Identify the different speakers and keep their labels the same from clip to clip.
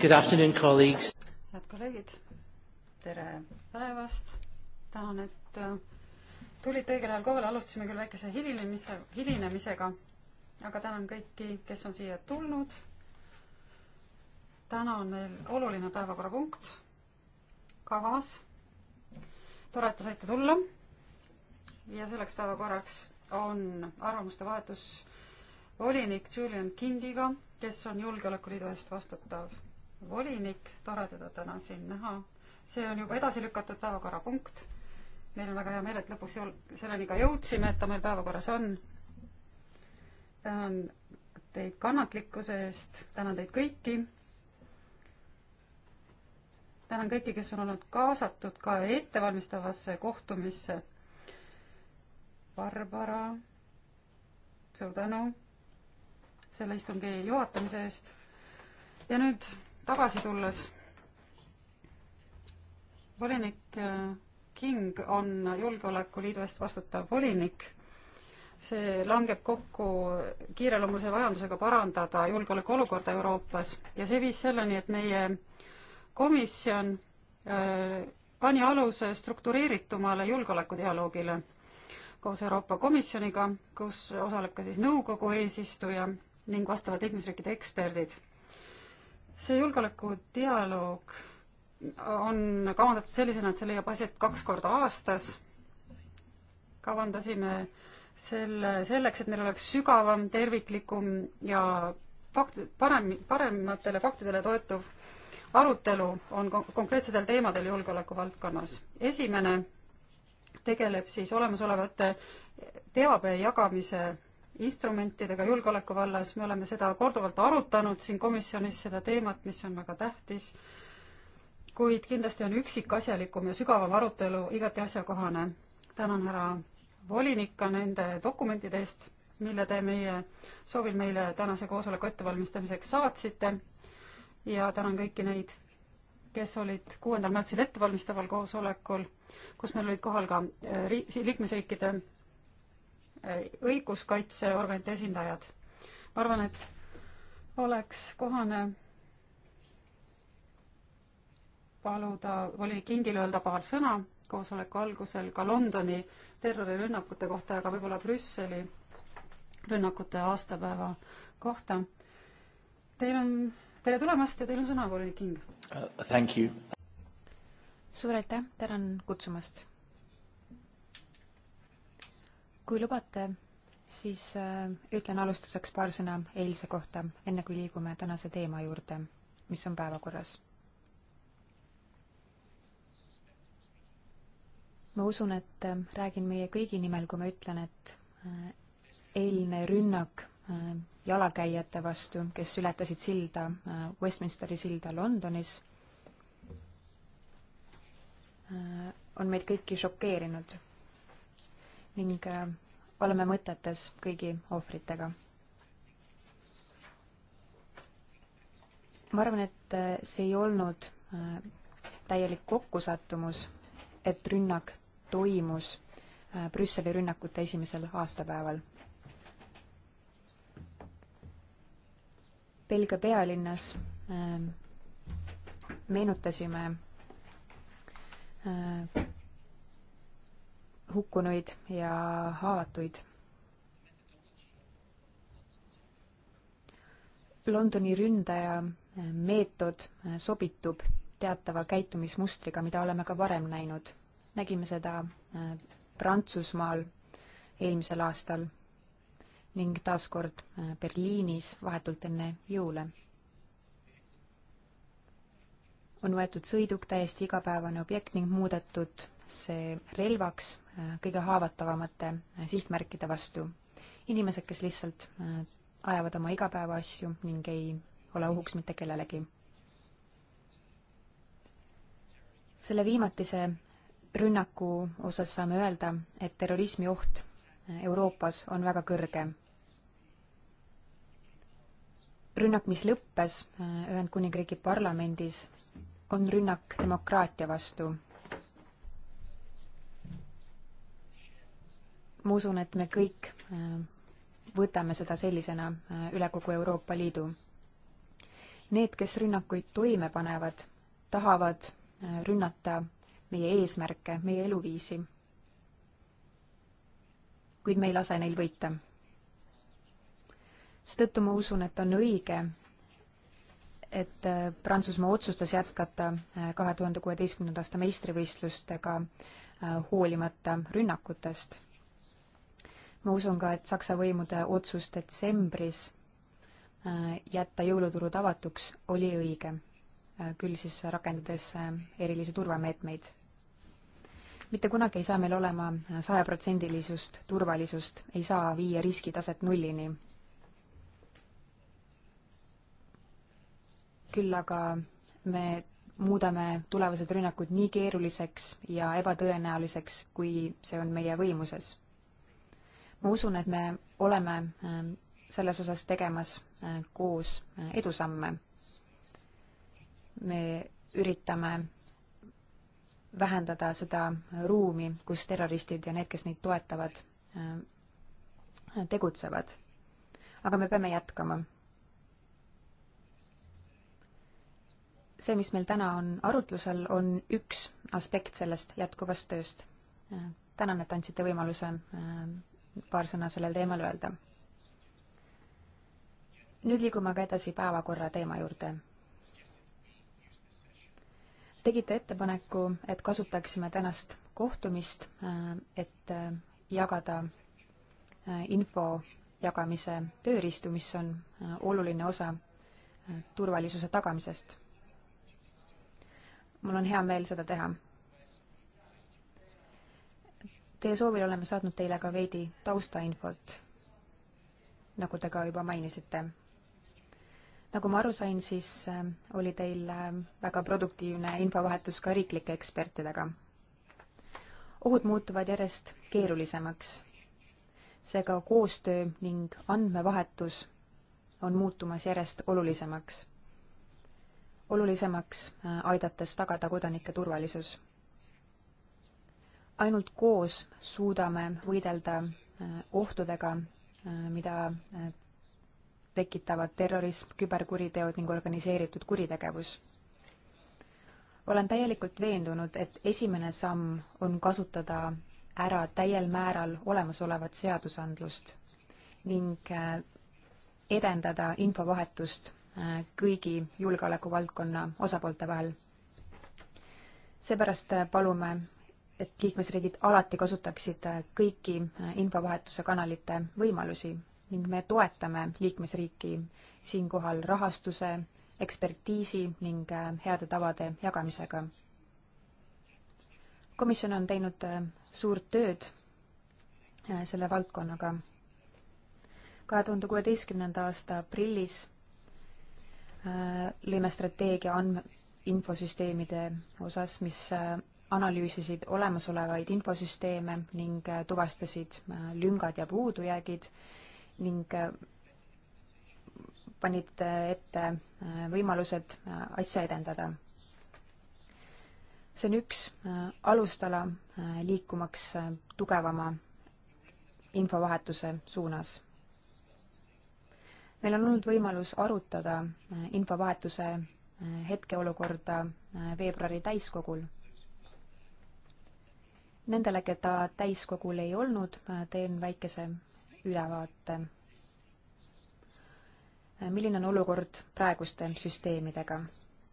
Speaker 1: Good afternoon, colleagues.
Speaker 2: head kolleegid, tere päevast. tänan, et äh, tulite õigel ajal kohale, alustasime küll väikese hilinemise, hilinemisega, aga tänan kõiki, kes on siia tulnud. täna on meil oluline päevakorrapunkt kavas. tore, et te saite tulla. ja selleks päevakorraks on arvamuste vahetus volinik Julian Kingiga, kes on Julgeolekuliidu eest vastutav volinik, tore teda täna siin näha. see on juba edasi lükatud päevakorrapunkt. meil on väga hea meel, et lõpuks selleni ka jõudsime, et ta meil päevakorras on. tänan teid kannatlikkuse eest, tänan teid kõiki. tänan kõiki, kes on olnud kaasatud ka ettevalmistavasse kohtumisse. Barbara, suur tänu selle istungi juhatamise eest ja nüüd tagasi tulles, volinik äh, King on Julgeolekuliidu eest vastutav volinik. see langeb kokku kiireloomulise vajadusega parandada julgeolekuolukorda Euroopas ja see viis selleni, et meie komisjon äh, pani aluse struktureeritumale julgeolekudialoogile koos Euroopa Komisjoniga, kus osaleb ka siis nõukogu eesistuja ning vastavad liikmesriikide eksperdid see julgeolekudialoog on kavandatud sellisena, et see leiab aset kaks korda aastas. kavandasime selle selleks, et meil oleks sügavam, terviklikum ja fakt-, parem, parematele faktidele toetuv arutelu on konkreetsetel teemadel julgeoleku valdkonnas. esimene tegeleb siis olemasolevate teabe jagamise instrumentidega julgeoleku vallas, me oleme seda korduvalt arutanud siin komisjonis, seda teemat, mis on väga tähtis, kuid kindlasti on üksikasjalikum ja sügavam arutelu igati asjakohane. tänan härra volinik ka nende dokumentide eest, mille te meie soovil meile tänase koosoleku ettevalmistamiseks saatsite ja tänan kõiki neid, kes olid kuuendal märtsil ettevalmistaval koosolekul, kus meil olid kohal ka ri-, liikmesriikide õiguskaitseorganite esindajad. ma arvan, et oleks kohane paluda volinik Kingil öelda paar sõna koosoleku algusel ka Londoni terrorirünnakute kohta ja ka võib-olla Brüsseli rünnakute aastapäeva kohta. Teil on, tere tulemast ja teil on sõna, volinik King
Speaker 1: uh,. Thank you.
Speaker 2: suur aitäh, tänan kutsumast
Speaker 3: kui lubate, siis äh, ütlen alustuseks paar sõna eilse kohta, enne kui liigume tänase teema juurde, mis on päevakorras. ma usun, et äh, räägin meie kõigi nimel, kui ma ütlen, et äh, eilne rünnak jalakäijate vastu, kes ületasid silda, Westminsteri silda Londonis, on meid kõiki šokeerinud ning äh, oleme mõtetes kõigi ohvritega. ma arvan, et äh, see ei olnud äh, täielik kokkusattumus, et rünnak toimus Brüsseli rünnakute esimesel aastapäeval. Belgia pealinnas meenutasime hukkunuid ja haavatuid. Londoni ründaja meetod sobitub teatava käitumismustriga, mida oleme ka varem näinud. nägime seda äh, Prantsusmaal eelmisel aastal ning taaskord äh, Berliinis vahetult enne jõule on võetud sõiduk täiesti igapäevane objekt ning muudetud see relvaks äh, kõige haavatavamate äh, sihtmärkide vastu. inimesed, kes lihtsalt äh, ajavad oma igapäevaasju ning ei ole ohuks mitte kellelegi. selle viimatise rünnaku osas saame öelda, et terrorismi oht Euroopas on väga kõrge. rünnak, mis lõppes Ühendkuningriigi parlamendis on rünnak demokraatia vastu. ma usun, et me kõik äh, võtame seda sellisena äh, üle kogu Euroopa Liidu. Need, kes rünnakuid toime panevad, tahavad äh, rünnata meie eesmärke, meie eluviisi. kuid me ei lase neil võita. seetõttu ma usun, et on õige et äh, Prantsusmaa otsustas jätkata äh, kahe tuhande kuueteistkümnenda aasta meistrivõistlustega äh, hoolimata rünnakutest. ma usun ka, et Saksa võimude otsus detsembris jätta jõuluturud avatuks oli õige, küll siis rakendades erilisi turvameetmeid. mitte kunagi ei saa meil olema sajaprotsendilisust turvalisust, ei saa viia riskitaset nullini küll aga me muudame tulevased rünnakud nii keeruliseks ja ebatõenäoliseks, kui see on meie võimuses. ma usun, et me oleme ähm, selles osas tegemas äh, koos äh, edusamme. me üritame vähendada seda ruumi, kus terroristid ja need, kes neid toetavad, ähm, tegutsevad. aga me peame jätkama see, mis meil täna on arutlusel, on üks aspekt sellest jätkuvast tööst. tänan, et andsite võimaluse äh, paar sõna sellel teemal öelda. nüüd liigume aga edasi päevakorra teema juurde. tegite ettepaneku, et kasutaksime tänast kohtumist, äh, et äh, jagada info jagamise tööriistu, mis on oluline osa turvalisuse tagamisest mul on hea meel seda teha. Teie soovil oleme saatnud teile ka veidi taustainfot, nagu te ka juba mainisite. nagu ma aru sain, siis äh, oli teil äh, väga produktiivne infovahetus ka riiklike ekspertidega. ohud muutuvad järjest keerulisemaks. seega koostöö ning andmevahetus on muutumas järjest olulisemaks olulisemaks, äh, aidates tagada kodanike turvalisus. ainult koos suudame võidelda äh, ohtudega, äh, mida tekitavad terrorism, küberkuriteod ning organiseeritud kuritegevus. olen täielikult veendunud, et esimene samm on kasutada ära täiel määral olemasolevat seadusandlust ning edendada infovahetust Äh, kõigi julgeolekuvaldkonna osapoolte vahel. seepärast äh, palume, et liikmesriigid alati kasutaksid äh, kõiki infovahetuse kanalite võimalusi ning me toetame liikmesriiki siinkohal rahastuse, ekspertiisi ning heade tavade jagamisega. komisjon on teinud suurt tööd selle valdkonnaga. kahe tuhande kuueteistkümnenda aasta aprillis Äh, limestrateegia andme, infosüsteemide osas, mis äh, analüüsisid olemasolevaid infosüsteeme ning äh, tuvastasid lüngad ja puudujäägid ning panid ette võimalused asja edendada. see on üks alustala liikumaks tugevama infovahetuse suunas meil on olnud võimalus arutada äh, infovahetuse äh, hetkeolukorda äh, veebruari täiskogul. Nendele, keda täiskogul ei olnud, teen väikese ülevaate. milline on olukord praeguste süsteemidega?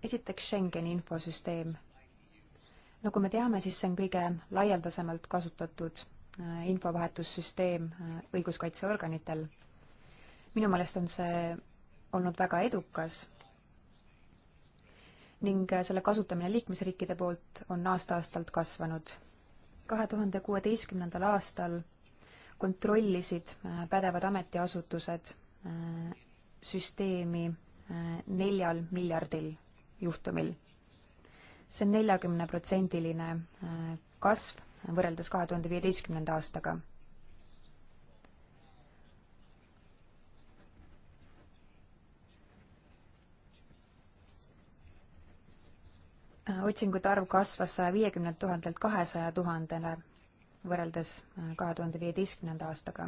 Speaker 3: esiteks Schengeni infosüsteem. nagu me teame, siis see on kõige laialdasemalt kasutatud infovahetussüsteem õiguskaitseorganitel minu meelest on see olnud väga edukas ning selle kasutamine liikmesriikide poolt on aasta-aastalt kasvanud. kahe tuhande kuueteistkümnendal aastal kontrollisid äh, pädevad ametiasutused äh, süsteemi äh, neljal miljardil juhtumil. see on neljakümneprotsendiline kasv võrreldes kahe tuhande viieteistkümnenda aastaga. otsingute arv kasvas saja viiekümnelt tuhandelt kahesaja tuhandele võrreldes äh, kahe tuhande viieteistkümnenda aastaga.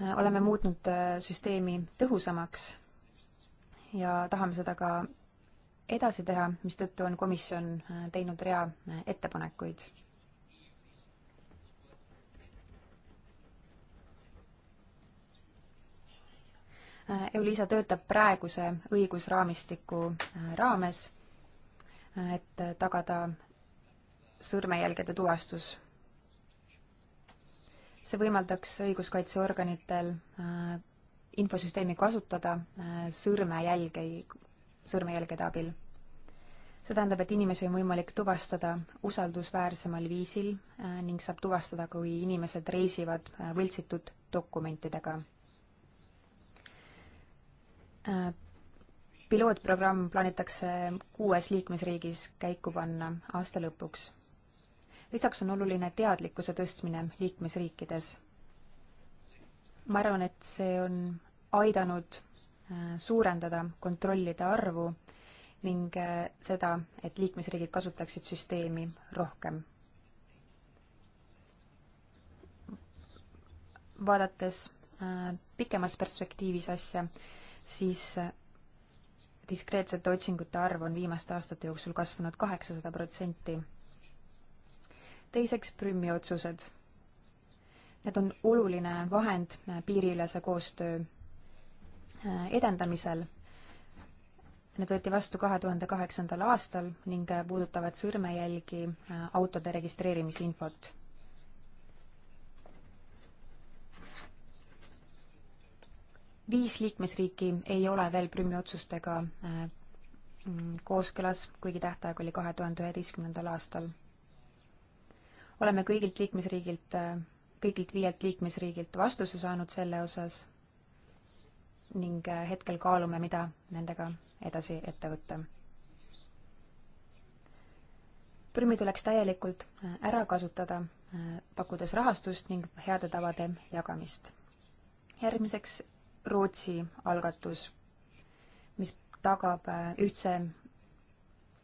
Speaker 3: Äh, oleme muutnud äh, süsteemi tõhusamaks ja tahame seda ka edasi teha, mistõttu on komisjon teinud rea ettepanekuid Äh, Euliisa töötab praeguse õigusraamistiku äh, raames, äh, et tagada sõrmejälgede tuvastus. see võimaldaks õiguskaitseorganitel infosüsteemi kasutada sõrmejälge, sõrmejälgede abil see tähendab, et inimesi on võimalik tuvastada usaldusväärsemal viisil ning saab tuvastada, kui inimesed reisivad võltsitud dokumentidega. Äh, pilootprogramm plaanitakse kuues liikmesriigis käiku panna aasta lõpuks. lisaks on oluline teadlikkuse tõstmine liikmesriikides. ma arvan, et see on aidanud äh, suurendada kontrollide arvu ning äh, seda, et liikmesriigid kasutaksid süsteemi rohkem. vaadates pikemas perspektiivis asja, siis äh, diskreetsete otsingute arv on viimaste aastate jooksul kasvanud kaheksasada protsenti. teiseks Prümi otsused. Need on oluline vahend äh, piiriülese koostöö äh, edendamisel. Need võeti vastu kahe tuhande kaheksandal aastal ning puudutavad sõrmejälgi, autode registreerimisinfot viis liikmesriiki ei ole veel Prümi otsustega äh, mm, kooskõlas, kuigi tähtaeg oli kahe tuhande üheteistkümnendal aastal. oleme kõigilt liikmesriigilt, äh, kõigilt viielt liikmesriigilt vastuse saanud selle osas ning äh, hetkel kaalume, mida nendega edasi ette võtta. Prümi tuleks täielikult ära kasutada, pakkudes rahastust ning heade tavade jagamist. järgmiseks Rootsi algatus, mis tagab äh, ühtse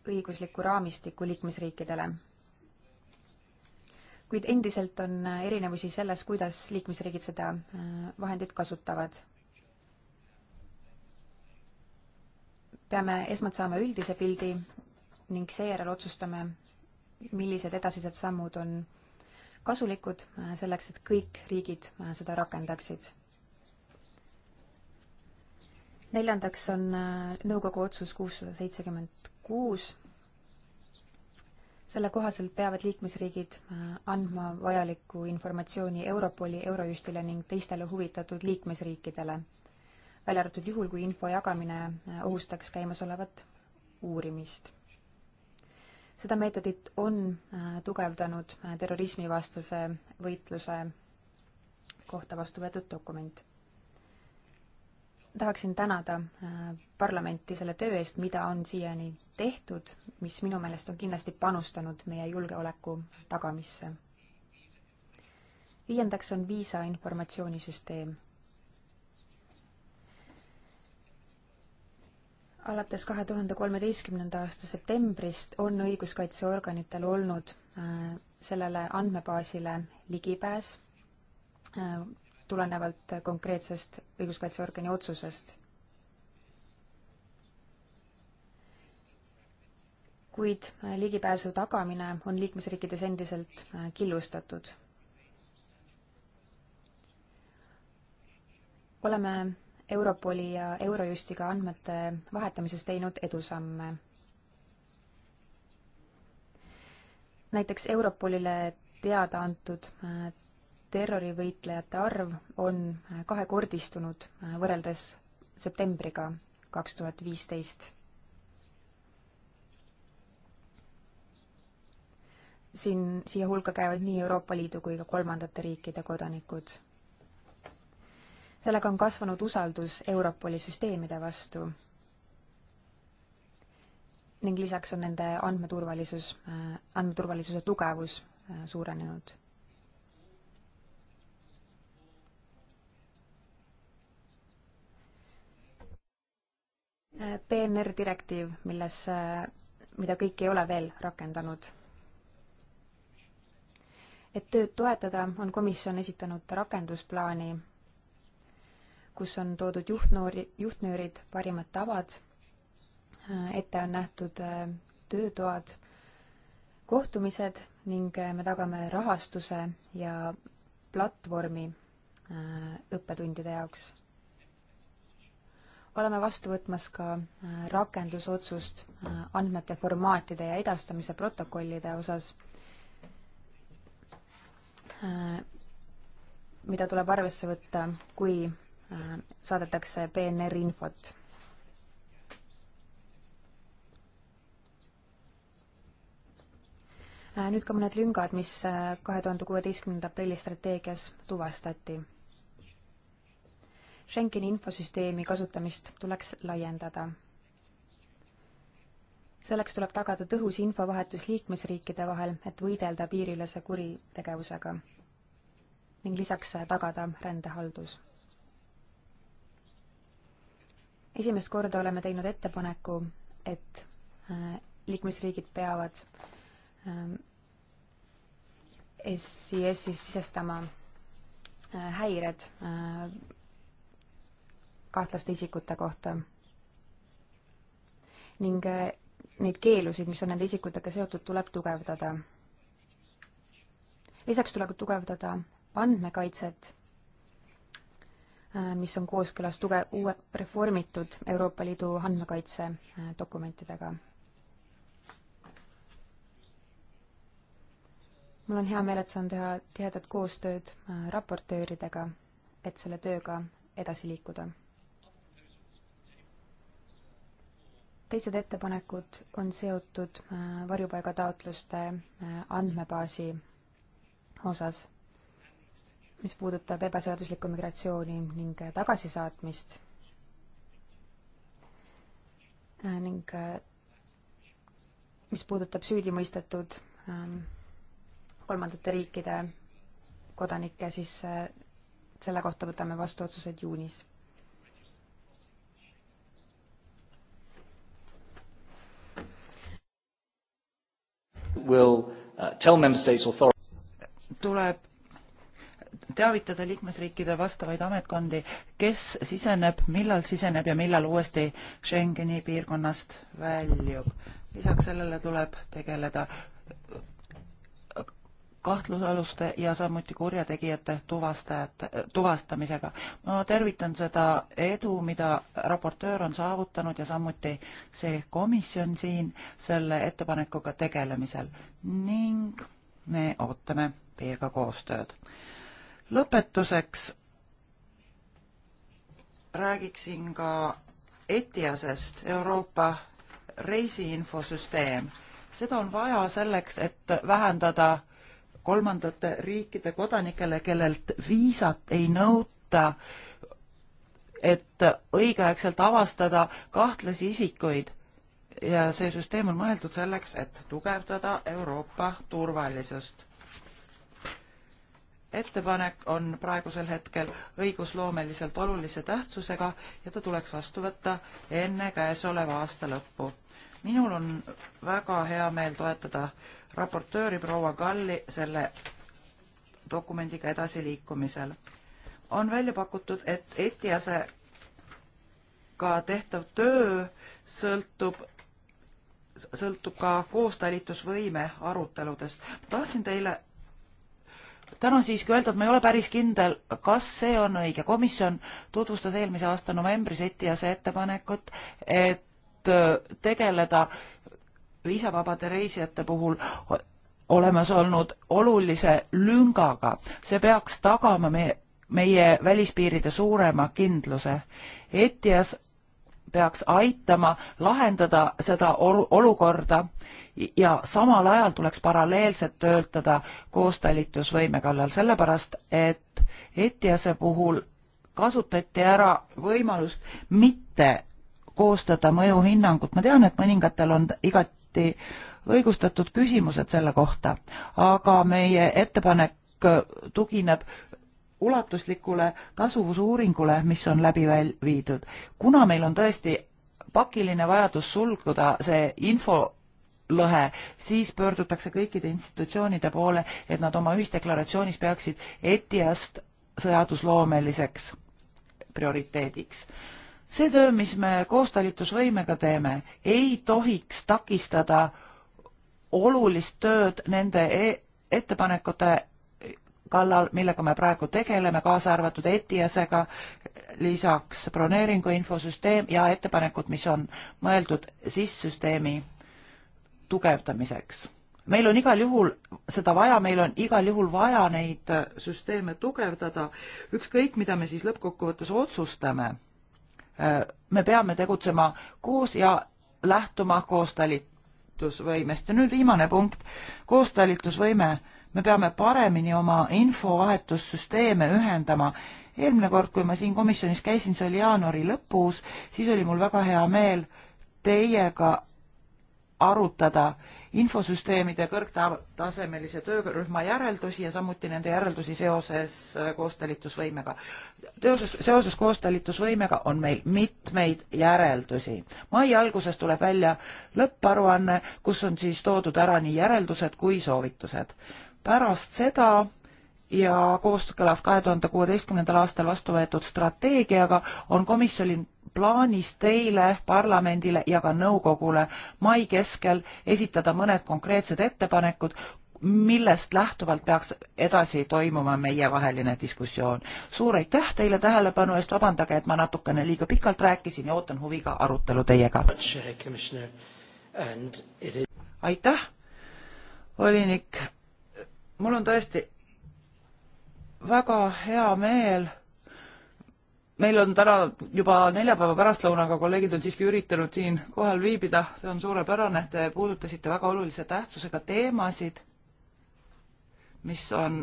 Speaker 3: õigusliku raamistiku liikmesriikidele. kuid endiselt on äh, erinevusi selles, kuidas liikmesriigid seda äh, vahendit kasutavad. peame esmalt saama üldise pildi ning seejärel otsustame, millised edasised sammud on kasulikud selleks, et kõik riigid seda rakendaksid neljandaks on äh, nõukogu otsus kuussada seitsekümmend kuus. selle kohaselt peavad liikmesriigid äh, andma vajalikku informatsiooni Europoli, Eurojustile ning teistele huvitatud liikmesriikidele, välja arvatud juhul, kui info jagamine äh, ohustaks käimasolevat uurimist seda meetodit on tugevdanud terrorismivastase võitluse kohta vastu võetud dokument tahaksin tänada äh, parlamenti selle töö eest, mida on siiani tehtud, mis minu meelest on kindlasti panustanud meie julgeoleku tagamisse. viiendaks on viisa informatsioonisüsteem. alates kahe tuhande kolmeteistkümnenda aasta septembrist on õiguskaitseorganitel olnud äh, sellele andmebaasile ligipääs äh, tulenevalt konkreetsest õiguskaitseorgani otsusest. kuid ligipääsu tagamine on liikmesriikides endiselt killustatud. oleme Europoli ja Eurojustiga andmete vahetamises teinud edusamme näiteks Europolile teada antud äh, terrorivõitlejate arv on kahekordistunud äh, võrreldes septembriga kaks tuhat viisteist. siin, siia hulka käivad nii Euroopa Liidu kui ka kolmandate riikide kodanikud. sellega on kasvanud usaldus Europoli süsteemide vastu ning lisaks on nende andmeturvalisus, äh, andmeturvalisuse tugevus äh, suurenenud PNR direktiiv, milles, mida kõik ei ole veel rakendanud. et tööd toetada, on komisjon esitanud rakendusplaani, kus on toodud juhtnoori, juhtnöörid, parimad tavad, ette on nähtud äh, töötoad, kohtumised ning äh, me tagame rahastuse ja platvormi äh, õppetundide jaoks oleme vastu võtmas ka äh, rakendusotsust äh, andmete formaatide ja edastamise protokollide osas, äh, mida tuleb arvesse võtta, kui saadetakse PNR infot. nüüd ka mõned lüngad, mis kahe tuhande kuueteistkümnenda aprilli strateegias tuvastati Schengeni infosüsteemi kasutamist tuleks laiendada. selleks tuleb tagada tõhus infovahetus liikmesriikide vahel, et võidelda piiriülese kuritegevusega ning lisaks tagada rändehaldus. esimest korda oleme teinud ettepaneku, et äh, liikmesriigid peavad äh, SIS-is sisestama äh, häired kahtlaste isikute kohta ning äh, neid keelusid, mis on nende isikutega seotud, tuleb tugevdada. lisaks tuleb tugevdada andmekaitset, äh, mis on kooskõlas tuge-, uue, reformitud Euroopa Liidu andmekaitse äh, dokumentidega. mul on hea meel, et saan teha tihedat koostööd raportööridega, et selle tööga edasi liikuda teised ettepanekud on seotud äh, varjupaigataotluste äh, andmebaasi osas, mis puudutab ebaseaduslikku migratsiooni ning äh, tagasisaatmist ning mis puudutab süüdimõistetud ähm, kolmandate riikide kodanikke, siis selle kohta võtame vastu otsused juunis
Speaker 1: will uh, tell member states authorities
Speaker 4: tuleb teavitada liikmesriikide vastavaid ametkondi, kes siseneb, millal siseneb ja millal uuesti Schengeni piirkonnast väljub. lisaks sellele tuleb tegeleda kahtlusaluste ja samuti kurjategijate tuvastajate, tuvastamisega. ma tervitan seda edu, mida raportöör on saavutanud ja samuti see komisjon siin selle ettepanekuga tegelemisel ning me ootame teiega koostööd. lõpetuseks räägiksin ka ETIAS-est, Euroopa reisiinfosüsteem. seda on vaja selleks, et vähendada kolmandate riikide kodanikele, kellelt viisat ei nõuta, et õigeaegselt avastada kahtlasi isikuid ja see süsteem on mõeldud selleks, et tugevdada Euroopa turvalisust. ettepanek on praegusel hetkel õigusloomeliselt olulise tähtsusega ja ta tuleks vastu võtta enne käesoleva aasta lõppu minul on väga hea meel toetada raportööri proua Kalli selle dokumendiga edasiliikumisel. on välja pakutud, et ETIAS-e ka tehtav töö sõltub, sõltub ka koostalitusvõime aruteludest. tahtsin teile täna siiski öelda, et ma ei ole päris kindel, kas see on õige. komisjon tutvustas eelmise aasta novembris ETIAS-e ettepanekut, et et äh, tegeleda viisavabade reisijate puhul olemas olnud olulise lüngaga. see peaks tagama meie, meie välispiiride suurema kindluse. ETIAS peaks aitama lahendada seda olukorda ja samal ajal tuleks paralleelselt töötada koostalitusvõime kallal, sellepärast et ETIAS-e puhul kasutati ära võimalust mitte koostada mõjuhinnangut, ma tean, et mõningatel on igati õigustatud küsimused selle kohta, aga meie ettepanek tugineb ulatuslikule tasuvusuuringule, mis on läbi viidud. kuna meil on tõesti pakiline vajadus sulguda see info lõhe, siis pöördutakse kõikide institutsioonide poole, et nad oma ühisdeklaratsioonis peaksid ETIAS-t seadusloomeliseks prioriteediks see töö, mis me koostalitusvõimega teeme, ei tohiks takistada olulist tööd nende e ettepanekute kallal, millega me praegu tegeleme, kaasa arvatud ETIAS-ega, lisaks broneeringu infosüsteem ja ettepanekud, mis on mõeldud sissüsteemi tugevdamiseks. meil on igal juhul seda vaja, meil on igal juhul vaja neid süsteeme tugevdada, ükskõik, mida me siis lõppkokkuvõttes otsustame me peame tegutsema koos ja lähtuma koostalitusvõimest. ja nüüd viimane punkt, koostalitusvõime. me peame paremini oma infovahetussüsteeme ühendama. eelmine kord, kui ma siin komisjonis käisin, see oli jaanuari lõpus, siis oli mul väga hea meel teiega arutada infosüsteemide kõrgtasemelise töörühma järeldusi ja samuti nende järeldusi seoses äh, koostalitusvõimega. Teoses, seoses koostalitusvõimega on meil mitmeid järeldusi. mai alguses tuleb välja lõpparuanne, kus on siis toodud ära nii järeldused kui soovitused. pärast seda ja kooskõlas kahe tuhande kuueteistkümnendal aastal vastu võetud strateegiaga on komisjonil plaanis teile, parlamendile ja ka nõukogule mai keskel esitada mõned konkreetsed ettepanekud, millest lähtuvalt peaks edasi toimuma meievaheline diskussioon. suur aitäh teile tähelepanu eest, vabandage, et ma natukene liiga pikalt rääkisin ja ootan huviga arutelu teiega. aitäh, volinik. mul on tõesti väga hea meel meil on täna juba neljapäeva pärastlõunaga kolleegid on siiski üritanud siin kohal viibida, see on suurepärane, te puudutasite väga olulise tähtsusega teemasid, mis on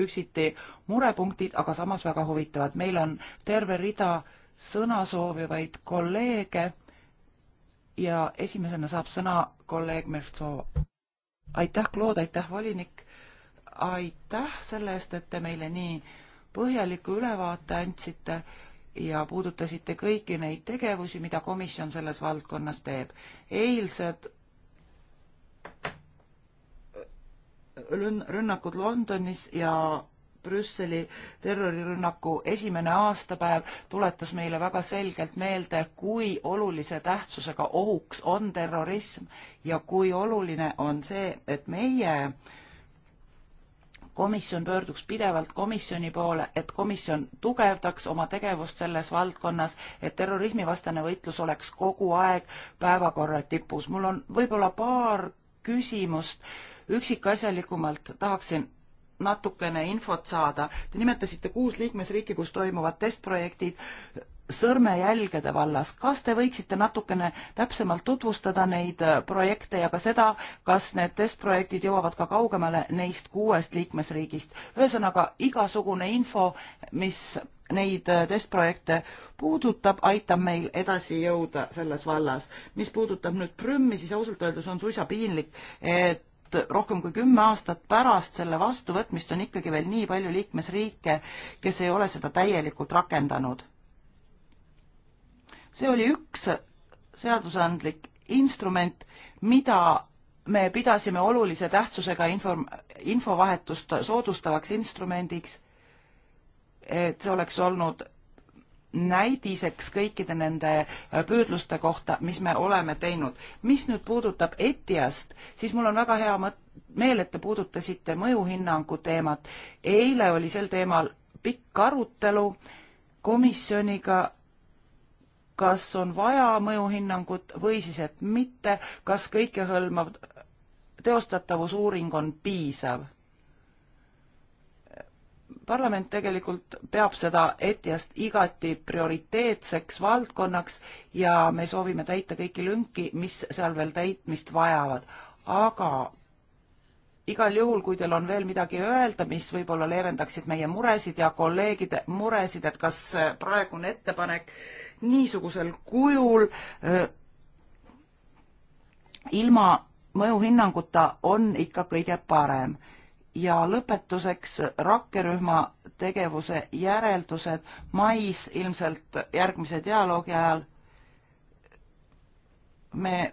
Speaker 4: üksiti murepunktid, aga samas väga huvitavad. meil on terve rida sõna soovivaid kolleege ja esimesena saab sõna kolleeg Mertsova. aitäh, Claude, aitäh, volinik, aitäh selle eest, et te meile nii äh, põhjaliku ülevaate andsite ja puudutasite kõiki neid tegevusi, mida komisjon selles valdkonnas teeb. eilsed äh, rünnakud Londonis ja Brüsseli terrorirünnaku esimene aastapäev tuletas meile väga selgelt meelde, kui olulise tähtsusega ohuks on terrorism ja kui oluline on see, et meie äh, komisjon pöörduks pidevalt komisjoni poole, et komisjon tugevdaks oma tegevust selles valdkonnas, et terrorismivastane võitlus oleks kogu aeg päevakorra tipus. mul on võib-olla paar küsimust, üksikasjalikumalt tahaksin natukene infot saada. Te nimetasite kuus liikmesriiki, kus toimuvad testprojektid sõrmejälgede vallas. kas te võiksite natukene täpsemalt tutvustada neid äh, projekte ja ka seda, kas need testprojektid jõuavad ka kaugemale neist kuuest liikmesriigist? ühesõnaga, igasugune info, mis neid äh, testprojekte puudutab, aitab meil edasi jõuda selles vallas. mis puudutab nüüd Prümmi, siis ausalt öeldes on suisa piinlik, et rohkem kui kümme aastat pärast selle vastuvõtmist on ikkagi veel nii palju liikmesriike, kes ei ole seda täielikult rakendanud see oli üks seadusandlik instrument, mida me pidasime olulise tähtsusega inform-, infovahetust soodustavaks instrumendiks, et see oleks olnud näidiseks kõikide nende püüdluste kohta, mis me oleme teinud. mis nüüd puudutab ETIAst, siis mul on väga hea mõt-, meel, et te puudutasite mõjuhinnangu teemat. eile oli sel teemal pikk arutelu komisjoniga kas on vaja mõjuhinnangut või siis, et mitte, kas kõikehõlmav teostatavusuuring on piisav? parlament tegelikult peab seda ETIAS-t igati prioriteetseks valdkonnaks ja me soovime täita kõiki lünki, mis seal veel täitmist vajavad. aga igal juhul, kui teil on veel midagi öelda, mis võib-olla leevendaksid meie muresid ja kolleegide muresid, et kas äh, praegune ettepanek niisugusel kujul öö, äh, ilma mõjuhinnanguta on ikka kõige parem. ja lõpetuseks äh, rakkerühma tegevuse järeldused mais ilmselt järgmise dialoogi ajal me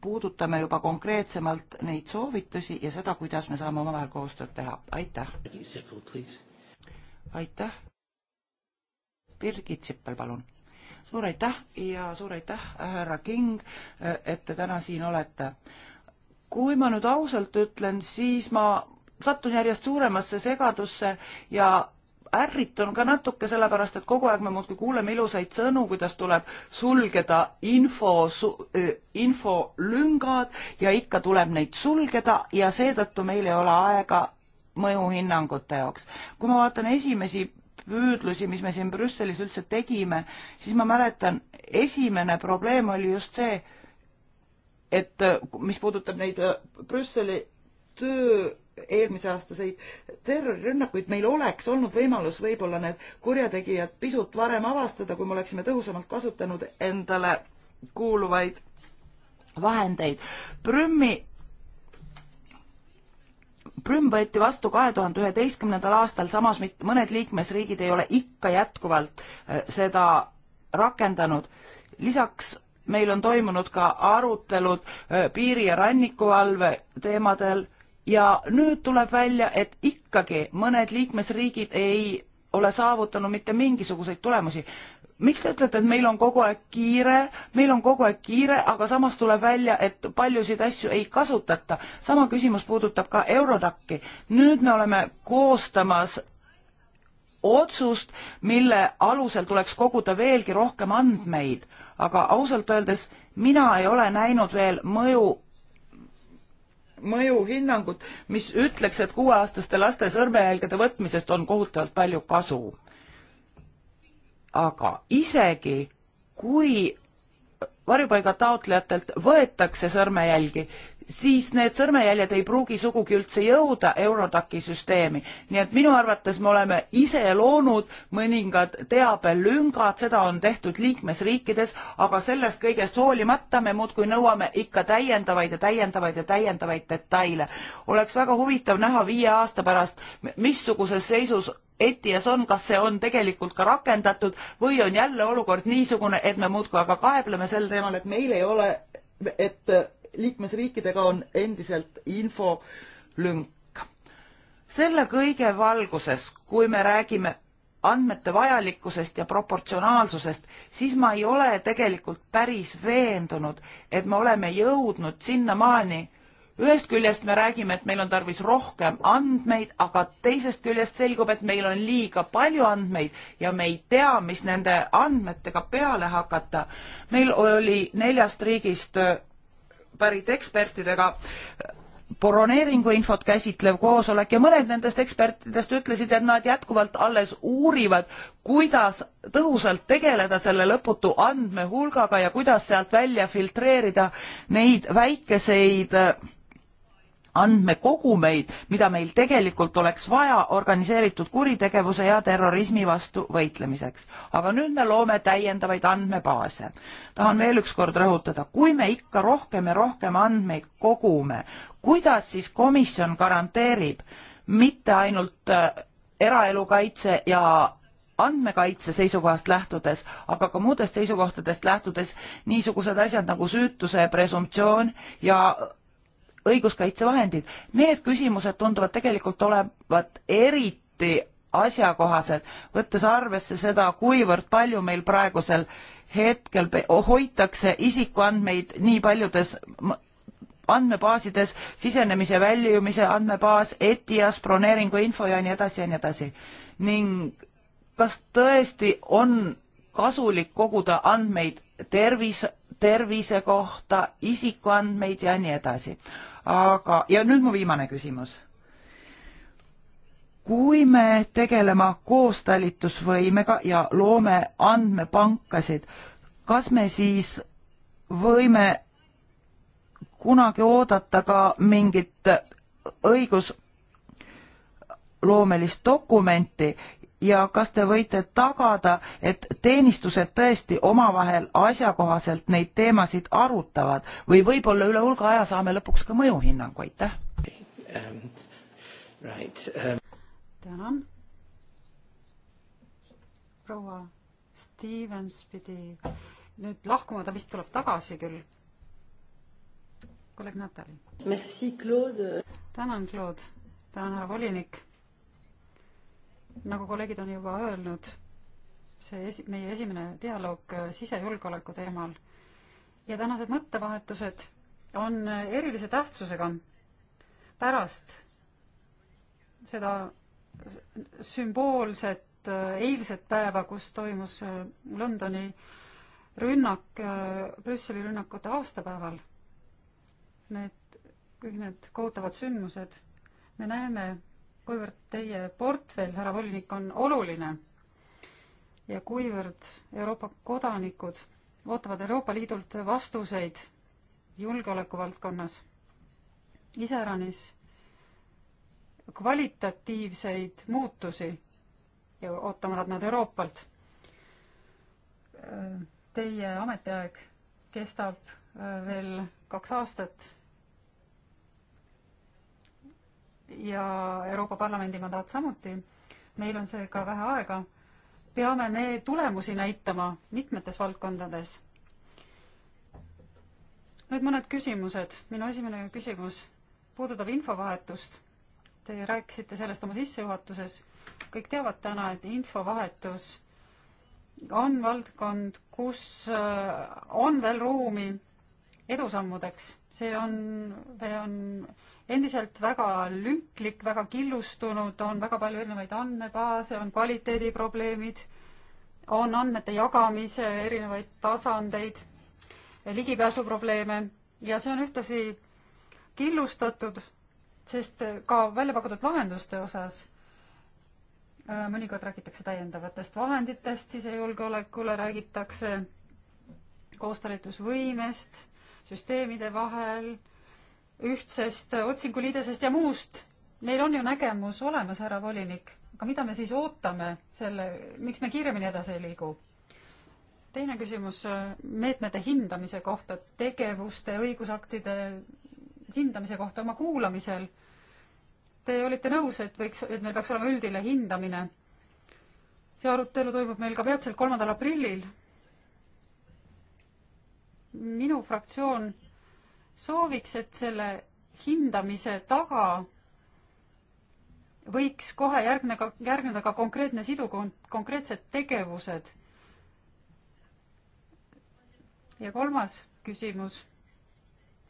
Speaker 4: puudutame juba konkreetsemalt neid soovitusi ja seda, kuidas me saame omavahel koostööd teha. aitäh! aitäh! Birgit Sippel, palun! suur aitäh ja suur aitäh, härra King, et te täna siin olete. kui ma nüüd ausalt ütlen, siis ma sattun järjest suuremasse segadusse ja ärritun ka natuke, sellepärast et kogu aeg me muudkui kuuleme ilusaid sõnu, kuidas tuleb sulgeda info su,, infolüngad ja ikka tuleb neid sulgeda ja seetõttu meil ei ole aega mõjuhinnangute jaoks. kui ma vaatan esimesi püüdlusi, mis me siin Brüsselis üldse tegime, siis ma mäletan, esimene probleem oli just see, et mis puudutab neid Brüsseli töö eelmise aasta sõid terrorirünnakuid, meil oleks olnud võimalus võib-olla need kurjategijad pisut varem avastada, kui me oleksime tõhusamalt kasutanud endale kuuluvaid vahendeid. Prümmi Prüm võeti vastu kahe tuhande üheteistkümnendal aastal, samas mitte mõned liikmesriigid ei ole ikka jätkuvalt äh, seda rakendanud. lisaks meil on toimunud ka arutelud äh, piiri- ja rannikuvalve teemadel ja nüüd tuleb välja, et ikkagi mõned liikmesriigid ei ole saavutanud mitte mingisuguseid tulemusi. miks te ütlete, et meil on kogu aeg kiire, meil on kogu aeg kiire, aga samas tuleb välja, et paljusid asju ei kasutata. sama küsimus puudutab ka Eurodaki. nüüd me oleme koostamas otsust, mille alusel tuleks koguda veelgi rohkem andmeid, aga ausalt öeldes mina ei ole näinud veel mõju mõjuhinnangut, mis ütleks, et kuueaastaste laste sõrmejälgede võtmisest on kohutavalt palju kasu. aga isegi kui varjupaiga taotlejatelt võetakse sõrmejälgi, siis need sõrmejäljed ei pruugi sugugi üldse jõuda Eurodaci süsteemi. nii et minu arvates me oleme ise loonud mõningad teabelüngad, seda on tehtud liikmesriikides, aga sellest kõigest hoolimata me muudkui nõuame ikka täiendavaid ja täiendavaid ja täiendavaid detaile. oleks väga huvitav näha viie aasta pärast, missuguses seisus ETIAS on, kas see on tegelikult ka rakendatud või on jälle olukord niisugune, et me muudkui aga kaebleme sel teemal, et meil ei ole, et liikmesriikidega on endiselt infolünk. selle kõige valguses, kui me räägime andmete vajalikkusest ja proportsionaalsusest, siis ma ei ole tegelikult päris veendunud, et me oleme jõudnud sinnamaani, ühest küljest me räägime, et meil on tarvis rohkem andmeid, aga teisest küljest selgub, et meil on liiga palju andmeid ja me ei tea, mis nende andmetega peale hakata. meil oli neljast riigist äh, pärit ekspertidega äh, broneeringuinfot käsitlev koosolek ja mõned nendest ekspertidest ütlesid, et nad jätkuvalt alles uurivad, kuidas tõhusalt tegeleda selle lõputu andmehulgaga ja kuidas sealt välja filtreerida neid väikeseid äh, andmekogumeid, mida meil tegelikult oleks vaja organiseeritud kuritegevuse ja terrorismi vastu võitlemiseks. aga nüüd me loome täiendavaid andmebaase. tahan veel ükskord rõhutada, kui me ikka rohkem ja rohkem andmeid kogume, kuidas siis komisjon garanteerib mitte ainult äh, eraelu kaitse ja andmekaitse seisukohast lähtudes, aga ka muudest seisukohtadest lähtudes niisugused asjad nagu süütuse presumptsioon ja õiguskaitsevahendid. Need küsimused tunduvad tegelikult olevat eriti asjakohased, võttes arvesse seda, kuivõrd palju meil praegusel hetkel hoitakse isikuandmeid nii paljudes andmebaasides, sisenemise, väljumise andmebaas, ETIAS, broneeringu info ja nii edasi ja nii edasi. ning kas tõesti on kasulik koguda andmeid tervis, tervise kohta, isikuandmeid ja nii edasi aga, ja nüüd mu viimane küsimus. kui me tegeleme koostalitusvõimega ja loome andmepankasid, kas me siis võime kunagi oodata ka mingit õigus loomelist dokumenti ja kas te võite tagada, et teenistused tõesti omavahel asjakohaselt neid teemasid arutavad või võib-olla üle hulga aja saame lõpuks ka mõjuhinnangu, aitäh um,! Right, um...
Speaker 2: tänan. proua Stevens pidi nüüd lahkuma, ta vist tuleb tagasi küll. kolleeg Natali. tänan, Claude. tänan, härra volinik nagu kolleegid on juba öelnud, see esi-, meie esimene dialoog äh, sisejulgeoleku teemal ja tänased mõttevahetused on äh, erilise tähtsusega pärast seda sümboolset äh, eilset päeva, kus toimus Londoni rünnak, Brüsseli rünnakute aastapäeval. Need, kõik need kohutavad sündmused, me näeme kuivõrd teie portfell, härra volinik, on oluline ja kuivõrd Euroopa kodanikud ootavad Euroopa Liidult vastuseid julgeoleku valdkonnas, iseäranis kvalitatiivseid muutusi ja ootavad nad Euroopalt. Teie ametiaeg kestab äh, veel kaks aastat ja Euroopa Parlamendi mandaat samuti. meil on seega vähe aega. peame me tulemusi näitama mitmetes valdkondades. nüüd mõned küsimused. minu esimene küsimus puudutab infovahetust. Te rääkisite sellest oma sissejuhatuses. kõik teavad täna, et infovahetus on valdkond, kus äh, on veel ruumi edusammudeks. see on, see on endiselt väga lünklik, väga killustunud, on väga palju erinevaid andmebaase, on kvaliteediprobleemid, on andmete jagamise erinevaid tasandeid, ligipääsuprobleeme ja see on ühtlasi killustatud, sest ka välja pakutud lahenduste osas äh, mõnikord räägitakse täiendavatest vahenditest sisejulgeolekule, räägitakse koostalitusvõimest süsteemide vahel ühtsest otsinguliidesest ja muust. meil on ju nägemus olemas, härra volinik, aga mida me siis ootame selle, miks me kiiremini edasi ei liigu? teine küsimus äh, meetmete hindamise kohta, tegevuste, õigusaktide hindamise kohta oma kuulamisel. Te olite nõus, et võiks, et meil peaks olema üldine hindamine. see arutelu toimub meil ka peatselt, kolmandal aprillil. minu fraktsioon sooviks, et selle hindamise taga võiks kohe järgnega, järgneda ka konkreetne sidu, konkreetsed tegevused. ja kolmas küsimus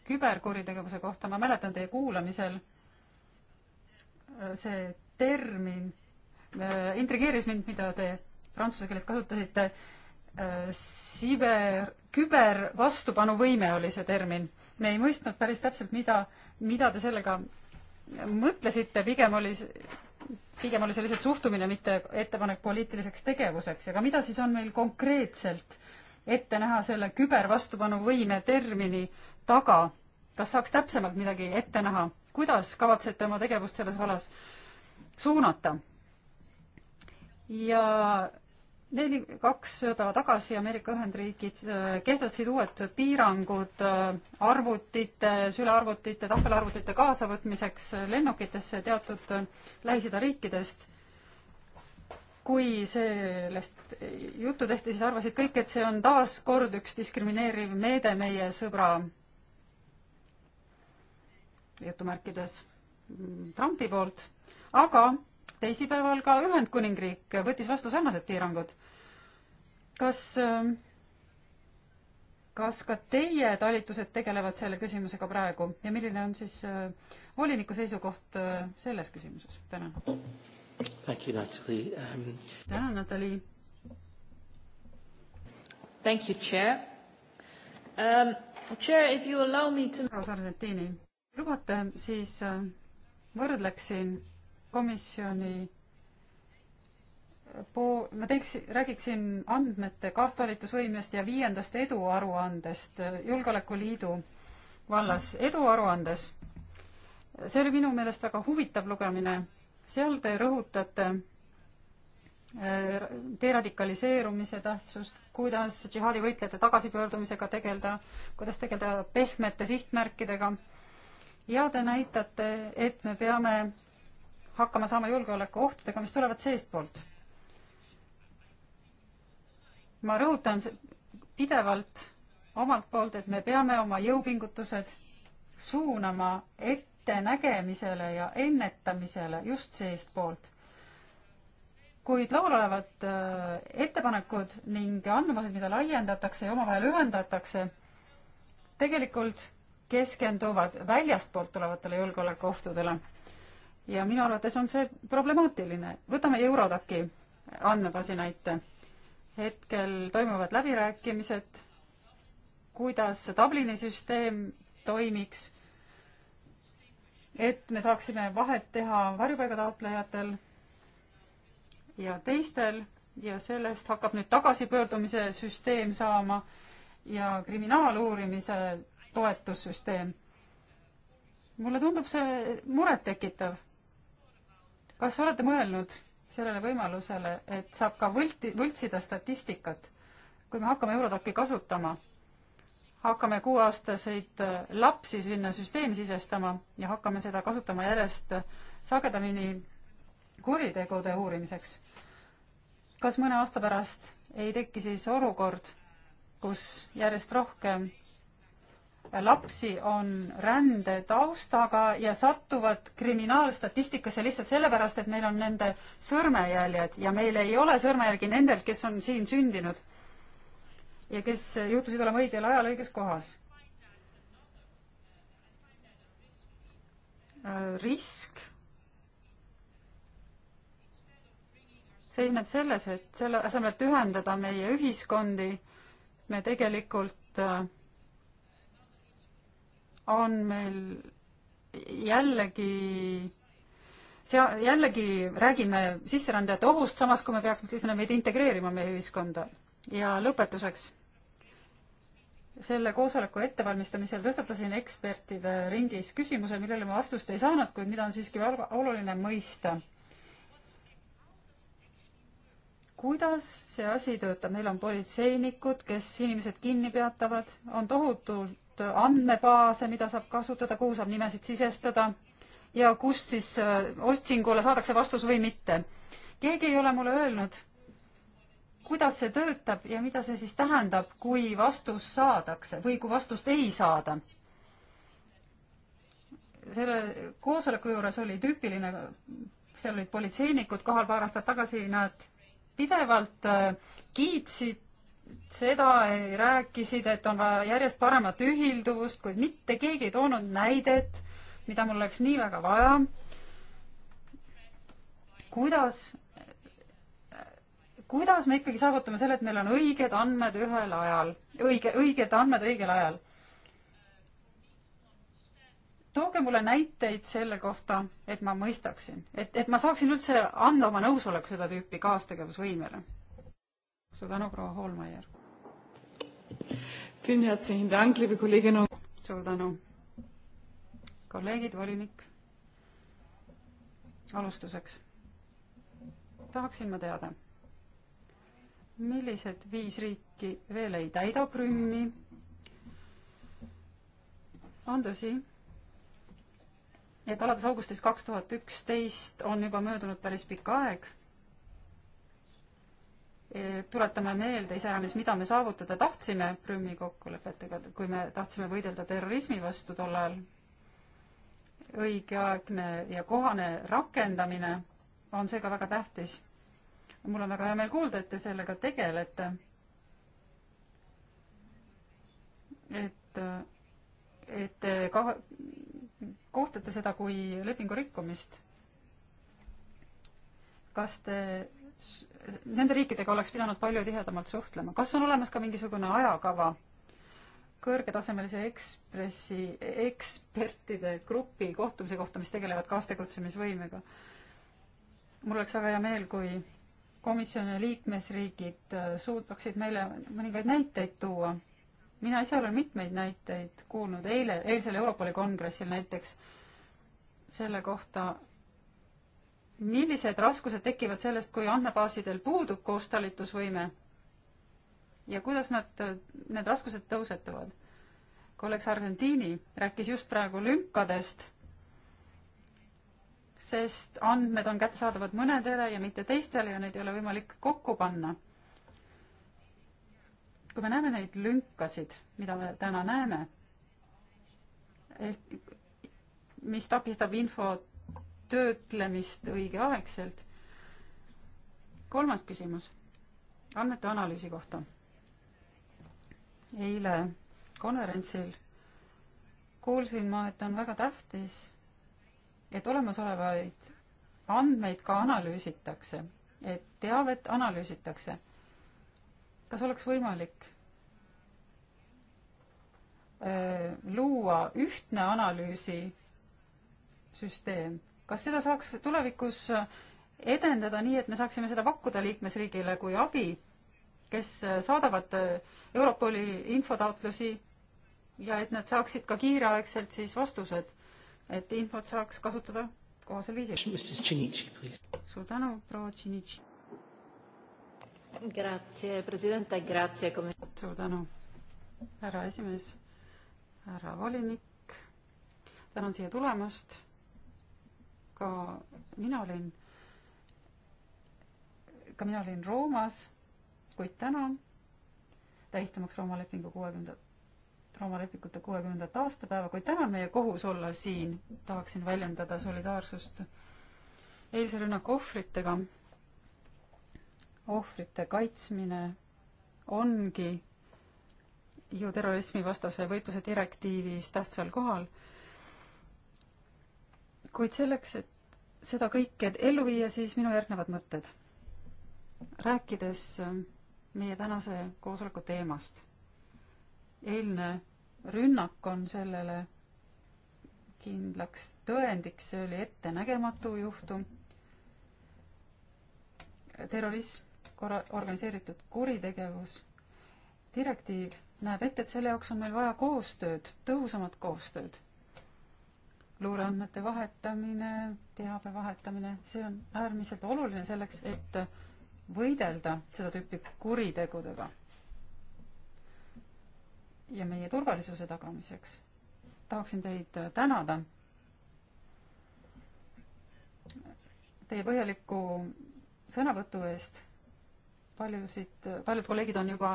Speaker 2: küberkuritegevuse kohta, ma mäletan teie kuulamisel, äh, see termin äh, intrigeeris mind, mida te prantsuse keeles kasutasite, äh, siber, kübervastupanuvõime oli see termin me ei mõistnud päris täpselt, mida, mida te sellega mõtlesite, pigem oli, pigem oli see lihtsalt suhtumine, mitte ettepanek poliitiliseks tegevuseks, aga mida siis on meil konkreetselt ette näha selle kübervastupanuvõime termini taga? kas saaks täpsemalt midagi ette näha, kuidas kavatsete oma tegevust selles vallas suunata? ja neli, kaks päeva tagasi Ameerika Ühendriigid äh, kehtestasid uued piirangud äh, arvutite, sülearvutite, tahvelarvutite kaasavõtmiseks äh, lennukitesse teatud Lähis-Ida riikidest. kui sellest juttu tehti, siis arvasid kõik, et see on taas kord üks diskrimineeriv meede meie sõbra jutumärkides mm, Trumpi poolt, aga teisipäeval ka Ühendkuningriik võttis vastu sarnased piirangud kas, ähm, kas ka teie talitused tegelevad selle küsimusega praegu ja milline on siis äh, voliniku seisukoht äh, selles küsimuses? tänan. Um... tänan, Natali. Thank you, chair um,. Chair, if you allow me to. lubate, siis äh, võrdleksin komisjoni po-, ma teeks, räägiksin andmete kaastalitusvõimest ja viiendast eduaruandest äh, Julgeolekuliidu vallas. eduaruandes, see oli minu meelest väga huvitav lugemine, seal te rõhutate äh, deradikaliseerumise tähtsust, kuidas džihaadi võitlejate tagasipöördumisega tegeleda, kuidas tegeleda pehmete sihtmärkidega ja te näitate, et me peame hakkama saama julgeolekuohtudega, mis tulevad seestpoolt ma rõhutan pidevalt omalt poolt, et me peame oma jõupingutused suunama ettenägemisele ja ennetamisele just seestpoolt. kuid laual olevad äh, ettepanekud ning andmebaasid, mida laiendatakse ja omavahel ühendatakse, tegelikult keskenduvad väljastpoolt tulevatele julgeolekuohtudele. ja minu arvates on see problemaatiline. võtame Eurodaki andmebaasi näite hetkel toimuvad läbirääkimised, kuidas Dublini süsteem toimiks, et me saaksime vahet teha varjupaigataotlejatel ja teistel ja sellest hakkab nüüd tagasipöördumise süsteem saama ja kriminaaluurimise toetussüsteem. mulle tundub see murettekitav. kas olete mõelnud sellele võimalusele, et saab ka võlti, võltsida statistikat. kui me hakkame Eurodoki kasutama, hakkame kuueaastaseid äh, lapsi sinna süsteemi sisestama ja hakkame seda kasutama järjest sagedamini kuritegude uurimiseks. kas mõne aasta pärast ei teki siis olukord, kus järjest rohkem lapsi on rände taustaga ja satuvad kriminaalstatistikasse lihtsalt sellepärast, et meil on nende sõrmejäljed ja meil ei ole sõrmejälgi nendelt, kes on siin sündinud ja kes juhtusid olema õigel ajal õiges kohas. risk seisneb selles, et selle asemel, et ühendada meie ühiskondi, me tegelikult äh, on meil jällegi sea-, jällegi räägime sisserändajate ohust, samas kui me peaks lihtsalt neid integreerima meie ühiskonda. ja lõpetuseks, selle koosoleku ettevalmistamisel tõstatasin ekspertide ringis küsimuse, millele ma vastust ei saanud, kuid mida on siiski oluline mõista. kuidas see asi töötab, meil on politseinikud, kes inimesed kinni peatavad, on tohutult andmebaase, mida saab kasutada, kuhu saab nimesid sisestada ja kust siis äh, otsingule saadakse vastus või mitte. keegi ei ole mulle öelnud, kuidas see töötab ja mida see siis tähendab, kui vastus saadakse või kui vastust ei saada. selle koosoleku juures oli tüüpiline, seal olid politseinikud kohal paar aastat tagasi, nad pidevalt äh, kiitsid seda rääkisid, et on vaja järjest paremat ühilduvust, kuid mitte keegi ei toonud näidet, mida mul oleks nii väga vaja. kuidas, kuidas me ikkagi saavutame selle, et meil on õiged andmed ühel ajal, õige, õiged andmed õigel ajal? tooge mulle näiteid selle kohta, et ma mõistaksin, et, et ma saaksin üldse anda oma nõusoleku seda tüüpi kaastegevusvõimele suur tänu, proua Hoolmeier. suur tänu. kolleegid, volinik. alustuseks tahaksin ma teada, millised viis riiki veel ei täida Prümmi? on tõsi, et alates augustist kaks tuhat üksteist on juba möödunud päris pikk aeg tuletame meelde iseäranis, mida me saavutada tahtsime Prümi kokkulepetega, kui me tahtsime võidelda terrorismi vastu tol ajal. õigeaegne ja kohane rakendamine on seega väga tähtis. mul on väga hea meel kuulda, et te sellega tegelete. et, et te ka-, kohtate seda kui lepingu rikkumist. kas te nende riikidega oleks pidanud palju tihedamalt suhtlema. kas on olemas ka mingisugune ajakava kõrgetasemelise Ekspressi ekspertide grupi kohtumise kohta, mis tegelevad kaastegutsemisvõimega? mul oleks väga hea meel, kui komisjoni liikmesriigid äh, suudaksid meile mõningaid näiteid tuua. mina ise olen mitmeid näiteid kuulnud eile, eilsel Europoli kongressil näiteks selle kohta, millised raskused tekivad sellest, kui andmebaasidel puudub koostalitusvõime ja kuidas nad, need raskused tõusetuvad? kolleeg Sargentini rääkis just praegu lünkadest, sest andmed on kättesaadavad mõnedele ja mitte teistele ja neid ei ole võimalik kokku panna. kui me näeme neid lünkasid, mida me täna näeme, ehk mis takistab infot töötlemist õigeaegselt. kolmas küsimus andmete analüüsi kohta. eile konverentsil kuulsin ma, et on väga tähtis, et olemasolevaid andmeid ka analüüsitakse, et teavet analüüsitakse. kas oleks võimalik öö, äh, luua ühtne analüüsisüsteem kas seda saaks tulevikus edendada nii, et me saaksime seda pakkuda liikmesriigile kui abi, kes saadavad Europoli infotaotlusi ja et nad saaksid ka kiireaegselt siis vastused, et infot saaks kasutada kohasel viisil. suur tänu, proua Tšinitši. suur tänu, härra esimees, härra volinik, tänan siia tulemast ka mina olin, ka mina olin Roomas, kuid täna tähistamaks Rooma lepingu kuuekümnendat, Rooma lepingute kuuekümnendat aastapäeva, kuid täna on meie kohus olla siin, tahaksin väljendada solidaarsust eilse rünnaku ohvritega. ohvrite kaitsmine ongi ju terrorismivastase võitluse direktiivis tähtsal kohal kuid selleks, et seda kõike ellu viia, siis minu järgnevad mõtted. rääkides ähm, meie tänase koosoleku teemast. eilne rünnak on sellele kindlaks tõendiks, see oli ettenägematu juhtum. terrorism, korra-, organiseeritud kuritegevus. direktiiv näeb ette, et selle jaoks on meil vaja koostööd, tõhusamat koostööd luureandmete vahetamine, teabe vahetamine, see on äärmiselt oluline selleks, et võidelda seda tüüpi kuritegudega. ja meie turvalisuse tagamiseks tahaksin teid tänada teie põhjaliku sõnavõtu eest. paljusid, paljud kolleegid on juba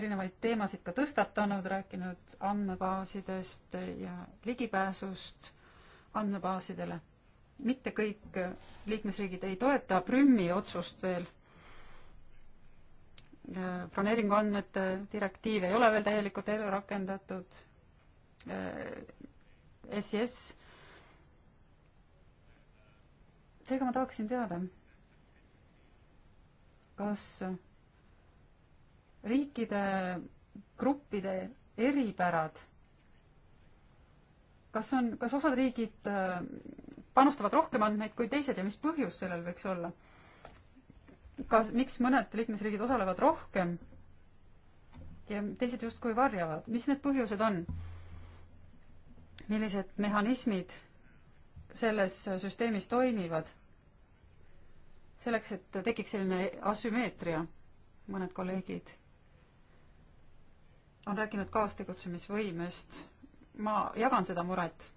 Speaker 2: erinevaid teemasid ka tõstatanud, rääkinud andmebaasidest ja ligipääsust andmebaasidele. mitte kõik liikmesriigid ei toeta Prümi otsust veel. broneeringuandmete direktiiv ei ole veel täielikult ellu rakendatud. SIS. Äh, seega ma tahaksin teada, kas riikide gruppide eripärad kas on, kas osad riigid äh, panustavad rohkem andmeid kui teised ja mis põhjus sellel võiks olla? kas, miks mõned liikmesriigid osalevad rohkem ja teised justkui varjavad, mis need põhjused on? millised mehhanismid selles süsteemis toimivad? selleks, et tekiks selline asümmeetria, mõned kolleegid on rääkinud kaastegutsemisvõimest ma jagan seda muret.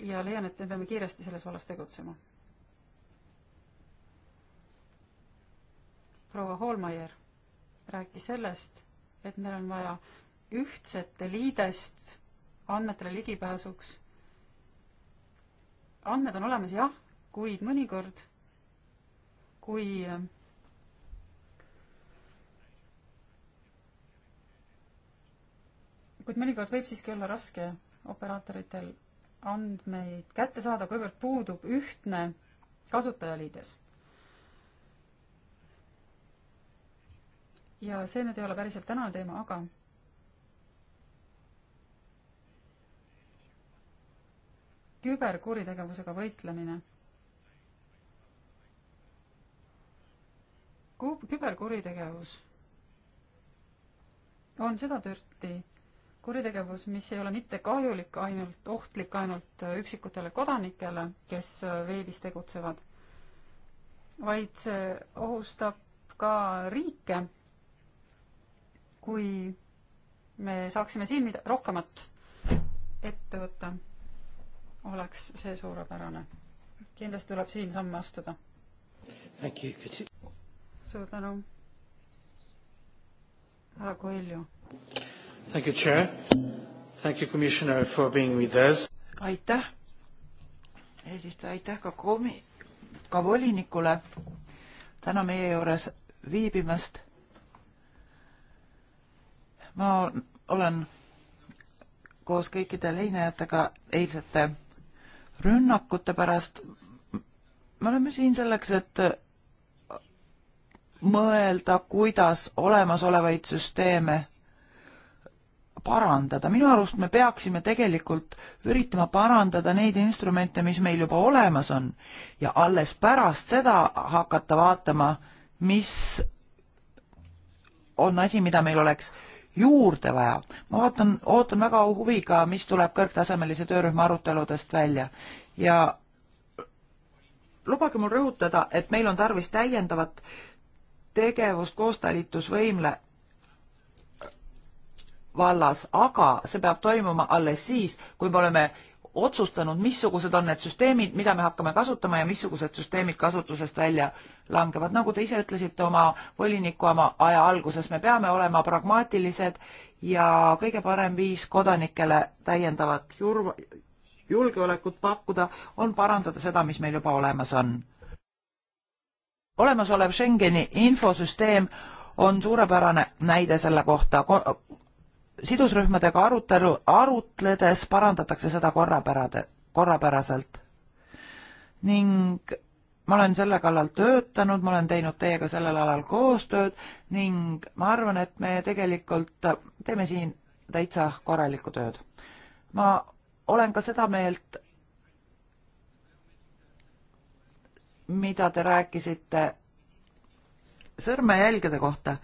Speaker 2: ja leian, et me peame kiiresti selles vallas tegutsema. proua Hoolmeier rääkis sellest, et meil on vaja ühtsete liidest andmetele ligipääsuks. andmed on olemas jah, kuid mõnikord, kui kuid mõnikord võib siiski olla raske operaatoritel andmeid kätte saada, kuivõrd puudub ühtne kasutajaliides. ja see nüüd ei ole päriselt tänane teema, aga küberkuritegevusega võitlemine. küberkuritegevus on seda tüüpi kuritegevus, mis ei ole mitte kahjulik ainult, ohtlik ainult üksikutele kodanikele, kes äh, veebis tegutsevad, vaid see ohustab ka riike, kui me saaksime siin mida rohkemat ette võtta, oleks see suurepärane. kindlasti tuleb siin samme astuda. suur tänu. härra Koilju.
Speaker 1: Thank you, Chair. Thank you, Commissioner, for being with us.
Speaker 4: aitäh, eesistuja, aitäh ka komi-, ka volinikule täna meie juures viibimast. ma olen koos kõikide leinajatega eilsete rünnakute pärast. me oleme siin selleks, et mõelda, kuidas olemasolevaid süsteeme parandada, minu arust me peaksime tegelikult üritama parandada neid instrumente, mis meil juba olemas on ja alles pärast seda hakata vaatama, mis on asi, mida meil oleks juurde vaja. ma vaatan, ootan väga huviga, mis tuleb kõrgtasemelise töörühma aruteludest välja ja lubage mul rõhutada, et meil on tarvis täiendavat tegevust koostalitusvõimle vallas, aga see peab toimuma alles siis, kui me oleme otsustanud, missugused on need süsteemid, mida me hakkame kasutama ja missugused süsteemid kasutusest välja langevad. nagu te ise ütlesite oma voliniku oma aja alguses, me peame olema pragmaatilised ja kõige parem viis kodanikele täiendavat jurv-, julgeolekut pakkuda on parandada seda, mis meil juba olemas on. olemasolev Schengeni infosüsteem on suurepärane näide selle kohta sidusrühmadega arutelu, arutledes parandatakse seda korrapärade, korrapäraselt. ning ma olen selle kallal töötanud, ma olen teinud teiega sellel alal koostööd ning ma arvan, et me tegelikult teeme siin täitsa korralikku tööd. ma olen ka seda meelt, mida te rääkisite sõrmejälgede kohta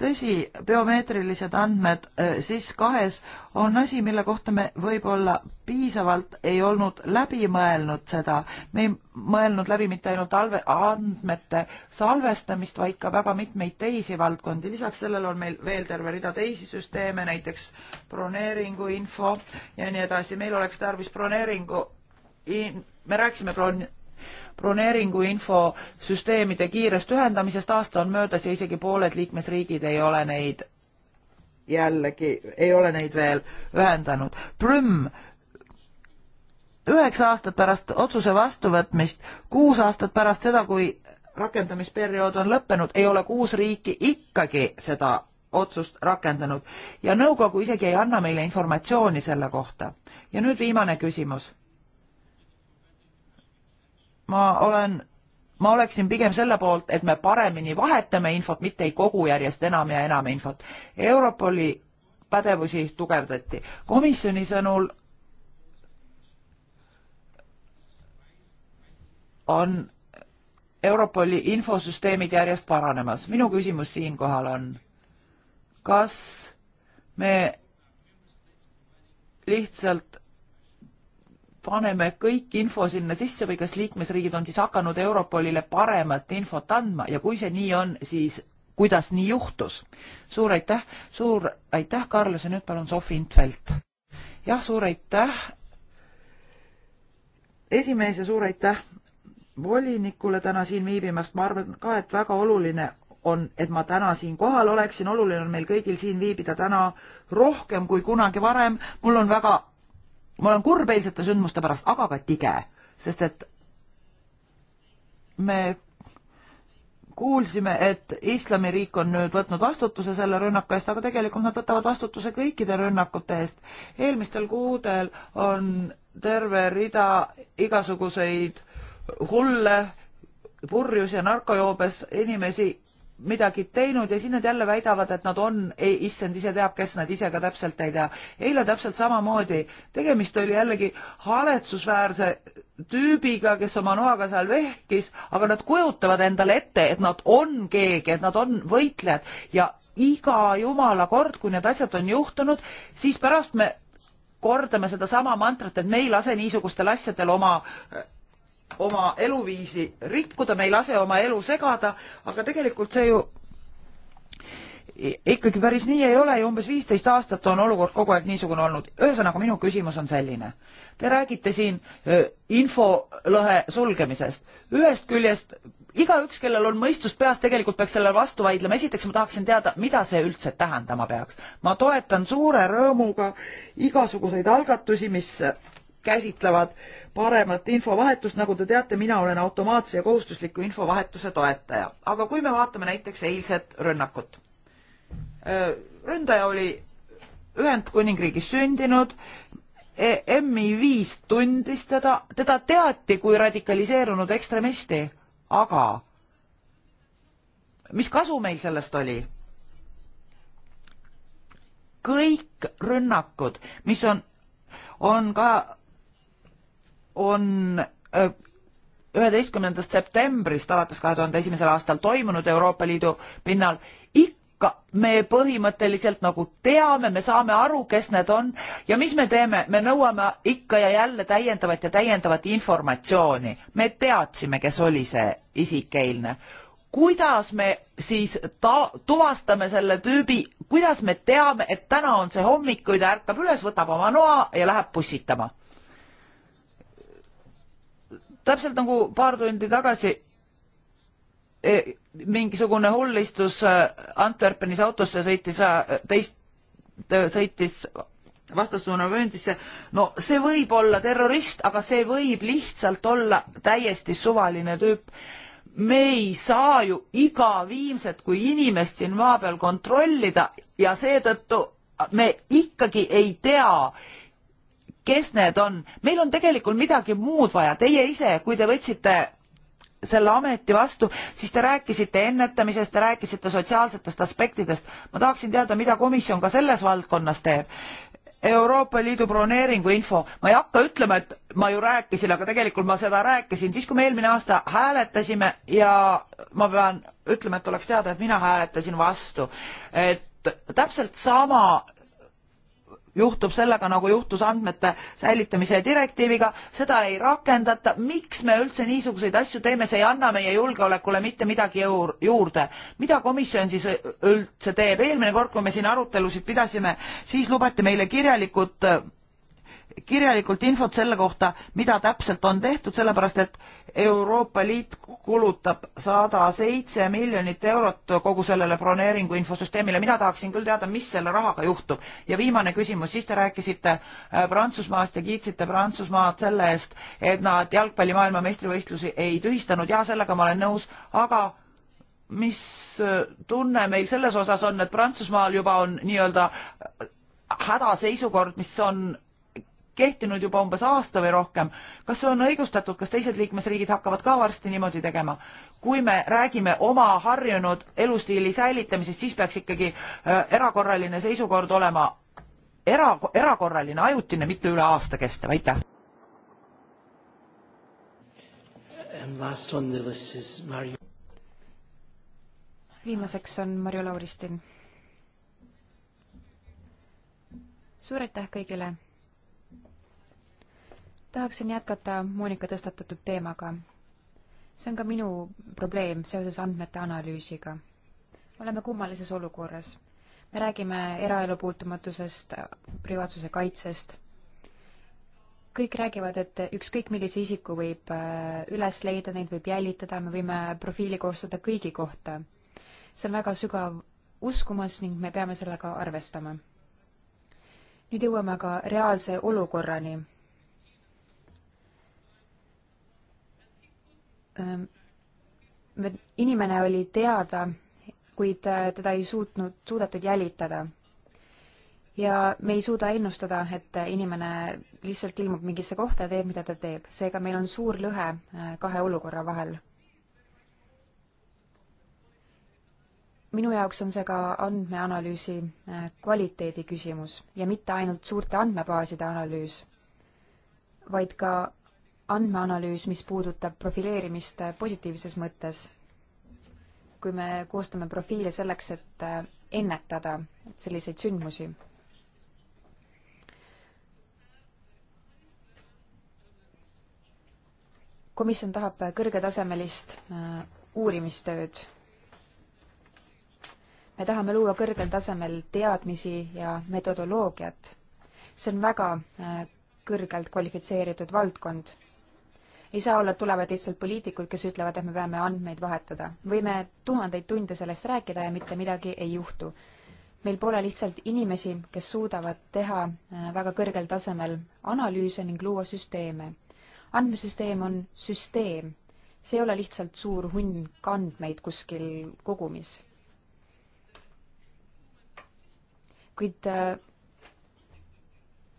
Speaker 4: tõsi, biomeetrilised andmed äh, siis kahes on asi, mille kohta me võib-olla piisavalt ei olnud läbi mõelnud seda. me ei mõelnud läbi mitte ainult alve, andmete salvestamist, vaid ka väga mitmeid teisi valdkondi. lisaks sellele on meil veel terve rida teisi süsteeme, näiteks broneeringu info ja nii edasi. meil oleks tarvis broneeringu in-, me rääkisime bron-, broneeringu infosüsteemide kiirest ühendamisest, aasta on möödas ja isegi pooled liikmesriigid ei ole neid jällegi, ei ole neid veel ühendanud. Prüm, üheksa aastat pärast otsuse vastuvõtmist, kuus aastat pärast seda, kui rakendamisperiood on lõppenud, ei ole kuus riiki ikkagi seda otsust rakendanud ja nõukogu isegi ei anna meile informatsiooni selle kohta. ja nüüd viimane küsimus ma olen, ma oleksin pigem selle poolt, et me paremini vahetame infot, mitte ei kogu järjest enam ja enam infot. Europoli pädevusi tugevdati. komisjoni sõnul on Europoli infosüsteemid järjest paranemas. minu küsimus siinkohal on, kas me lihtsalt paneme kõik info sinna sisse või kas liikmesriigid on siis hakanud Europolile paremat infot andma ja kui see nii on, siis kuidas nii juhtus? suur aitäh, suur aitäh, Carlos ja nüüd palun Sofi Intfeld. jah, suur aitäh, esimees ja suur aitäh volinikule täna siin viibimast, ma arvan ka, et väga oluline on, et ma täna siin kohal oleksin, oluline on meil kõigil siin viibida täna rohkem kui kunagi varem. mul on väga ma olen kurb eilsete sündmuste pärast, aga ka tige, sest et me kuulsime, et islamiriik on nüüd võtnud vastutuse selle rünnaku eest, aga tegelikult nad võtavad vastutuse kõikide rünnakute eest. eelmistel kuudel on terve rida igasuguseid hulle purjus ja narkojoobes inimesi midagi teinud ja siis nad jälle väidavad, et nad on, issand ise teab, kes nad ise ka täpselt ei tea. eile täpselt samamoodi, tegemist oli jällegi haletsusväärse tüübiga, kes oma noaga seal vehkis, aga nad kujutavad endale ette, et nad on keegi, et nad on võitlejad ja iga jumala kord, kui need asjad on juhtunud, siis pärast me kordame sedasama mantrat, et me ei lase niisugustel asjadel oma oma eluviisi rikkuda, me ei lase oma elu segada, aga tegelikult see ju ikkagi päris nii ei ole ja umbes viisteist aastat on olukord kogu aeg niisugune olnud. ühesõnaga, minu küsimus on selline. Te räägite siin infolõhe sulgemisest. ühest küljest igaüks, kellel on mõistus peas, tegelikult peaks selle vastu vaidlema. esiteks ma tahaksin teada, mida see üldse tähendama peaks. ma toetan suure rõõmuga igasuguseid algatusi, mis käsitlevad paremat infovahetust, nagu te teate, mina olen automaatse ja kohustusliku infovahetuse toetaja. aga kui me vaatame näiteks eilset rünnakut. Äh, ründaja oli Ühendkuningriigis sündinud, e, MI5 tundis teda, teda teati kui radikaliseerunud ekstremisti, aga mis kasu meil sellest oli? kõik rünnakud, mis on, on ka on äh, üheteistkümnendast septembrist alates kahe tuhande esimesel aastal toimunud Euroopa Liidu pinnal, ikka me põhimõtteliselt nagu teame, me saame aru, kes need on ja mis me teeme, me nõuame ikka ja jälle täiendavat ja täiendavat informatsiooni. me teadsime, kes oli see isik eilne kuidas me siis ta-, tuvastame selle tüübi, kuidas me teame, et täna on see hommik, kui ta ärkab üles, võtab oma noa ja läheb pussitama täpselt nagu paar tundi tagasi e, mingisugune hull istus äh, Antwerpenis autosse, sõitis äh, teist, äh, sõitis vastassuunavööndisse. no see võib olla terrorist, aga see võib lihtsalt olla täiesti suvaline tüüp. me ei saa ju iga viimset kui inimest siin maa peal kontrollida ja seetõttu me ikkagi ei tea, kes need on, meil on tegelikult midagi muud vaja, teie ise, kui te võtsite selle ameti vastu, siis te rääkisite ennetamisest, te rääkisite sotsiaalsetest aspektidest. ma tahaksin teada, mida komisjon ka selles valdkonnas teeb. Euroopa Liidu broneeringu info, ma ei hakka ütlema, et ma ju rääkisin, aga tegelikult ma seda rääkisin siis, kui me eelmine aasta hääletasime ja ma pean ütlema, et oleks teada, et mina hääletasin vastu. et täpselt sama juhtub sellega, nagu juhtus andmete säilitamise direktiiviga, seda ei rakendata, miks me üldse niisuguseid asju teeme, see ei anna meie julgeolekule mitte midagi juurde. mida komisjon siis üldse teeb, eelmine kord, kui me siin arutelusid pidasime, siis lubati meile kirjalikud kirjalikult infot selle kohta, mida täpselt on tehtud, sellepärast et Euroopa Liit kulutab sada seitse miljonit eurot kogu sellele broneeringu infosüsteemile. mina tahaksin küll teada, mis selle rahaga juhtub. ja viimane küsimus, siis te rääkisite äh, Prantsusmaast ja kiitsite Prantsusmaad selle eest, et nad jalgpalli maailmameistrivõistlusi ei tühistanud. jaa, sellega ma olen nõus, aga mis äh, tunne meil selles osas on, et Prantsusmaal juba on nii-öelda äh, hädaseisukord, mis on kehtinud juba umbes aasta või rohkem. kas see on õigustatud, kas teised liikmesriigid hakkavad ka varsti niimoodi tegema? kui me räägime oma harjunud elustiili säilitamisest, siis peaks ikkagi äh, erakorraline seisukord olema era, erakorraline, ajutine, mitte üle aasta kestev, aitäh.
Speaker 3: viimaseks on Marju Lauristin. suur aitäh kõigile tahaksin jätkata Monika tõstatatud teemaga. see on ka minu probleem seoses andmete analüüsiga. oleme kummalises olukorras. me räägime eraelu puutumatusest, privaatsuse kaitsest. kõik räägivad, et ükskõik millise isiku võib äh, üles leida, neid võib jälitada, me võime profiili koostada kõigi kohta. see on väga sügav uskumas ning me peame sellega arvestama. nüüd jõuame aga reaalse olukorrani inimene oli teada, kuid äh, teda ei suutnud, suudetud jälitada. ja me ei suuda ennustada, et äh, inimene lihtsalt ilmub mingisse kohta ja teeb, mida ta teeb, seega meil on suur lõhe äh, kahe olukorra vahel. minu jaoks on see ka andmeanalüüsi kvaliteedi küsimus ja mitte ainult suurte andmebaaside analüüs, vaid ka andmeanalüüs, mis puudutab profileerimist äh, positiivses mõttes. kui me koostame profiile selleks, et äh, ennetada selliseid sündmusi. komisjon tahab äh, kõrgetasemelist uurimistööd. me tahame luua kõrgel tasemel teadmisi ja metodoloogiat. see on väga kõrgelt kvalifitseeritud valdkond ei saa olla, et tulevad lihtsalt poliitikud, kes ütlevad, et me peame andmeid vahetada. võime tuhandeid tunde sellest rääkida ja mitte midagi ei juhtu. meil pole lihtsalt inimesi, kes suudavad teha äh, väga kõrgel tasemel analüüse ning luua süsteeme. andmesüsteem on süsteem, see ei ole lihtsalt suur hunnik andmeid kuskil kogumis. kuid äh,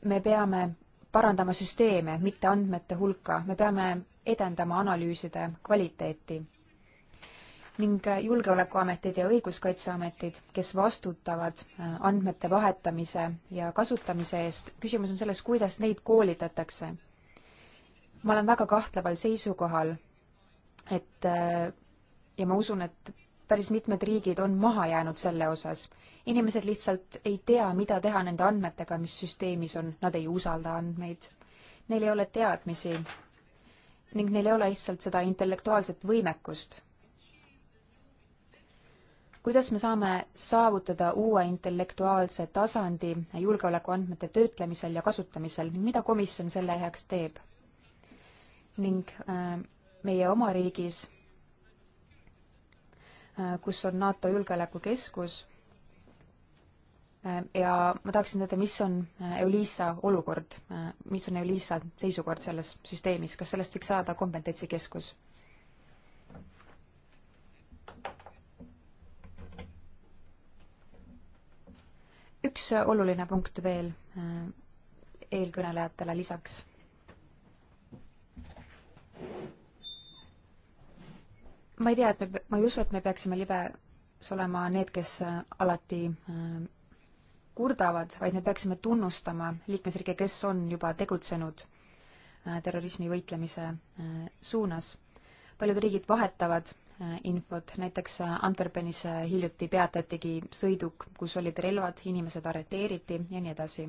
Speaker 3: me peame parandama süsteeme, mitte andmete hulka, me peame edendama analüüside kvaliteeti. ning Julgeolekuametid ja Õiguskaitseametid, kes vastutavad äh, andmete vahetamise ja kasutamise eest, küsimus on selles, kuidas neid koolitatakse. ma olen väga kahtleval seisukohal, et äh, ja ma usun, et päris mitmed riigid on maha jäänud selle osas inimesed lihtsalt ei tea, mida teha nende andmetega, mis süsteemis on, nad ei usalda andmeid. Neil ei ole teadmisi ning neil ei ole lihtsalt seda intellektuaalset võimekust. kuidas me saame saavutada uue intellektuaalse tasandi julgeolekuandmete töötlemisel ja kasutamisel ning mida komisjon selle heaks teeb? ning äh, meie oma riigis äh,, kus on NATO Julgeolekukeskus Äh, ja ma tahaksin teada, mis on äh, Euliisa olukord, äh, mis on Euliisa seisukord selles süsteemis, kas sellest võiks saada kompetentsikeskus? üks oluline punkt veel eelkõnelejatele lisaks. ma ei tea, et me, ma ei usu, et me peaksime libes olema need, kes alati kurdavad, vaid me peaksime tunnustama liikmesriike, kes on juba tegutsenud äh, terrorismi võitlemise äh, suunas. paljud riigid vahetavad äh, infot, näiteks Antwerpenis hiljuti peatatigi sõiduk, kus olid relvad, inimesed arreteeriti ja nii edasi.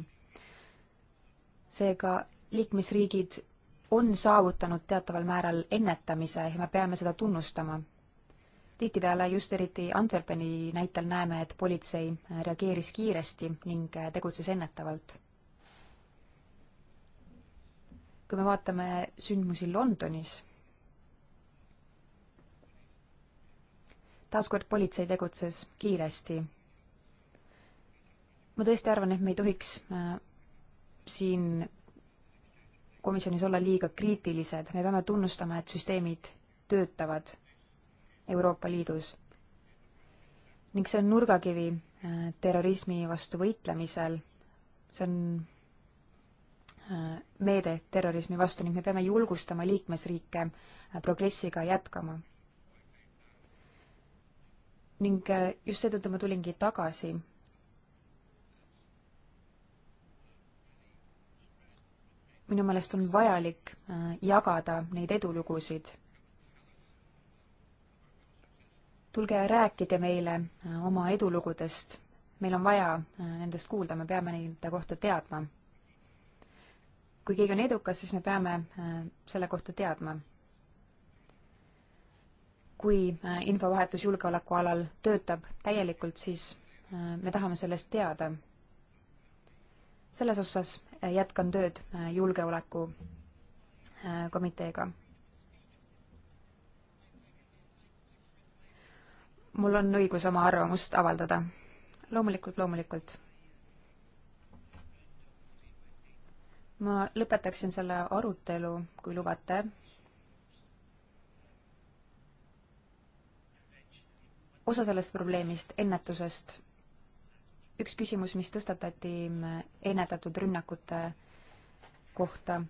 Speaker 3: seega liikmesriigid on saavutanud teataval määral ennetamise ja me peame seda tunnustama tihtipeale just eriti Antwerpeni näitel näeme, et politsei reageeris kiiresti ning tegutses ennetavalt. kui me vaatame sündmusi Londonis, taaskord politsei tegutses kiiresti. ma tõesti arvan, et me ei tohiks äh, siin komisjonis olla liiga kriitilised, me peame tunnustama, et süsteemid töötavad Euroopa Liidus. ning see on nurgakivi äh, terrorismi vastu võitlemisel, see on äh, meede terrorismi vastu ning me peame julgustama liikmesriike äh, progressiga jätkama. ning just seetõttu ma tulingi tagasi minu meelest on vajalik jagada neid edulugusid tulge rääkige meile äh, oma edulugudest. meil on vaja äh, nendest kuulda, me peame nende kohta teadma. kui keegi on edukas, siis me peame äh, selle kohta teadma. kui infovahetus julgeoleku alal töötab täielikult, siis me tahame sellest teada. selles osas jätkan tööd julgeoleku komiteega mul on õigus oma arvamust avaldada. loomulikult, loomulikult. ma lõpetaksin selle arutelu, kui lubate. osa sellest probleemist, ennetusest. üks küsimus, mis tõstatati ennetatud rünnakute kohta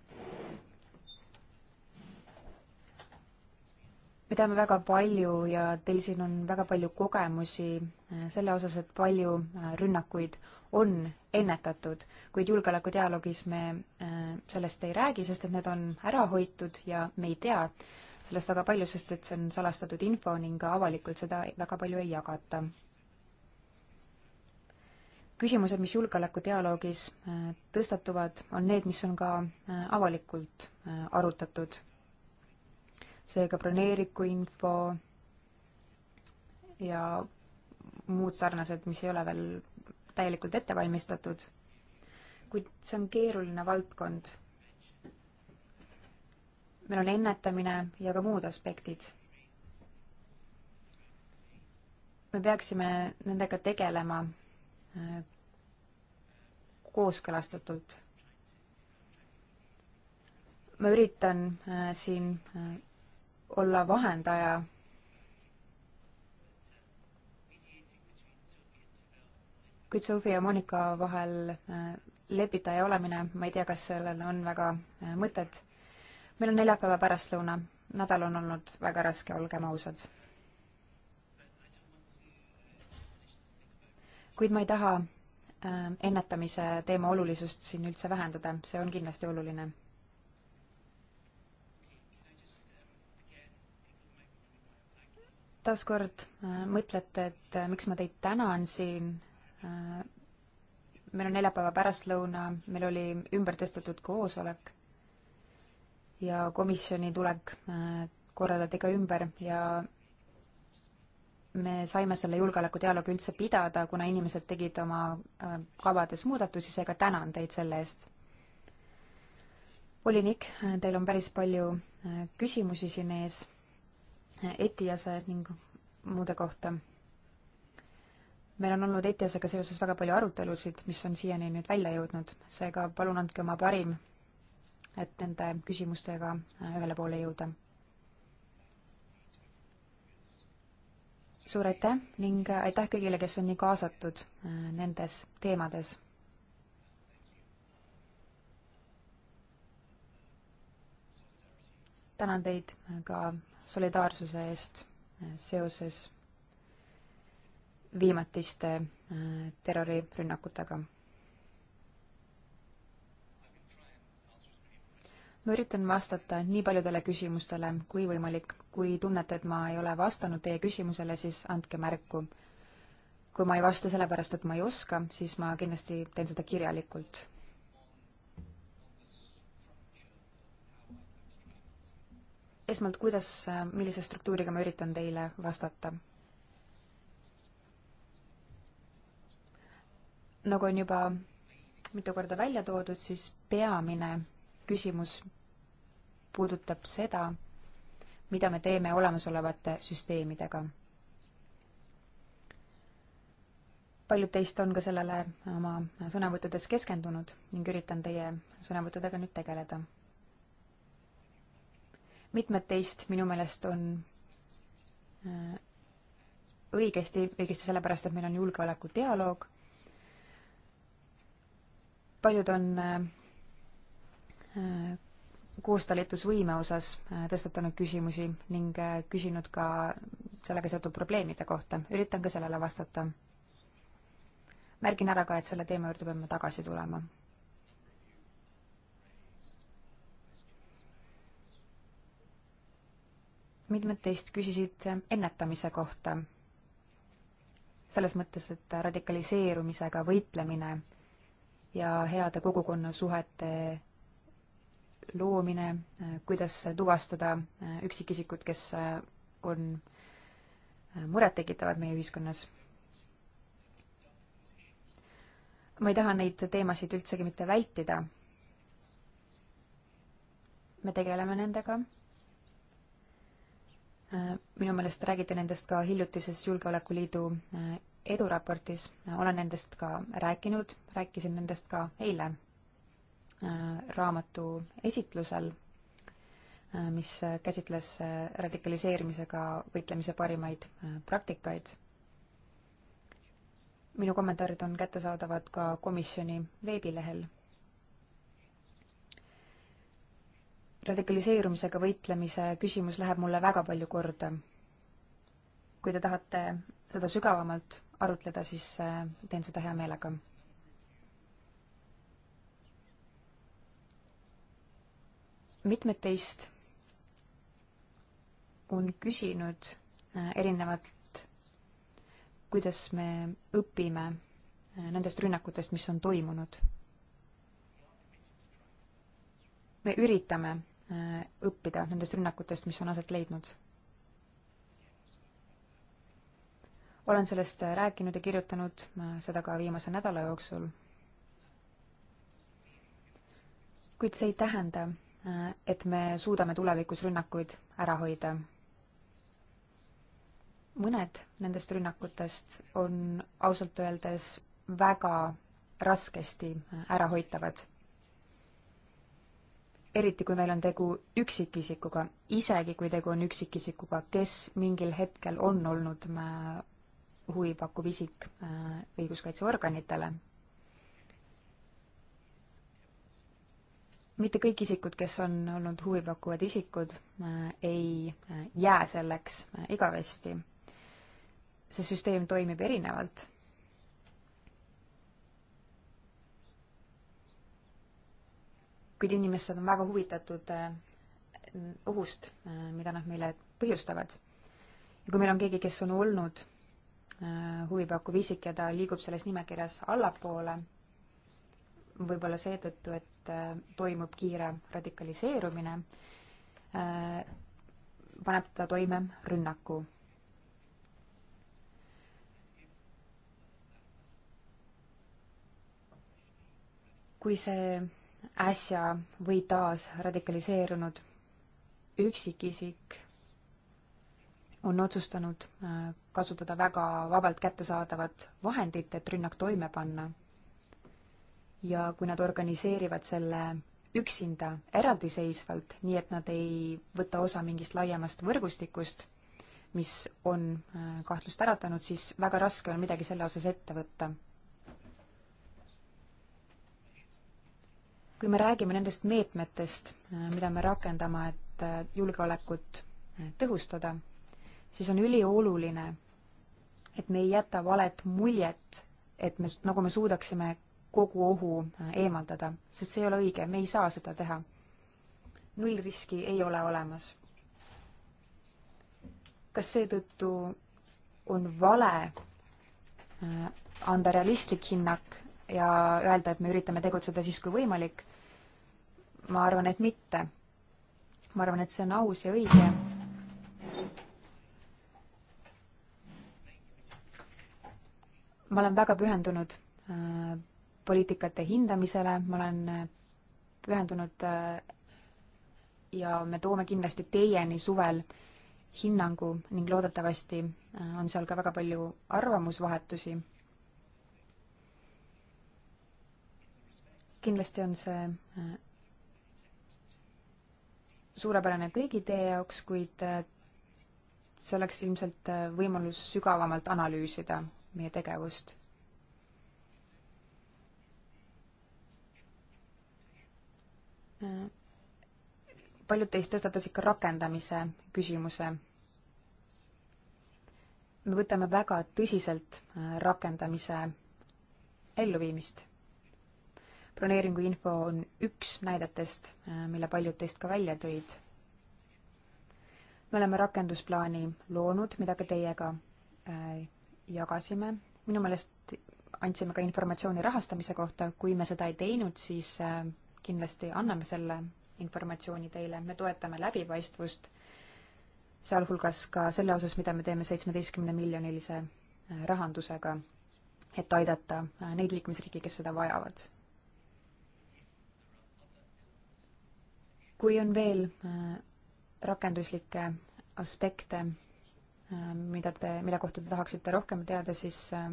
Speaker 3: me teame väga palju ja teil siin on väga palju kogemusi äh, selle osas, et palju äh, rünnakuid on ennetatud, kuid julgeolekudialoogis me äh, sellest ei räägi, sest et need on ära hoitud ja me ei tea sellest väga palju, sest et see on salastatud info ning avalikult seda väga palju ei jagata. küsimused, mis julgeolekudialoogis tõstatuvad, on need, mis on ka avalikult arutatud seega broneeriku info ja muud sarnased, mis ei ole veel täielikult ette valmistatud. kuid see on keeruline valdkond. meil on ennetamine ja ka muud aspektid. me peaksime nendega tegelema äh, kooskõlastatult. ma üritan äh, siin äh, olla vahendaja kuid Sophie ja Monika vahel äh, lepitaja olemine, ma ei tea, kas sellel on väga äh, mõtet. meil on neljapäeva pärastlõuna, nädal on olnud väga raske, olgem ausad. kuid ma ei taha äh, ennetamise teema olulisust siin üldse vähendada, see on kindlasti oluline taaskord äh, mõtlete, et äh, miks ma teid tänan siin. Äh, meil on neljapäeva pärastlõuna, meil oli ümbertõstetud koosolek ja komisjoni tulek korraldati ka ümber ja me saime selle julgeolekudialoogi üldse pidada, kuna inimesed tegid oma kavades muudatusi, seega tänan teid selle eest. volinik, teil on päris palju küsimusi siin ees ETIAS-e ning muude kohta. meil on olnud ETIAS-ega seoses väga palju arutelusid, mis on siiani nüüd välja jõudnud, seega palun andke oma parim, et nende küsimustega äh, ühele poole jõuda. suur aitäh ning äh, aitäh kõigile, kes on nii kaasatud äh, nendes teemades tänan teid ka solidaarsuse eest seoses viimatiste äh, terrorirünnakutega. ma üritan vastata nii paljudele küsimustele kui võimalik. kui tunnete, et ma ei ole vastanud teie küsimusele, siis andke märku. kui ma ei vasta sellepärast, et ma ei oska, siis ma kindlasti teen seda kirjalikult esmalt, kuidas, äh, millise struktuuriga ma üritan teile vastata? nagu on juba mitu korda välja toodud, siis peamine küsimus puudutab seda, mida me teeme olemasolevate süsteemidega. paljud teist on ka sellele oma sõnavõttudes keskendunud ning üritan teie sõnavõttudega nüüd tegeleda mitmed teist minu meelest on äh, õigesti, õigesti sellepärast, et meil on julgeolekudialoog. paljud on äh, äh, koostalitusvõime osas tõstatanud küsimusi ning küsinud ka sellega seotud probleemide kohta. üritan ka sellele vastata. märgin ära ka, et selle teema juurde peame tagasi tulema mitmed teist küsisid ennetamise kohta. selles mõttes, et radikaliseerumisega võitlemine ja heade kogukonnasuhete loomine, kuidas tuvastada üksikisikud, kes on murettekitavad meie ühiskonnas. ma ei taha neid teemasid üldsegi mitte vältida. me tegeleme nendega Äh, minu meelest räägiti nendest ka hiljutises Julgeolekuliidu äh, eduraportis, äh, olen nendest ka rääkinud, rääkisin nendest ka eile raamatu esitlusel, mis käsitles radikaliseerimisega võitlemise parimaid praktikaid. minu kommentaarid on kättesaadavad ka komisjoni veebilehel radikaliseerumisega võitlemise küsimus läheb mulle väga palju korda. kui te tahate seda sügavamalt arutleda, siis äh, teen seda hea meelega. mitmed teist on küsinud äh, erinevalt, kuidas me õpime äh, nendest rünnakutest, mis on toimunud. me üritame Äh, õppida nendest rünnakutest, mis on aset leidnud. olen sellest äh, rääkinud ja kirjutanud, äh, seda ka viimase nädala jooksul. kuid see ei tähenda, et me suudame tulevikus rünnakuid ära hoida. mõned nendest rünnakutest on ausalt öeldes väga raskesti ärahoitavad eriti kui meil on tegu üksikisikuga, isegi kui tegu on üksikisikuga, kes mingil hetkel on olnud äh, huvipakkuv isik äh, õiguskaitseorganitele. mitte kõik isikud, kes on olnud huvipakkuvad isikud, äh, ei jää selleks igavesti. see süsteem toimib erinevalt kuid inimesed on väga huvitatud ohust, äh, äh, mida nad meile põhjustavad. ja kui meil on keegi, kes on olnud äh, huvipakkuv isik ja ta liigub selles nimekirjas allapoole, võib-olla seetõttu, et toimub kiire radikaliseerumine, paneb ta toime rünnaku. kui see äsja või taas radikaliseerunud üksikisik on otsustanud äh, kasutada väga vabalt kättesaadavat vahendit, et rünnak toime panna. ja kui nad organiseerivad selle üksinda eraldiseisvalt, nii et nad ei võta osa mingist laiemast võrgustikust, mis on äh, kahtlust äratanud, siis väga raske on midagi selle osas ette võtta kui me räägime nendest meetmetest, mida me rakendame, et äh, julgeolekut äh, tõhustada, siis on ülioluline, et me ei jäta valet muljet, et me, nagu me suudaksime kogu ohu äh, eemaldada, sest see ei ole õige, me ei saa seda teha. nullriski ei ole olemas. kas seetõttu on vale anda realistlik hinnak ja öelda, et me üritame tegutseda siis, kui võimalik, ma arvan, et mitte. ma arvan, et see on aus ja õige. ma olen väga pühendunud äh, poliitikate hindamisele, ma olen äh, pühendunud äh, ja me toome kindlasti teieni suvel hinnangu ning loodetavasti on seal ka väga palju arvamusvahetusi. kindlasti on see suurepärane kõigi teie jaoks, kuid äh, see oleks ilmselt äh, võimalus sügavamalt analüüsida meie tegevust. paljud teist tõstatasid ka rakendamise küsimuse. me võtame väga tõsiselt äh, rakendamise elluviimist broneeringuinfo on üks näidetest, äh, mille paljud teist ka välja tõid. me oleme rakendusplaani loonud, mida ka teiega äh, jagasime. minu meelest andsime ka informatsiooni rahastamise kohta, kui me seda ei teinud, siis äh, kindlasti anname selle informatsiooni teile, me toetame läbipaistvust, sealhulgas ka selle osas, mida me teeme seitsmeteistkümne miljonilise rahandusega, et aidata neid liikmesriike, kes seda vajavad kui on veel äh, rakenduslikke aspekte, äh, mida te, mille kohta te tahaksite rohkem teada, siis äh,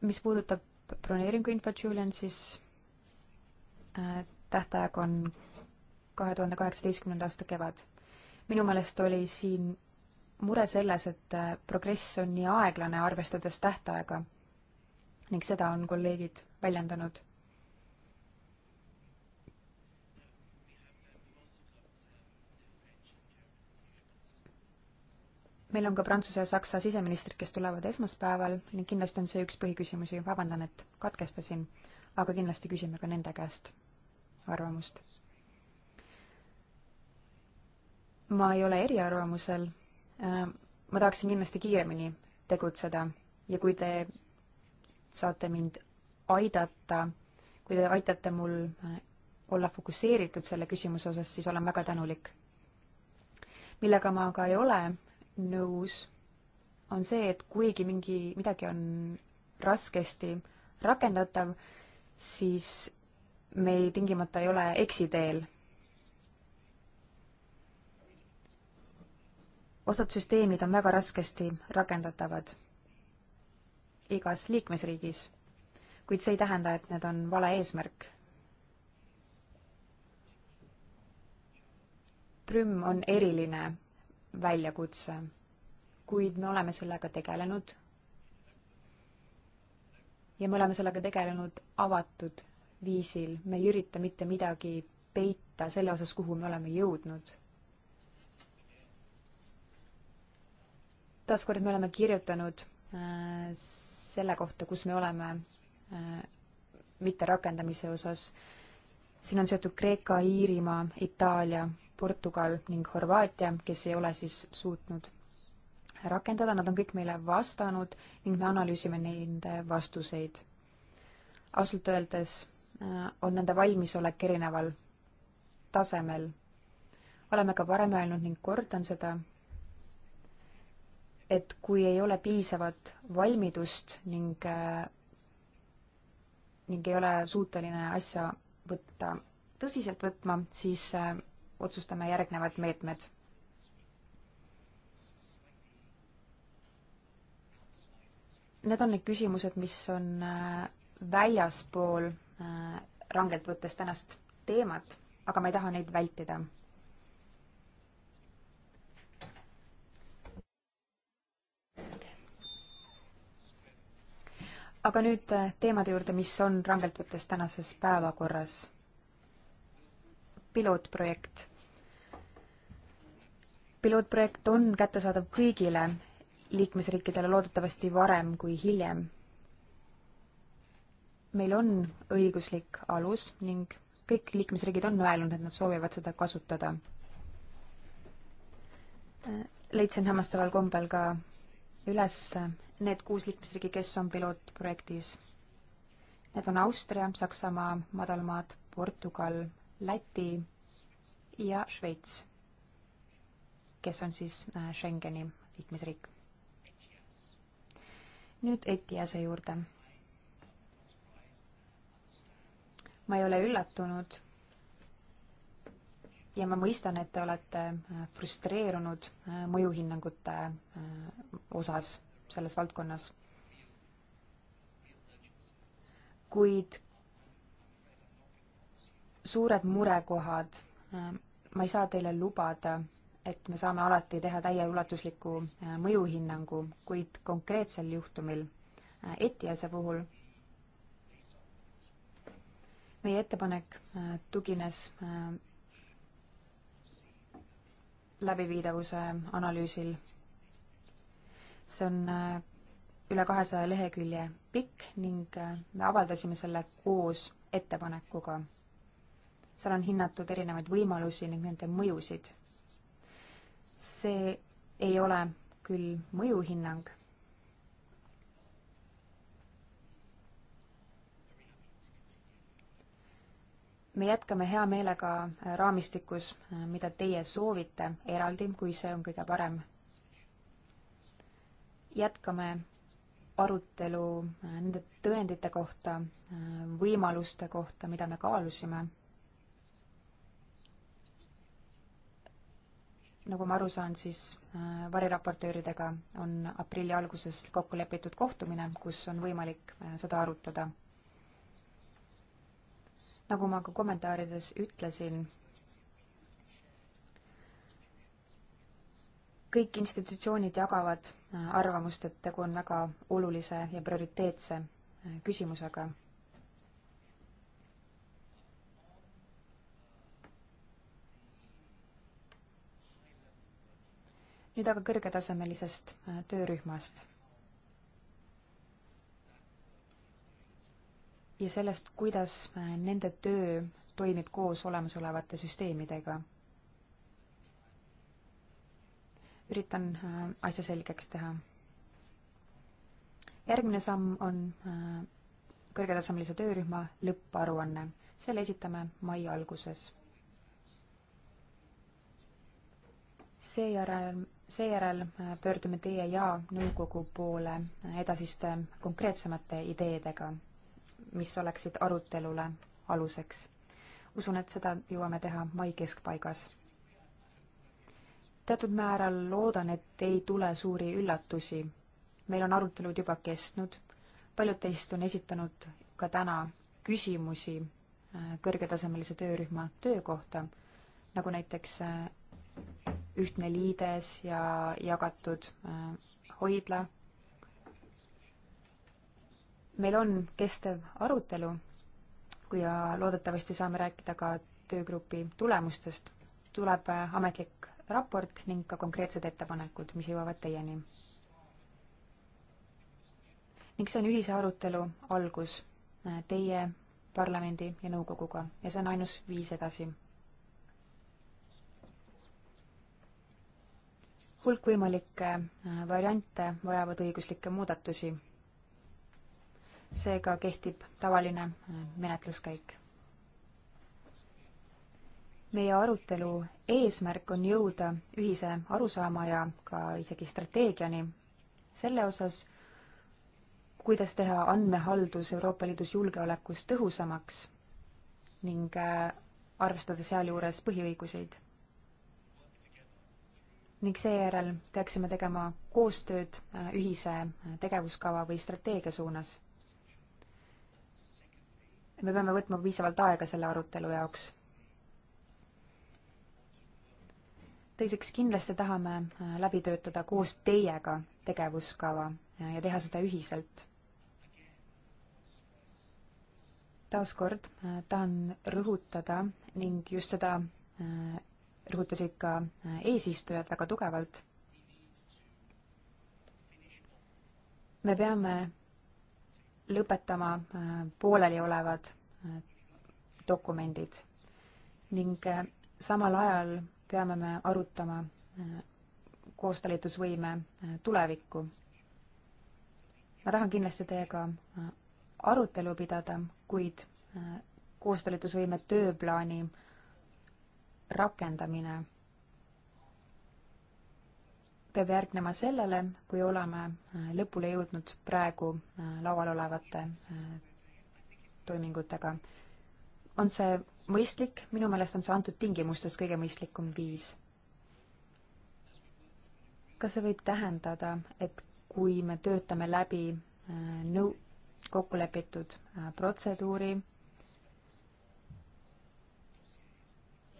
Speaker 3: mis puudutab broneeringu infot, Julian, siis tähtaeg on kahe tuhande kaheksateistkümnenda aasta kevad. minu meelest oli siin mure selles, et progress on nii aeglane, arvestades tähtaega. ning seda on kolleegid väljendanud meil on ka Prantsuse ja Saksa siseministrid, kes tulevad esmaspäeval ning kindlasti on see üks põhiküsimusi, vabandan, et katkestasin, aga kindlasti küsime ka nende käest arvamust. ma ei ole eriarvamusel, äh, ma tahaksin kindlasti kiiremini tegutseda ja kui te saate mind aidata, kui te aitate mul äh, olla fokusseeritud selle küsimuse osas, siis olen väga tänulik millega ma aga ei ole, nõus, on see, et kuigi mingi, midagi on raskesti rakendatav, siis me ei, tingimata ei ole eksiteel. osad süsteemid on väga raskesti rakendatavad igas liikmesriigis, kuid see ei tähenda, et need on vale eesmärk Prüm on eriline väljakutse, kuid me oleme sellega tegelenud. ja me oleme sellega tegelenud avatud viisil, me ei ürita mitte midagi peita selle osas, kuhu me oleme jõudnud. taaskord me oleme kirjutanud äh, selle kohta, kus me oleme äh, mitterakendamise osas. siin on seotud Kreeka, Iirimaa, Itaalia Portugal ning Horvaatia, kes ei ole siis suutnud rakendada, nad on kõik meile vastanud ning me analüüsime nende vastuseid. ausalt öeldes äh, on nende valmisolek erineval tasemel. oleme ka varem öelnud ning kordan seda, et kui ei ole piisavat valmidust ning, äh, ning ei ole suuteline asja võtta tõsiselt võtma, siis äh, otsustame järgnevad meetmed. Need on need küsimused, mis on äh, väljaspool äh, rangelt võttes tänast teemat, aga ma ei taha neid vältida. aga nüüd äh, teemade juurde, mis on rangelt võttes tänases päevakorras. pilootprojekt pilootprojekt on kättesaadav kõigile liikmesriikidele loodetavasti varem kui hiljem. meil on õiguslik alus ning kõik liikmesriigid on öelnud, et nad soovivad seda kasutada. leidsin hämmastaval kombel ka üles need kuus liikmesriigi, kes on pilootprojektis. Need on Austria, Saksamaa, Madalmaad, Portugal, Läti ja Šveits kes on siis äh, Schengeni liikmesriik. nüüd ETIAS-e juurde. ma ei ole üllatunud ja ma mõistan, et te olete äh, frustreerunud äh, mõjuhinnangute osas selles valdkonnas. kuid suured murekohad, ma ei saa teile lubada et me saame alati teha täieulatusliku äh, mõjuhinnangu, kuid konkreetsel juhtumil, äh, Etiase puhul, meie ettepanek äh, tugines läbiviidavuse analüüsil. see on üle kahesaja lehekülje pikk ning me avaldasime selle koos ettepanekuga. seal on hinnatud erinevaid võimalusi ning nende mõjusid see ei ole küll mõjuhinnang. me jätkame hea meelega raamistikus, mida teie soovite, eraldi, kui see on kõige parem. jätkame arutelu nende tõendite kohta, võimaluste kohta, mida me kaalusime nagu ma aru saan, siis äh, variraportööridega on aprilli alguses kokku lepitud kohtumine, kus on võimalik äh, seda arutada. nagu ma ka kommentaarides ütlesin, kõik institutsioonid jagavad äh, arvamust, et tegu on väga olulise ja prioriteetse küsimusega nüüd aga kõrgetasemelisest äh, töörühmast. ja sellest, kuidas äh, nende töö toimib koos olemasolevate süsteemidega. üritan äh, asja selgeks teha. järgmine samm on kõrgetasemelise töörühma lõpparuanne, selle esitame mai alguses. seejärel seejärel äh, pöördume teie ja nõukogu poole edasiste konkreetsemate ideedega, mis oleksid arutelule aluseks. usun, et seda jõuame teha mai keskpaigas. teatud määral loodan, et ei tule suuri üllatusi. meil on arutelud juba kestnud, paljud teist on esitanud ka täna küsimusi äh, kõrgetasemelise töörühma töö kohta, nagu näiteks äh, ühtne liides ja jagatud äh, hoidla. meil on kestev arutelu ja loodetavasti saame rääkida ka töögrupi tulemustest. tuleb äh, ametlik raport ning ka konkreetsed ettepanekud, mis jõuavad teieni. ning see on ühise arutelu algus äh, teie, parlamendi ja nõukoguga ja see on ainus viis edasi hulk võimalikke äh, variante vajavad õiguslikke muudatusi. seega kehtib tavaline äh, menetluskäik. meie arutelu eesmärk on jõuda ühise arusaama ja ka isegi strateegiani selle osas, kuidas teha andmehaldus Euroopa Liidus julgeolekus tõhusamaks ning äh, arvestada sealjuures põhiõiguseid ning seejärel peaksime tegema koostööd äh, ühise äh, tegevuskava või strateegia suunas. me peame võtma piisavalt aega selle arutelu jaoks. teiseks, kindlasti tahame äh, läbi töötada koos teiega tegevuskava ja teha seda ühiselt. taaskord tahan rõhutada ning just seda rõhutasid ka äh, eesistujad väga tugevalt. me peame lõpetama äh, pooleliolevad äh, dokumendid ning samal ajal peame me arutama koostalitusvõime tulevikku. ma tahan kindlasti teiega arutelu pidada, kuid koostalitusvõime tööplaani äh, rakendamine peab järgnema sellele, kui oleme äh, lõpule jõudnud praegu äh, laual olevate äh, toimingutega. on see mõistlik, minu meelest on see antud tingimustes kõige mõistlikum viis. kas see võib tähendada, et kui me töötame läbi nõu-, kokkulepitud protseduuri,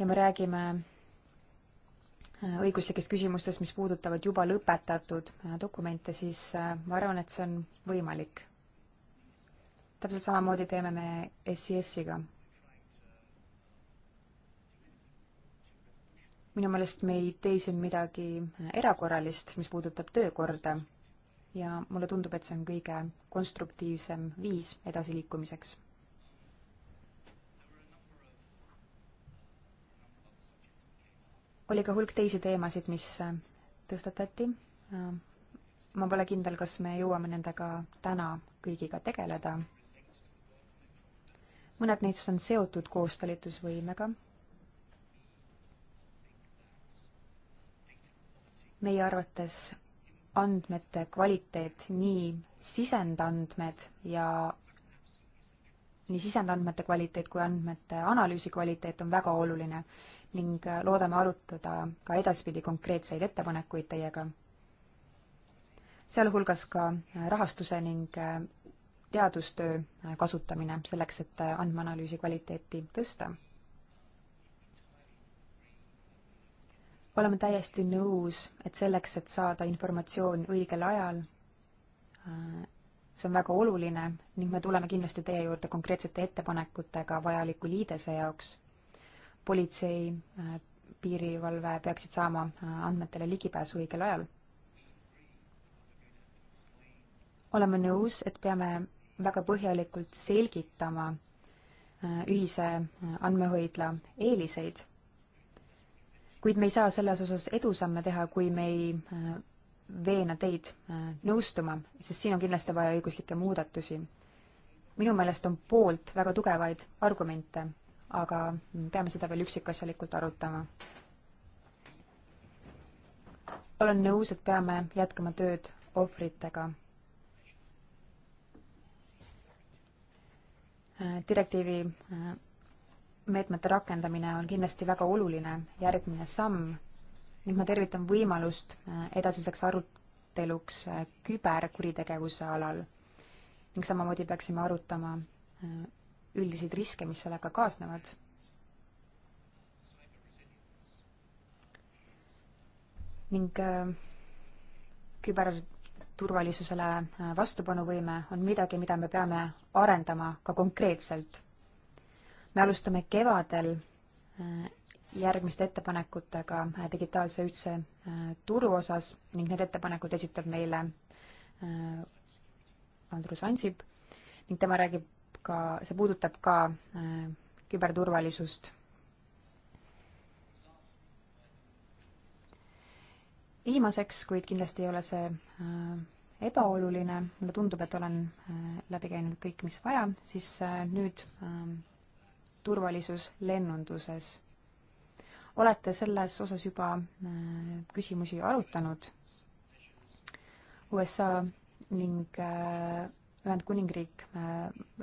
Speaker 3: ja me räägime äh, õiguslikest küsimustest, mis puudutavad juba lõpetatud äh, dokumente, siis äh, ma arvan, et see on võimalik. täpselt samamoodi teeme me SIS-iga. minu meelest me ei tee siin midagi erakorralist, mis puudutab töökorda ja mulle tundub, et see on kõige konstruktiivsem viis edasiliikumiseks oli ka hulk teisi teemasid, mis äh, tõstatati. Äh, ma pole kindel, kas me jõuame nendega täna kõigiga tegeleda. mõned neist on seotud koostalitusvõimega. meie arvates andmete kvaliteet, nii sisendandmed ja nii sisendandmete kvaliteet kui andmete analüüsi kvaliteet on väga oluline ning äh, loodame arutada ka edaspidi konkreetseid ettepanekuid teiega, sealhulgas ka äh, rahastuse ning äh, teadustöö kasutamine selleks, et andmeanalüüsi kvaliteeti tõsta. oleme täiesti nõus, et selleks, et saada informatsioon õigel ajal, see on väga oluline ning me tuleme kindlasti teie juurde konkreetsete ettepanekutega vajaliku liidese jaoks politsei, äh, piirivalve peaksid saama äh, andmetele ligipääsu õigel ajal. oleme nõus, et peame väga põhjalikult selgitama äh, ühise andmehoidla eeliseid, kuid me ei saa selles osas edusamme teha, kui me ei veena teid nõustuma, sest siin on kindlasti vaja õiguslikke muudatusi. minu meelest on poolt väga tugevaid argumente aga peame seda veel üksikasjalikult arutama. olen nõus, et peame jätkama tööd ohvritega. direktiivi äh, meetmete rakendamine on kindlasti väga oluline järgmine samm ning ma tervitan võimalust äh, edasiseks aruteluks äh, küberkuritegevuse alal. ning samamoodi peaksime arutama üldiseid riske, mis sellega kaasnevad. ning äh, küberturvalisusele äh, vastupanuvõime on midagi, mida me peame arendama ka konkreetselt. me alustame kevadel äh, järgmiste ettepanekutega digitaalse ühtse turu osas ning need ettepanekud esitab meile Andrus Ansip ning tema räägib ka, see puudutab ka äh, küberturvalisust. viimaseks, kuid kindlasti ei ole see äh, ebaoluline, mulle tundub, et olen äh, läbi käinud kõik, mis vaja, siis nüüd turvalisus lennunduses. olete selles osas juba küsimusi arutanud? USA ning Ühendkuningriik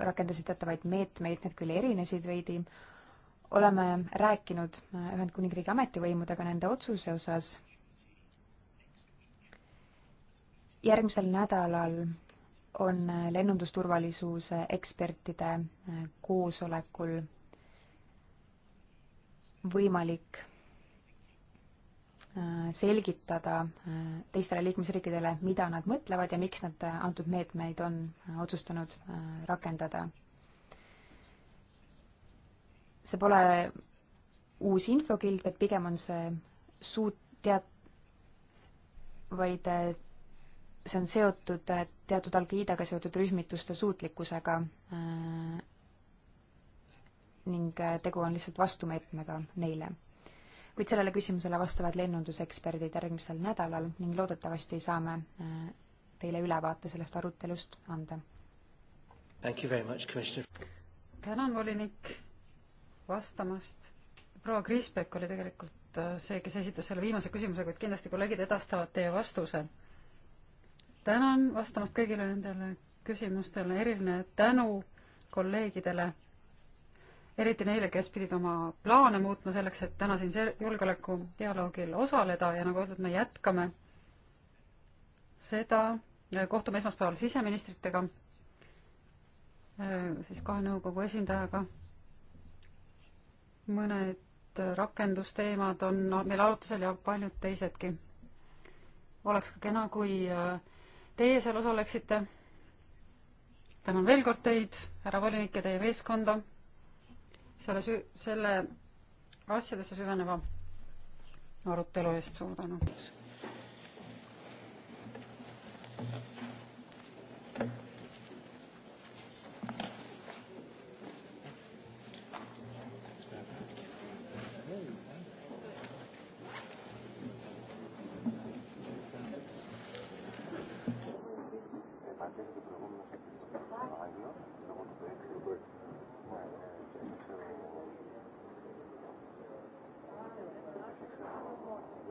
Speaker 3: rakendasid teatavaid meetmeid, need küll erinesid veidi. oleme rääkinud äh, Ühendkuningriigi ametivõimudega nende otsuse osas. järgmisel nädalal on äh, lennundusturvalisuse ekspertide äh, koosolekul võimalik Äh, selgitada äh, teistele liikmesriikidele, mida nad mõtlevad ja miks nad äh, antud meetmeid on otsustanud rakendada. see pole uus infokild, vaid pigem on see suut-, tead-, vaid see on seotud teatud Al-Qaedaga seotud rühmituste suutlikkusega ning tegu on lihtsalt vastumeetmega neile kuid sellele küsimusele vastavad lennunduseksperdid järgmisel nädalal ning loodetavasti saame äh,
Speaker 2: teile ülevaate sellest arutelust anda. tänan, volinik, vastamast. proua Kriisbek oli tegelikult äh, see, kes esitas selle viimase küsimuse, kuid kindlasti kolleegid edastavad teie vastuse. tänan vastamast kõigile nendele küsimustele, eriline tänu kolleegidele eriti neile, kes pidid oma plaane muutma selleks, et täna siin julgeolekudialoogil osaleda ja nagu öeldud, me jätkame seda, äh, kohtume esmaspäeval siseministritega, äh, siis kahe nõukogu esindajaga, mõned rakendusteemad on meil arutusel ja paljud teisedki. oleks ka kena, kui äh, teie seal osaleksite. tänan veel kord teid, härra volinik ja teie meeskonda selle süü-, selle asjadesse süveneva arutelu eest, suur tänu!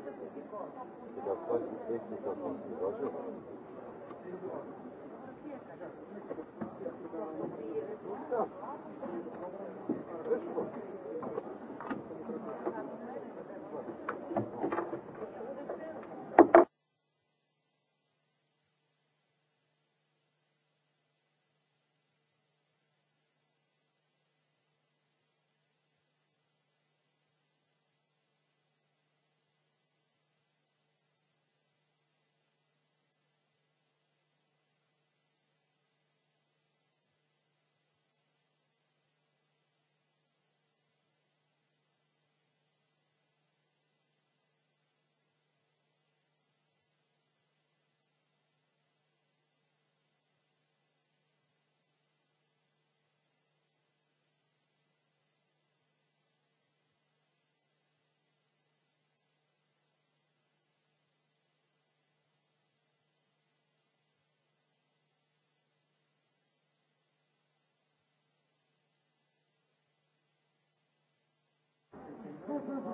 Speaker 1: Thank you.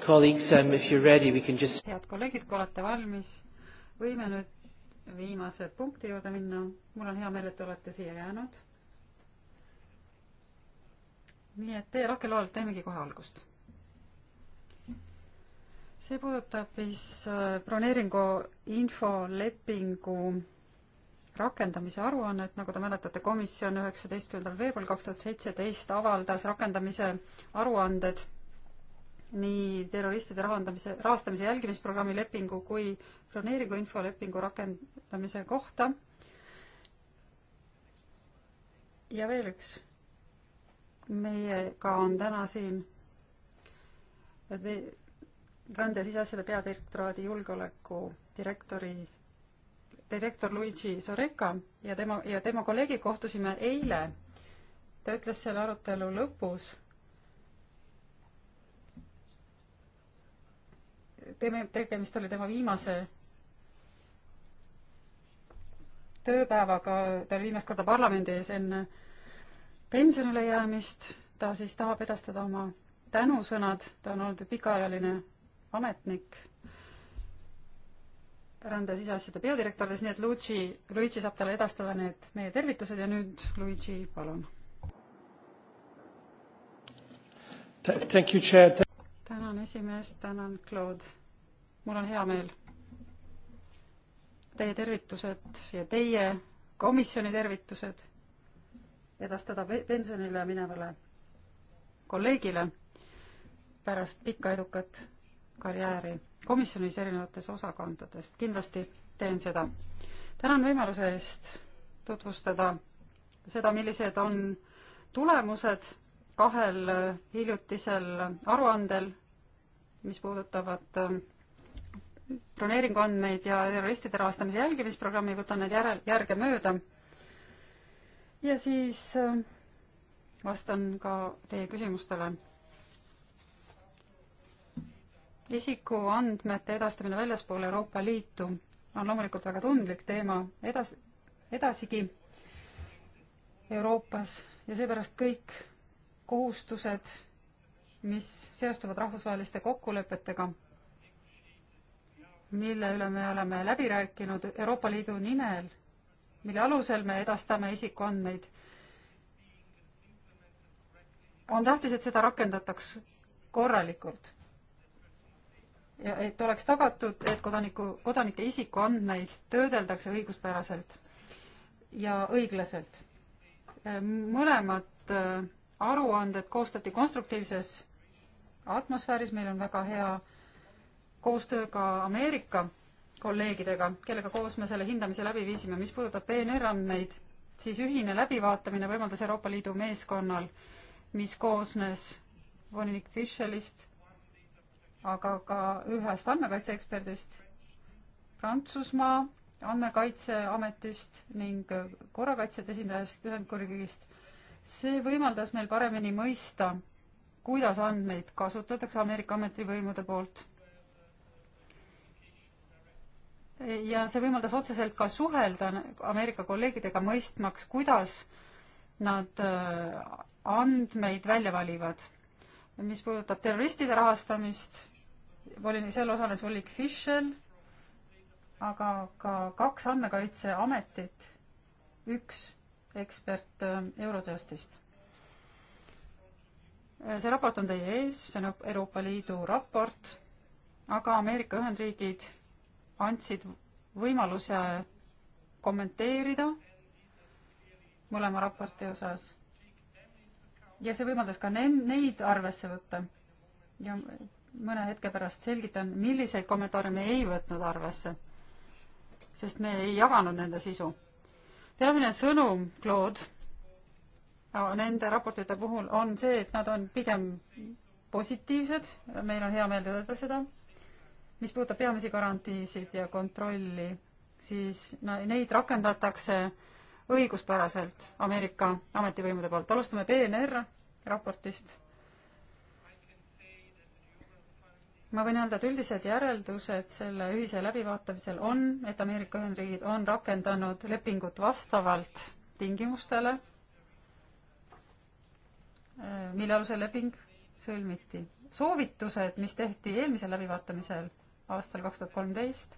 Speaker 1: colleagues, um, if you're ready, we can just...
Speaker 2: head kolleegid, kui olete valmis, võime nüüd viimase punkti juurde minna. mul on hea meel, et te olete siia jäänud. nii et teie rakkeloal teemegi kohe algust. see puudutab siis äh, broneeringu infolepingu rakendamise aruannet, nagu te mäletate, komisjon üheksateistkümnendal veebruaril kaks tuhat seitseteist avaldas rakendamise aruanded nii terroristide rahandamise, rahastamise jälgimisprogrammi lepingu kui broneeringu infolepingu rakendamise kohta. ja veel üks. meiega on täna siin rände siseasjade peadirektoraadi julgeoleku direktori, direktor Luigi Soreca ja tema, ja tema kolleegi kohtusime eile. ta ütles selle arutelu lõpus teeme, tegemist oli tema viimase tööpäevaga, ta oli viimast korda parlamendi ees enne pensionile jäämist, ta siis tahab edastada oma tänusõnad, ta on olnud pikaajaline ametnik rände siseasjade peadirektorides, nii et Luigi, Luigi saab talle edastada need meie tervitused ja nüüd Luigi, palun. tänan esimees, tänan Claude mul on hea meel teie tervitused ja teie komisjoni tervitused edastada pensionile minevale kolleegile pärast pikka edukat karjääri komisjonis erinevates osakondadest. kindlasti teen seda. tänan võimaluse eest tutvustada seda, millised on tulemused kahel hiljutisel aruandel, mis puudutavad äh, broneeringu andmeid ja terroristide rahastamise jälgimisprogrammi, võtan need järel, järge mööda. ja siis äh, vastan ka teie küsimustele. isikuandmete edastamine väljaspool Euroopa Liitu on loomulikult väga tundlik teema edas-, edasigi Euroopas ja seepärast kõik kohustused, mis seostuvad rahvusvaheliste kokkulepetega mille üle me oleme läbi rääkinud Euroopa Liidu nimel, mille alusel me edastame isikuandmeid. on tähtis, et seda rakendataks korralikult. ja et oleks tagatud, et kodaniku, kodanike isikuandmeid töödeldakse õiguspäraselt ja õiglaselt. mõlemad äh, aruanded koostati konstruktiivses atmosfääris, meil on väga hea äh, koostööga Ameerika kolleegidega, kellega koos me selle hindamise läbi viisime. mis puudutab PNR-andmeid, siis ühine läbivaatamine võimaldas Euroopa Liidu meeskonnal, mis koosnes volinik Fischelist, aga ka ühest andmekaitseeksperdist, Prantsusmaa andmekaitseametist ning korrakaitsjate esindajast Ühendkuningriigist. see võimaldas meil paremini mõista, kuidas andmeid kasutatakse Ameerika ametivõimude poolt ja see võimaldas otseselt ka suhelda Ameerika kolleegidega, mõistmaks, kuidas nad äh, andmeid välja valivad. mis puudutab terroristide rahastamist, olin, seal osales Ulrik Fischel, aga ka kaks andmekaitseametit, üks ekspert äh, Eurojustist. Äh, see raport on teie ees, see on Euroopa Liidu raport, aga Ameerika Ühendriigid andsid võimaluse kommenteerida mõlema raporti osas. ja see võimaldas ka ne-, neid arvesse võtta. ja mõne hetke pärast selgitan, milliseid kommentaare me ei võtnud arvesse, sest me ei jaganud nende sisu. peamine sõnum, Claude, nende raportite puhul on see, et nad on pigem positiivsed, meil on hea meel tõdeda seda mis puudutab peamisi garantiisid ja kontrolli, siis no neid rakendatakse õiguspäraselt Ameerika ametivõimude poolt. alustame PNR raportist. ma võin öelda, et üldised järeldused selle ühise läbivaatamisel on, et Ameerika Ühendriigid on rakendanud lepingut vastavalt tingimustele, mille alusel leping sõlmiti. soovitused, mis tehti eelmisel läbivaatamisel aastal kaks tuhat kolmteist.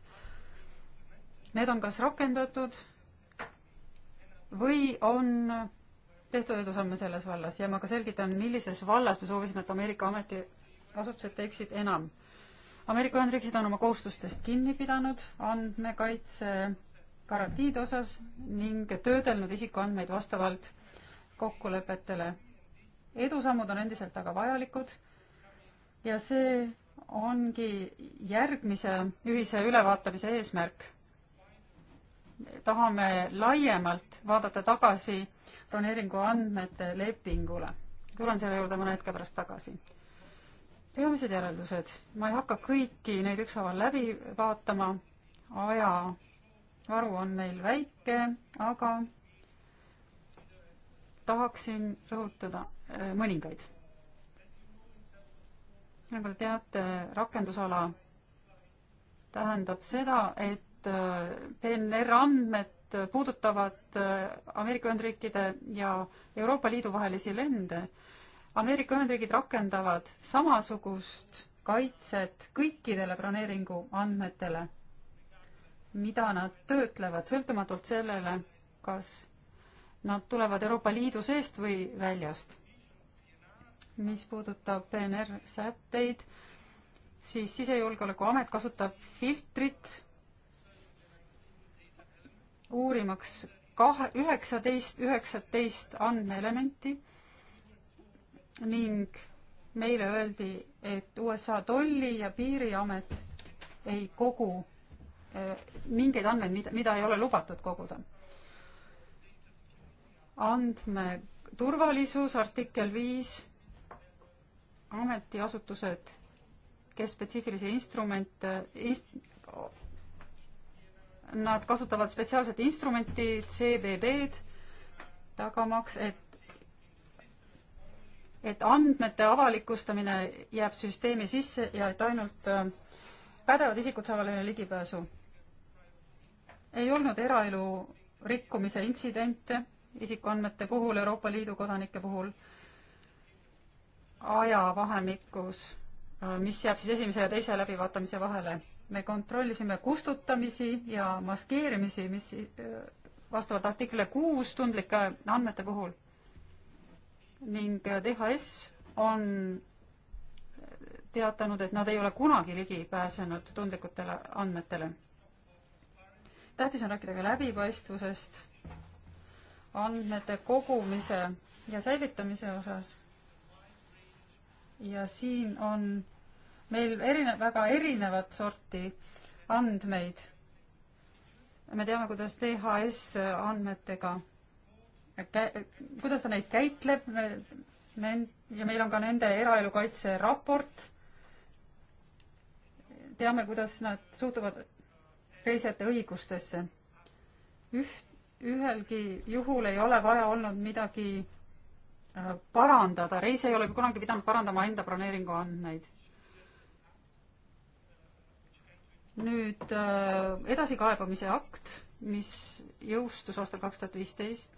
Speaker 2: Need on kas rakendatud või on tehtud edusamme selles vallas ja ma ka selgitan, millises vallas me soovisime, et Ameerika ametiasutused teeksid enam. Ameerika Ühendriigid on oma kohustustest kinni pidanud andmekaitse garantiide osas ning töödelnud isikuandmeid vastavalt kokkulepetele. edusammud on endiselt aga vajalikud ja see ongi järgmise ühise ülevaatamise eesmärk. tahame laiemalt vaadata tagasi broneeringu andmete lepingule. tulen selle juurde mõne hetke pärast tagasi. peamised järeldused. ma ei hakka kõiki neid ükshaaval läbi vaatama, ajavaru on meil väike, aga tahaksin rõhutada äh, mõningaid nagu te teate, rakendusala tähendab seda, et äh, PNR andmed puudutavad äh, Ameerika Ühendriikide ja Euroopa Liidu vahelisi lende. Ameerika Ühendriigid rakendavad samasugust kaitset kõikidele broneeringu andmetele, mida nad töötlevad, sõltumatult sellele, kas nad tulevad Euroopa Liidu seest või väljast mis puudutab PNR-sätteid, siis Sisejulgeolekuamet kasutab filtrit uurimaks kahe, üheksateist, üheksateist andmeelementi ning meile öeldi, et USA tolli- ja piiriamet ei kogu eh, mingeid andmeid, mida, mida ei ole lubatud koguda. andmeturvalisus, artikkel viis ametiasutused, kes spetsiifilisi instrumente inst,, nad kasutavad spetsiaalset instrumenti CBB-d, tagamaks, et et andmete avalikustamine jääb süsteemi sisse ja et ainult äh, pädevad isikud saavad neile ligipääsu. ei olnud eraelu rikkumise intsidente isikuandmete puhul, Euroopa Liidu kodanike puhul ajavahemikus, äh, mis jääb siis esimese ja teise läbivaatamise vahele. me kontrollisime kustutamisi ja maskeerimisi, mis äh, vastavalt artiklile kuus tundlike andmete puhul ning äh, DHS on teatanud, et nad ei ole kunagi ligi pääsenud tundlikutele andmetele. tähtis on rääkida ka läbipaistvusest andmete kogumise ja säilitamise osas ja siin on meil erinev, väga erinevat sorti andmeid. me teame, kuidas DHS andmetega, kuidas ta neid käitleb, me, me ja meil on ka nende eraelu kaitse raport. teame, kuidas nad suhtuvad reisijate õigustesse. üht, ühelgi juhul ei ole vaja olnud midagi Äh, parandada, Reis ei ole kunagi pidanud parandama enda broneeringu andmeid. nüüd äh, edasikaebamise akt, mis jõustus aastal kaks tuhat viisteist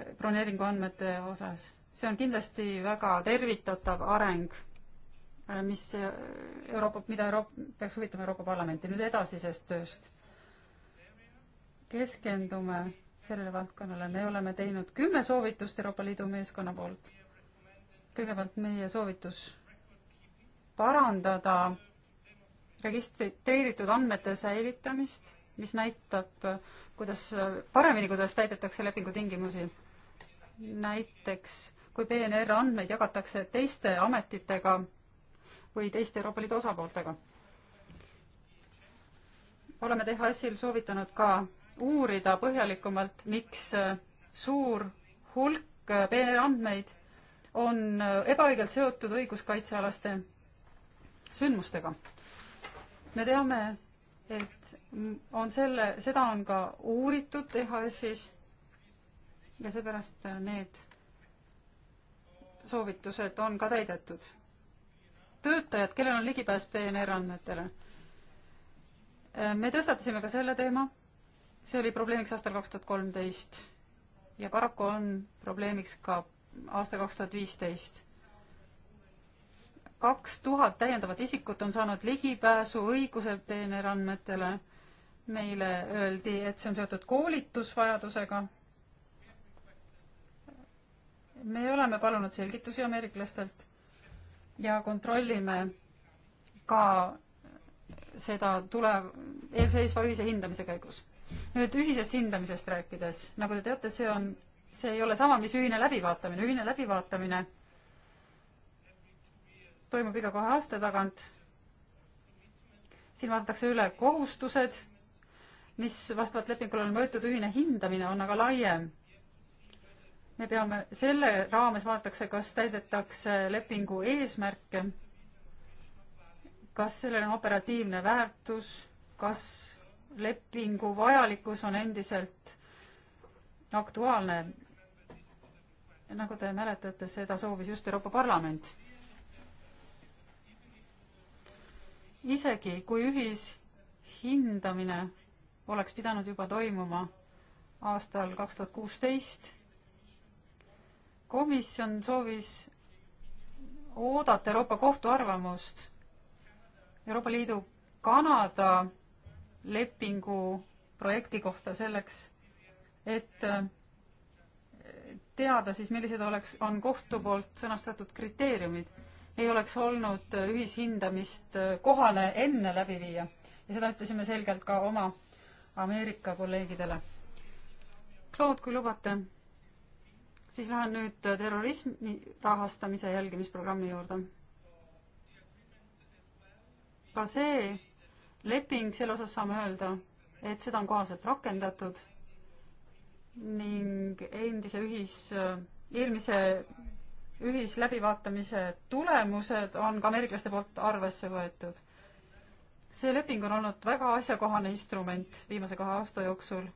Speaker 2: äh, broneeringu andmete osas, see on kindlasti väga tervitatav areng, mis Euroopa, mida Euroopa, peaks huvitama Euroopa Parlamenti nüüd edasisest tööst. keskendume sellele valdkonnale. me oleme teinud kümme soovitust Euroopa Liidu meeskonna poolt. kõigepealt meie soovitus parandada registreeritud andmete säilitamist, mis näitab, kuidas, paremini, kuidas täidetakse lepingu tingimusi. näiteks kui PNR andmeid jagatakse teiste ametitega või teiste Euroopa Liidu osapooltega. oleme THS-il soovitanud ka uurida põhjalikumalt, miks äh, suur hulk äh, peenandmeid on äh, ebaõigelt seotud õiguskaitsealaste sündmustega. me teame, et on selle, seda on ka uuritud EHS-is ja seepärast need soovitused on ka täidetud. töötajad, kellel on ligipääs PNR andmetele. me tõstatasime ka selle teema see oli probleemiks aastal kaks tuhat kolmteist ja paraku on probleemiks ka aasta kaks tuhat viisteist. kaks tuhat täiendavat isikut on saanud ligipääsu õiguse peenerandmetele. meile öeldi, et see on seotud koolitusvajadusega. me oleme palunud selgitusi ameeriklastelt ja kontrollime ka seda tule, eelseisva ühise hindamise käigus nüüd ühisest hindamisest rääkides, nagu te teate, see on, see ei ole sama, mis ühine läbivaatamine, ühine läbivaatamine toimub iga kahe aasta tagant. siin vaadatakse üle kohustused, mis vastavalt lepingule on võetud, ühine hindamine on aga laiem. me peame, selle raames vaadatakse, kas täidetakse lepingu eesmärke, kas sellel on operatiivne väärtus, kas lepingu vajalikkus on endiselt aktuaalne. nagu te mäletate, seda soovis just Euroopa Parlament. isegi kui ühishindamine oleks pidanud juba toimuma aastal kaks tuhat kuusteist, komisjon soovis oodata Euroopa Kohtu arvamust Euroopa Liidu Kanada lepingu projekti kohta selleks, et äh, teada siis, millised oleks, on kohtu poolt sõnastatud kriteeriumid. ei oleks olnud äh, ühishindamist äh, kohane enne läbi viia ja seda ütlesime selgelt ka oma Ameerika kolleegidele. Claude, kui lubate, siis lähen nüüd terrorismi rahastamise jälgimisprogrammi juurde. ka see leping, selle osas saame öelda, et seda on kohaselt rakendatud ning endise ühis, eelmise ühisläbivaatamise tulemused on ka ameeriklaste poolt arvesse võetud. see leping on olnud väga asjakohane instrument viimase kahe aasta jooksul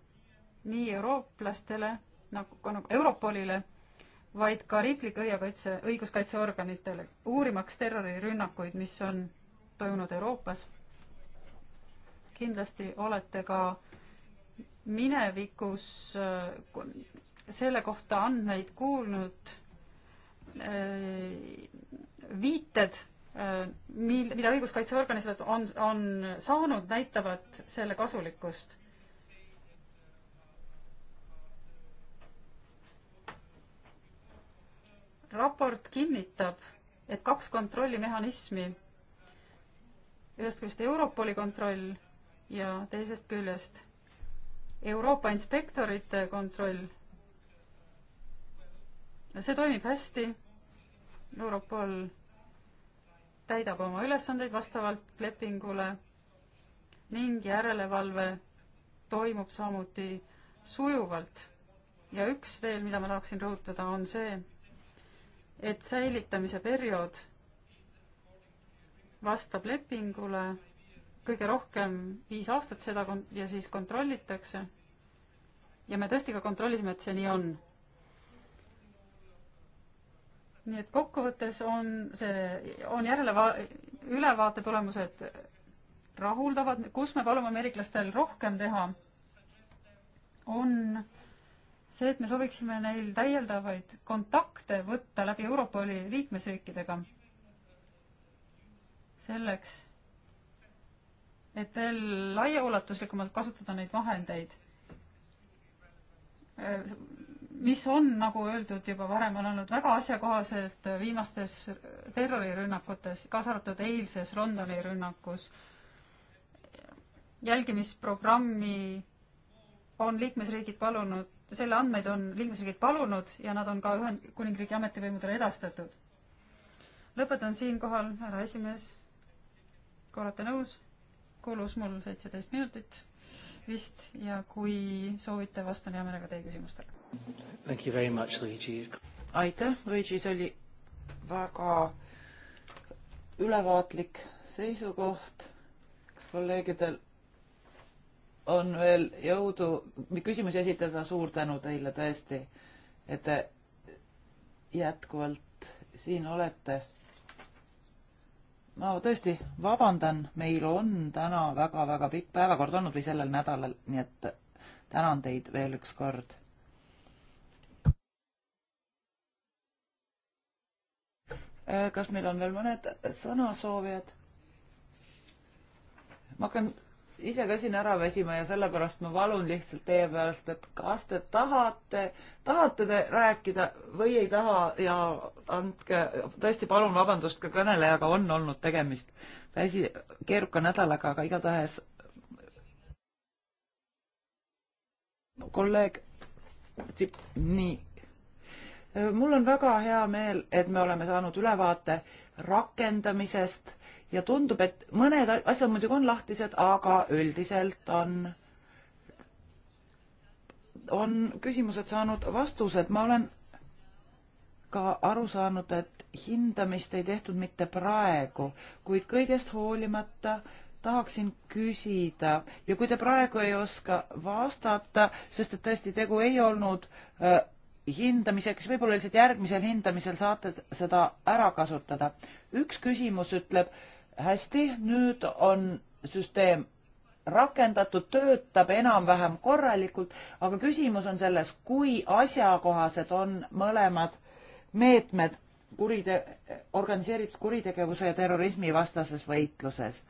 Speaker 2: nii eurooplastele nagu ka nagu Europolile, vaid ka riiklike õiekaitse, õiguskaitseorganitele, uurimaks terrorirünnakuid, mis on toimunud Euroopas kindlasti olete ka minevikus äh, selle kohta andmeid kuulnud, äh, viited, äh, mil, mida õiguskaitseorganised on, on saanud, näitavad selle kasulikkust. raport kinnitab, et kaks kontrollimehhanismi, ühest küljest Europoli kontroll ja teisest küljest Euroopa inspektorite kontroll. see toimib hästi. Europol täidab oma ülesandeid vastavalt lepingule ning järelevalve toimub samuti sujuvalt. ja üks veel, mida ma tahaksin rõhutada, on see, et säilitamise periood vastab lepingule kõige rohkem viis aastat seda kon-, ja siis kontrollitakse. ja me tõesti ka kontrollisime, et see nii on. nii et kokkuvõttes on see, on järeleva-, ülevaate tulemused rahuldavad, kus me palume ameeriklastel rohkem teha, on see, et me sooviksime neil täiendavaid kontakte võtta läbi Europoli liikmesriikidega. selleks et veel laiaulatuslikumalt kasutada neid vahendeid, mis on, nagu öeldud juba varem, on olnud väga asjakohased viimastes terrorirünnakutes, kaasa arvatud eilses Londoni rünnakus. jälgimisprogrammi on liikmesriigid palunud, selle andmeid on liikmesriigid palunud ja nad on ka Ühendkuningriigi ametivõimudele edastatud. lõpetan siinkohal, härra esimees, kui olete nõus kulus mul seitseteist minutit vist ja kui soovite, vastan hea meelega teie küsimustele.
Speaker 4: aitäh, Luigi, see oli väga ülevaatlik seisukoht. kas kolleegidel on veel jõudu küsimusi esitada, suur tänu teile tõesti, et te jätkuvalt siin olete ma tõesti vabandan, meil on täna väga-väga pikk päevakord olnud või sellel nädalal, nii et tänan teid veel üks kord. Äh, kas meil on veel mõned sõnasoovijad? ma hakkan ise ka siin ära väsima ja sellepärast ma palun lihtsalt teie pealt, et kas te tahate, tahate te rääkida või ei taha ja andke, tõesti palun vabandust, ka kõnelejaga on olnud tegemist väsi, keeruka nädalaga, aga igatahes kolleeg, nii. mul on väga hea meel, et me oleme saanud ülevaate rakendamisest ja tundub, et mõned asjad muidugi on lahtised, aga üldiselt on, on küsimused saanud vastused. ma olen ka aru saanud, et hindamist ei tehtud mitte praegu, kuid kõigest hoolimata tahaksin küsida ja kui te praegu ei oska vastata, sest et tõesti tegu ei olnud äh, hindamiseks, võib-olla lihtsalt järgmisel hindamisel saate seda ära kasutada. üks küsimus ütleb äh, hästi, nüüd on süsteem rakendatud, töötab enam-vähem korralikult, aga küsimus on selles, kui asjakohased on mõlemad meetmed kurite-, organiseeritud kuritegevuse ja terrorismi vastases võitluses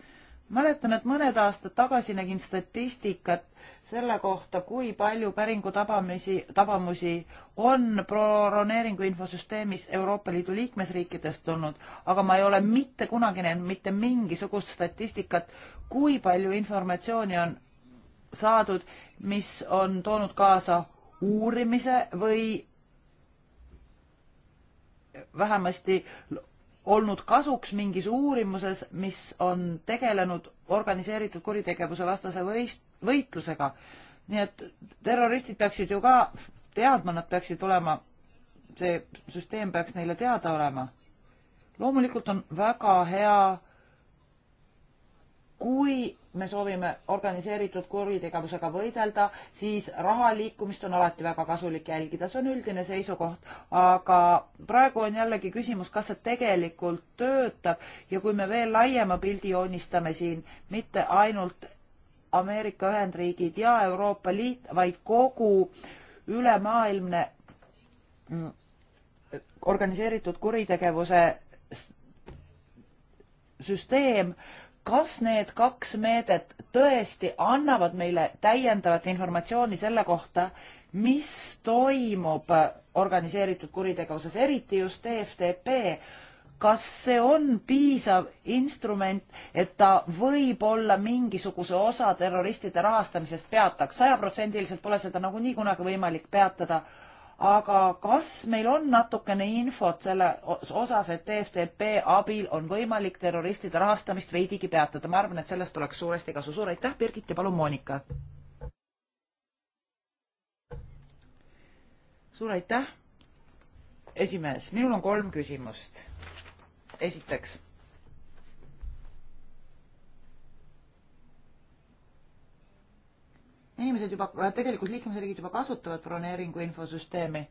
Speaker 4: mäletan, et mõned aastad tagasi nägin statistikat selle kohta, kui palju päringu tabamisi, tabamusi on broneeringu infosüsteemis Euroopa Liidu liikmesriikidest tulnud, aga ma ei ole mitte kunagi näinud mitte mingisugust statistikat, kui palju informatsiooni on saadud, mis on toonud kaasa uurimise või vähemasti olnud kasuks mingis uurimuses, mis on tegelenud organiseeritud kuritegevuse vastase võist, võitlusega. nii et terroristid peaksid ju ka teadma, nad peaksid olema, see süsteem peaks neile teada olema. loomulikult on väga hea kui me soovime organiseeritud kuritegevusega võidelda, siis raha liikumist on alati väga kasulik jälgida, see on üldine seisukoht, aga praegu on jällegi küsimus, kas see tegelikult töötab ja kui me veel laiema pildi joonistame siin, mitte ainult Ameerika Ühendriigid ja Euroopa Liit, vaid kogu ülemaailmne mm, organiseeritud kuritegevuse süsteem kas need kaks meedet tõesti annavad meile täiendavat informatsiooni selle kohta, mis toimub organiseeritud kuritegevuses, eriti just EFTP, kas see on piisav instrument, et ta võib-olla mingisuguse osa terroristide rahastamisest peataks, sajaprotsendiliselt pole seda nagunii kunagi võimalik peatada aga kas meil on natukene infot selle osas, et e TFTP abil on võimalik terroristide rahastamist veidigi peatada? ma arvan, et sellest oleks suuresti kasu. suur aitäh, Birgit ja palun, Monika. suur aitäh, esimees. minul on kolm küsimust. esiteks inimesed juba, tegelikult liikmesriigid juba kasutavad broneeringu infosüsteemi.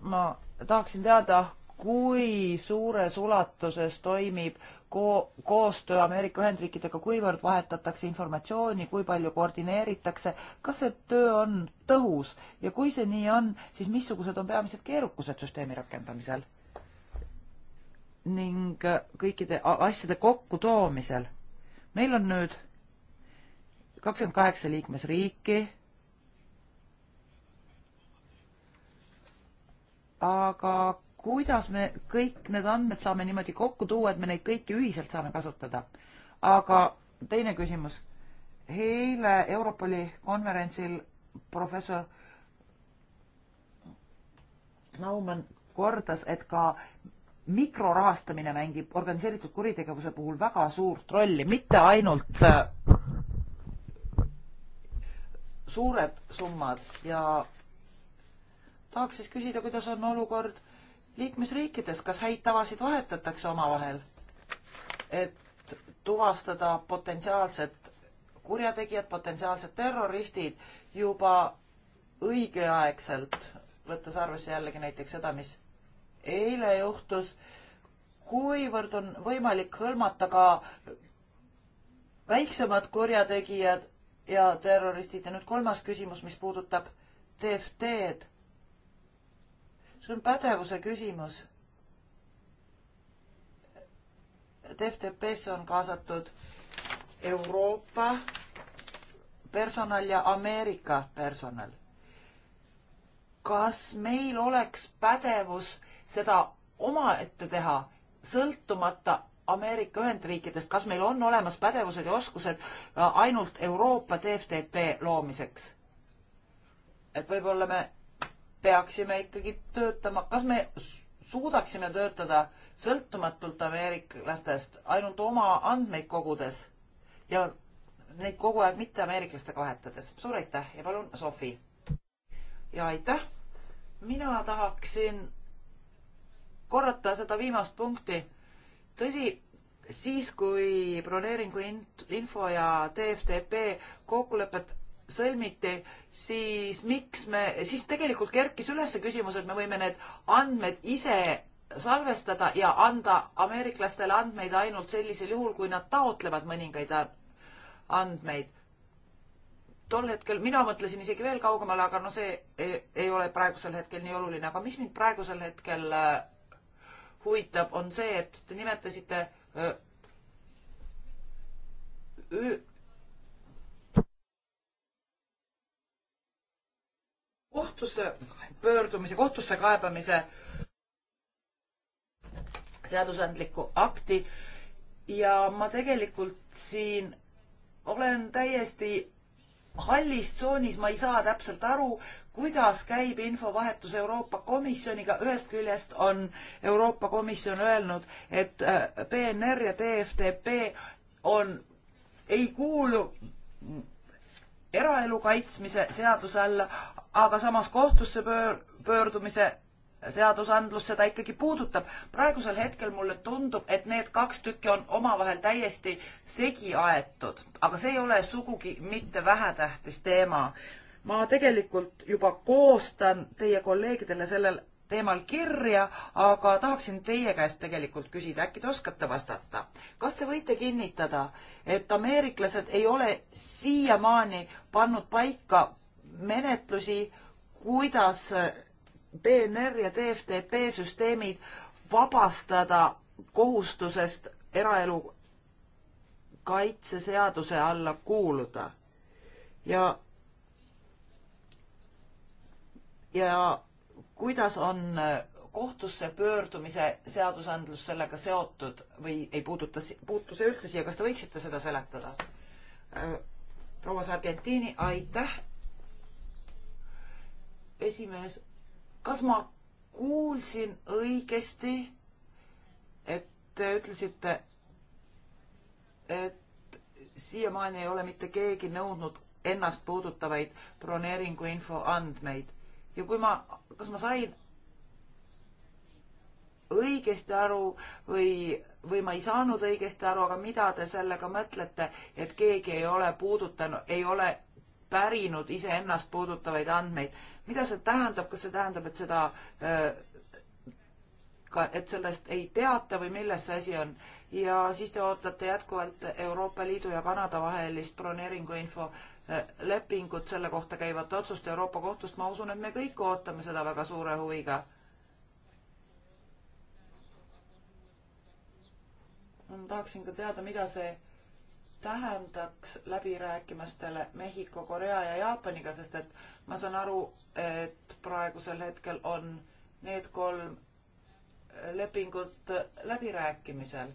Speaker 4: ma tahaksin teada, kui suures ulatuses toimib ko koostöö Ameerika Ühendriikidega, kuivõrd vahetatakse informatsiooni, kui palju koordineeritakse, kas see töö on tõhus ja kui see nii on, siis missugused on peamised keerukused süsteemi rakendamisel? ning kõikide asjade kokkutoomisel. meil on nüüd kakskümmend kaheksa liikmesriiki, aga kuidas me kõik need andmed saame niimoodi kokku tuua, et me neid kõiki ühiselt saame kasutada? aga teine küsimus. eile Europoli konverentsil professor Naumann kordas, et ka mikrorahastamine mängib organiseeritud kuritegevuse puhul väga suurt rolli, mitte ainult äh, suured summad ja tahaks siis küsida, kuidas on olukord liikmesriikides, kas häid tavasid vahetatakse omavahel, et tuvastada potentsiaalsed kurjategijad, potentsiaalsed terroristid juba õigeaegselt, võttes arvesse jällegi näiteks seda, mis eile juhtus, kuivõrd on võimalik hõlmata ka väiksemad kurjategijad ja terroristid ja nüüd kolmas küsimus, mis puudutab DFT-d. see on pädevuse küsimus. DFTP-sse on kaasatud Euroopa personal ja Ameerika personal. kas meil oleks pädevus seda omaette teha, sõltumata Ameerika Ühendriikidest, kas meil on olemas pädevused ja oskused äh, ainult Euroopa TFTP loomiseks? et võib-olla me peaksime ikkagi töötama, kas me suudaksime töötada sõltumatult ameeriklastest, ainult oma andmeid kogudes ja neid kogu aeg mitte ameeriklastega vahetades. suur aitäh ja palun, Sofi. ja aitäh. mina tahaksin korrata seda viimast punkti tõsi, siis kui broneeringu info ja TFTP kokkulepet sõlmiti, siis miks me, siis tegelikult kerkis üles küsimus, et me võime need andmed ise salvestada ja anda ameeriklastele andmeid ainult sellisel juhul, kui nad taotlevad mõningaid andmeid. tol hetkel, mina mõtlesin isegi veel kaugemale, aga no see ei, ei ole praegusel hetkel nii oluline, aga mis mind praegusel hetkel huvitab, on see, et te nimetasite kohtusse pöördumise, kohtusse kaebamise seadusandlikku akti ja ma tegelikult siin olen täiesti hallis tsoonis, ma ei saa täpselt aru, kuidas käib infovahetus Euroopa Komisjoniga, ühest küljest on Euroopa Komisjon öelnud, et äh, PNR ja TFTP on, ei kuulu eraelu kaitsmise seaduse alla, aga samas kohtusse pöör, pöördumise seadusandlus seda ikkagi puudutab. praegusel hetkel mulle tundub, et need kaks tükki on omavahel täiesti segi aetud, aga see ei ole sugugi mitte vähetähtis teema. ma tegelikult juba koostan teie kolleegidele sellel teemal kirja, aga tahaksin teie käest tegelikult küsida, äkki te oskate vastata. kas te võite kinnitada, et ameeriklased ei ole siiamaani pannud paika menetlusi, kuidas PNR ja TFTP süsteemid vabastada kohustusest eraelu kaitseseaduse alla kuuluda. ja, ja kuidas on kohtusse pöördumise seadusandlus sellega seotud või ei puuduta, puutu see üldse siia, kas te võiksite seda seletada? Äh, proua Sargentini, aitäh. esimees kas ma kuulsin õigesti, et te ütlesite, et siiamaani ei ole mitte keegi nõudnud ennast puudutavaid broneeringu info andmeid ja kui ma, kas ma sain õigesti aru või, või ma ei saanud õigesti aru, aga mida te sellega mõtlete, et keegi ei ole puudutanud, ei ole pärinud iseennast puudutavaid andmeid. mida see tähendab, kas see tähendab, et seda äh, ka, et sellest ei teata või milles see asi on? ja siis te ootate jätkuvalt Euroopa Liidu ja Kanada vahelist broneeringuinfo äh, lepingut, selle kohta käivat otsust Euroopa Kohtust, ma usun, et me kõik ootame seda väga suure huviga ma tahaksin ka teada, mida see tähendaks läbirääkimistele Mehhiko, Korea ja Jaapaniga, sest et ma saan aru, et praegusel hetkel on need kolm lepingut läbirääkimisel.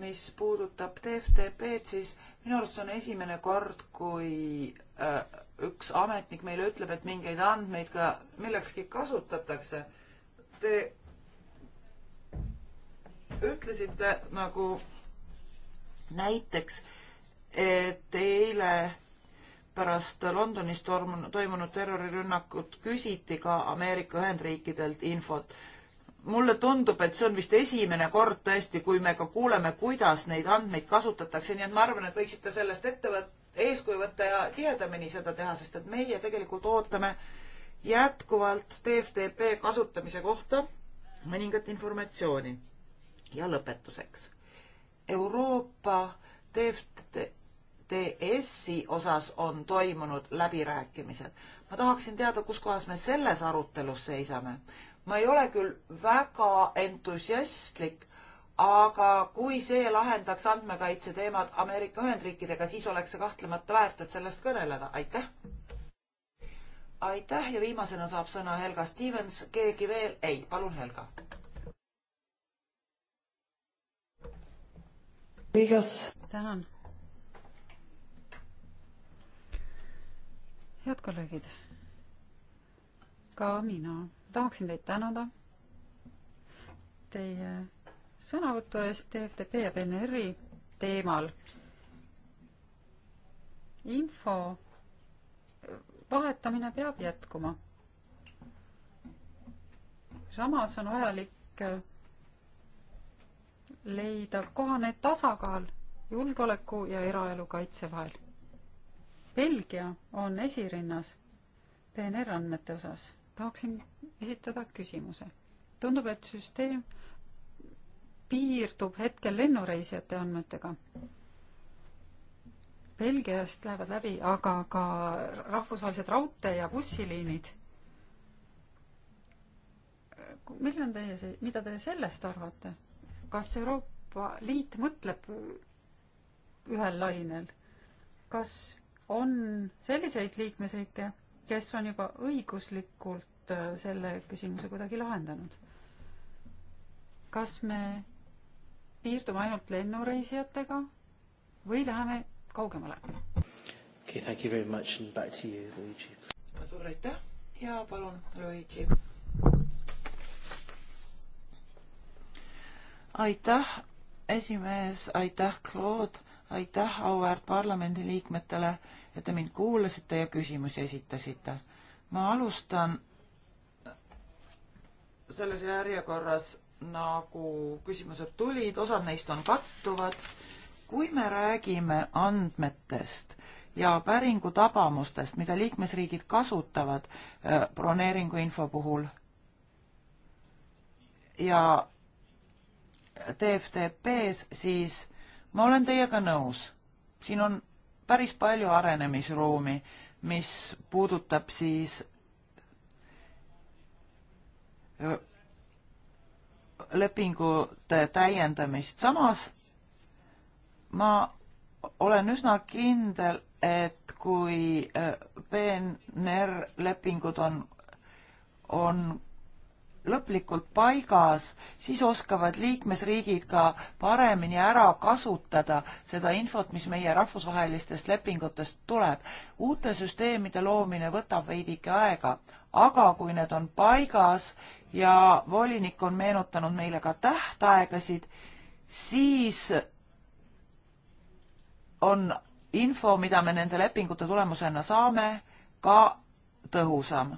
Speaker 4: mis puudutab TFTP-d, siis minu arust see on esimene kord, kui äh, üks ametnik meile ütleb, et mingeid andmeid ka millekski kasutatakse. Te ütlesite nagu näiteks, et eile pärast Londonis toimunud terrorirünnakut küsiti ka Ameerika Ühendriikidelt infot. mulle tundub, et see on vist esimene kord tõesti, kui me ka kuuleme, kuidas neid andmeid kasutatakse, nii et ma arvan, et võiksite sellest ette võtta, eeskuju võtta ja tihedamini seda teha, sest et meie tegelikult ootame jätkuvalt TFTP kasutamise kohta mõningat informatsiooni. ja lõpetuseks Euroopa TFTS-i osas on toimunud läbirääkimised. ma tahaksin teada, kus kohas me selles arutelus seisame. ma ei ole küll väga entusiastlik, aga kui see lahendaks andmekaitse teemad Ameerika Ühendriikidega, siis oleks see kahtlemata väärt, et sellest kõneleda. aitäh! aitäh ja viimasena saab sõna Helga Stevens, keegi veel? ei, palun Helga
Speaker 2: tänan. head kolleegid, ka mina tahaksin teid tänada teie sõnavõtu eest EFTP ja PNR-i teemal. info vahetamine peab jätkuma. samas on vajalik leida kohane tasakaal julgeoleku ja eraelu kaitse vahel. Belgia on esirinnas PNR andmete osas. tahaksin esitada küsimuse. tundub, et süsteem piirdub hetkel lennureisijate andmetega. Belgiast lähevad läbi aga ka rahvusvahelised raudtee- ja bussiliinid. milline on teie, mida te sellest arvate? kas Euroopa Liit mõtleb ühel lainel? kas on selliseid liikmesriike, kes on juba õiguslikult äh, selle küsimuse kuidagi lahendanud? kas me piirdume ainult lennureisijatega või läheme
Speaker 4: kaugemale?
Speaker 1: Okay, thank you very much and back to you, Luigi.
Speaker 4: suur aitäh ja palun, Luigi aitäh, esimees, aitäh, Claude, aitäh auväärt parlamendiliikmetele, et te mind kuulasite ja küsimusi esitasite. ma alustan selles järjekorras, nagu küsimused tulid, osad neist on kattuvad. kui me räägime andmetest ja päringu tabamustest, mida liikmesriigid kasutavad eh, broneeringu info puhul ja TFTP-s, siis ma olen teiega nõus. siin on päris palju arenemisruumi, mis puudutab siis lepingute täiendamist. samas ma olen üsna kindel, et kui PNR lepingud on, on lõplikult paigas, siis oskavad liikmesriigid ka paremini ära kasutada seda infot, mis meie rahvusvahelistest lepingutest tuleb. uute süsteemide loomine võtab veidike aega, aga kui need on paigas ja volinik on meenutanud meile ka tähtaegasid, siis on info, mida me nende lepingute tulemusena saame, ka tõhusam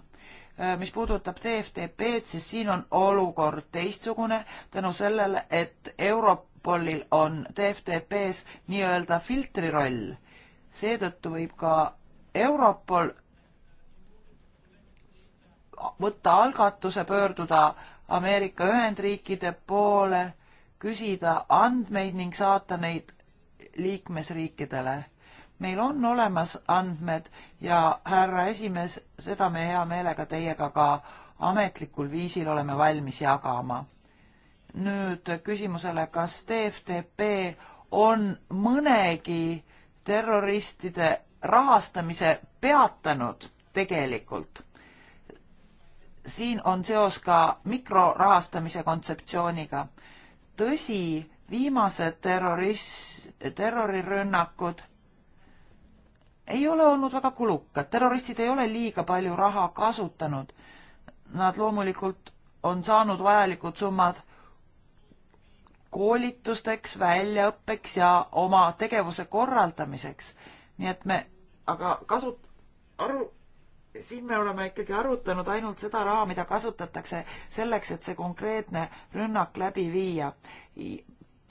Speaker 4: Äh, mis puudutab TFTP-d, siis siin on olukord teistsugune tänu sellele, et Europolil on TFTP-s nii-öelda filtri roll. seetõttu võib ka Europol võtta algatuse, pöörduda Ameerika Ühendriikide poole, küsida andmeid ning saata neid liikmesriikidele meil on olemas andmed ja härra esimees, seda me hea meelega teiega ka ametlikul viisil oleme valmis jagama. nüüd küsimusele, kas TFTP on mõnegi terroristide rahastamise peatanud tegelikult? siin on seos ka mikrorahastamise kontseptsiooniga. tõsi, viimased terroris-, terrorirünnakud ei ole olnud väga kulukad, terroristid ei ole liiga palju raha kasutanud. Nad loomulikult on saanud vajalikud summad koolitusteks, väljaõppeks ja oma tegevuse korraldamiseks. nii et me aga kasut-, aru, siin me oleme ikkagi arutanud ainult seda raha, mida kasutatakse selleks, et see konkreetne rünnak läbi viia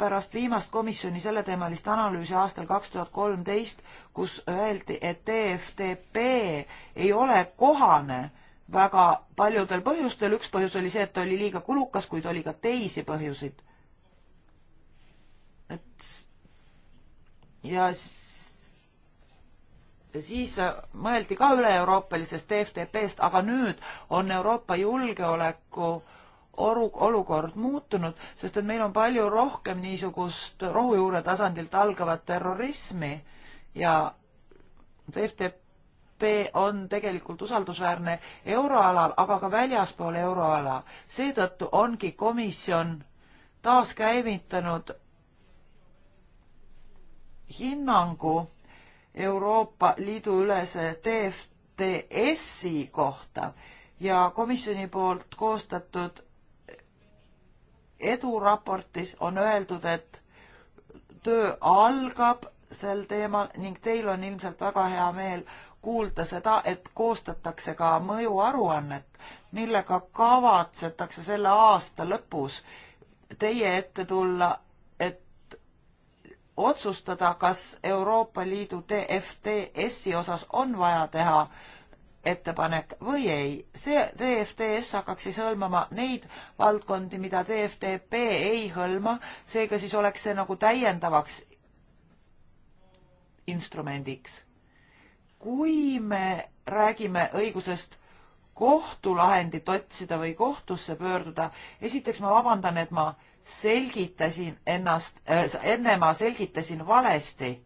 Speaker 4: pärast viimast komisjoni selleteemalist analüüsi aastal kaks tuhat kolmteist, kus öeldi, et TFTP ei ole kohane väga paljudel põhjustel, üks põhjus oli see, et ta oli liiga kulukas, kuid oli ka teisi põhjuseid. et ja siis mõeldi ka üle-euroopalisest TFTP-st, aga nüüd on Euroopa julgeoleku äh, oru-, olukord muutunud, sest et meil on palju rohkem niisugust rohujuure tasandilt algavat terrorismi ja FTP on tegelikult usaldusväärne euroalal, aga ka väljaspool euroala. seetõttu ongi komisjon taaskäivitanud hinnangu Euroopa Liidu ülese TFTS-i kohta ja komisjoni poolt koostatud eduraportis on öeldud, et töö algab sel teemal ning teil on ilmselt väga hea meel kuulda seda, et koostatakse ka mõjuaruannet, millega kavatsetakse selle aasta lõpus teie ette tulla, et otsustada, kas Euroopa Liidu DFDS-i osas on vaja teha äh, ettepanek või ei. see DFDS hakkaks siis hõlmama neid valdkondi, mida DFDP ei hõlma, seega siis oleks see nagu täiendavaks instrumendiks. kui me räägime õigusest kohtulahendit otsida või kohtusse pöörduda, esiteks ma vabandan, et ma selgitasin ennast äh,, enne ma selgitasin valesti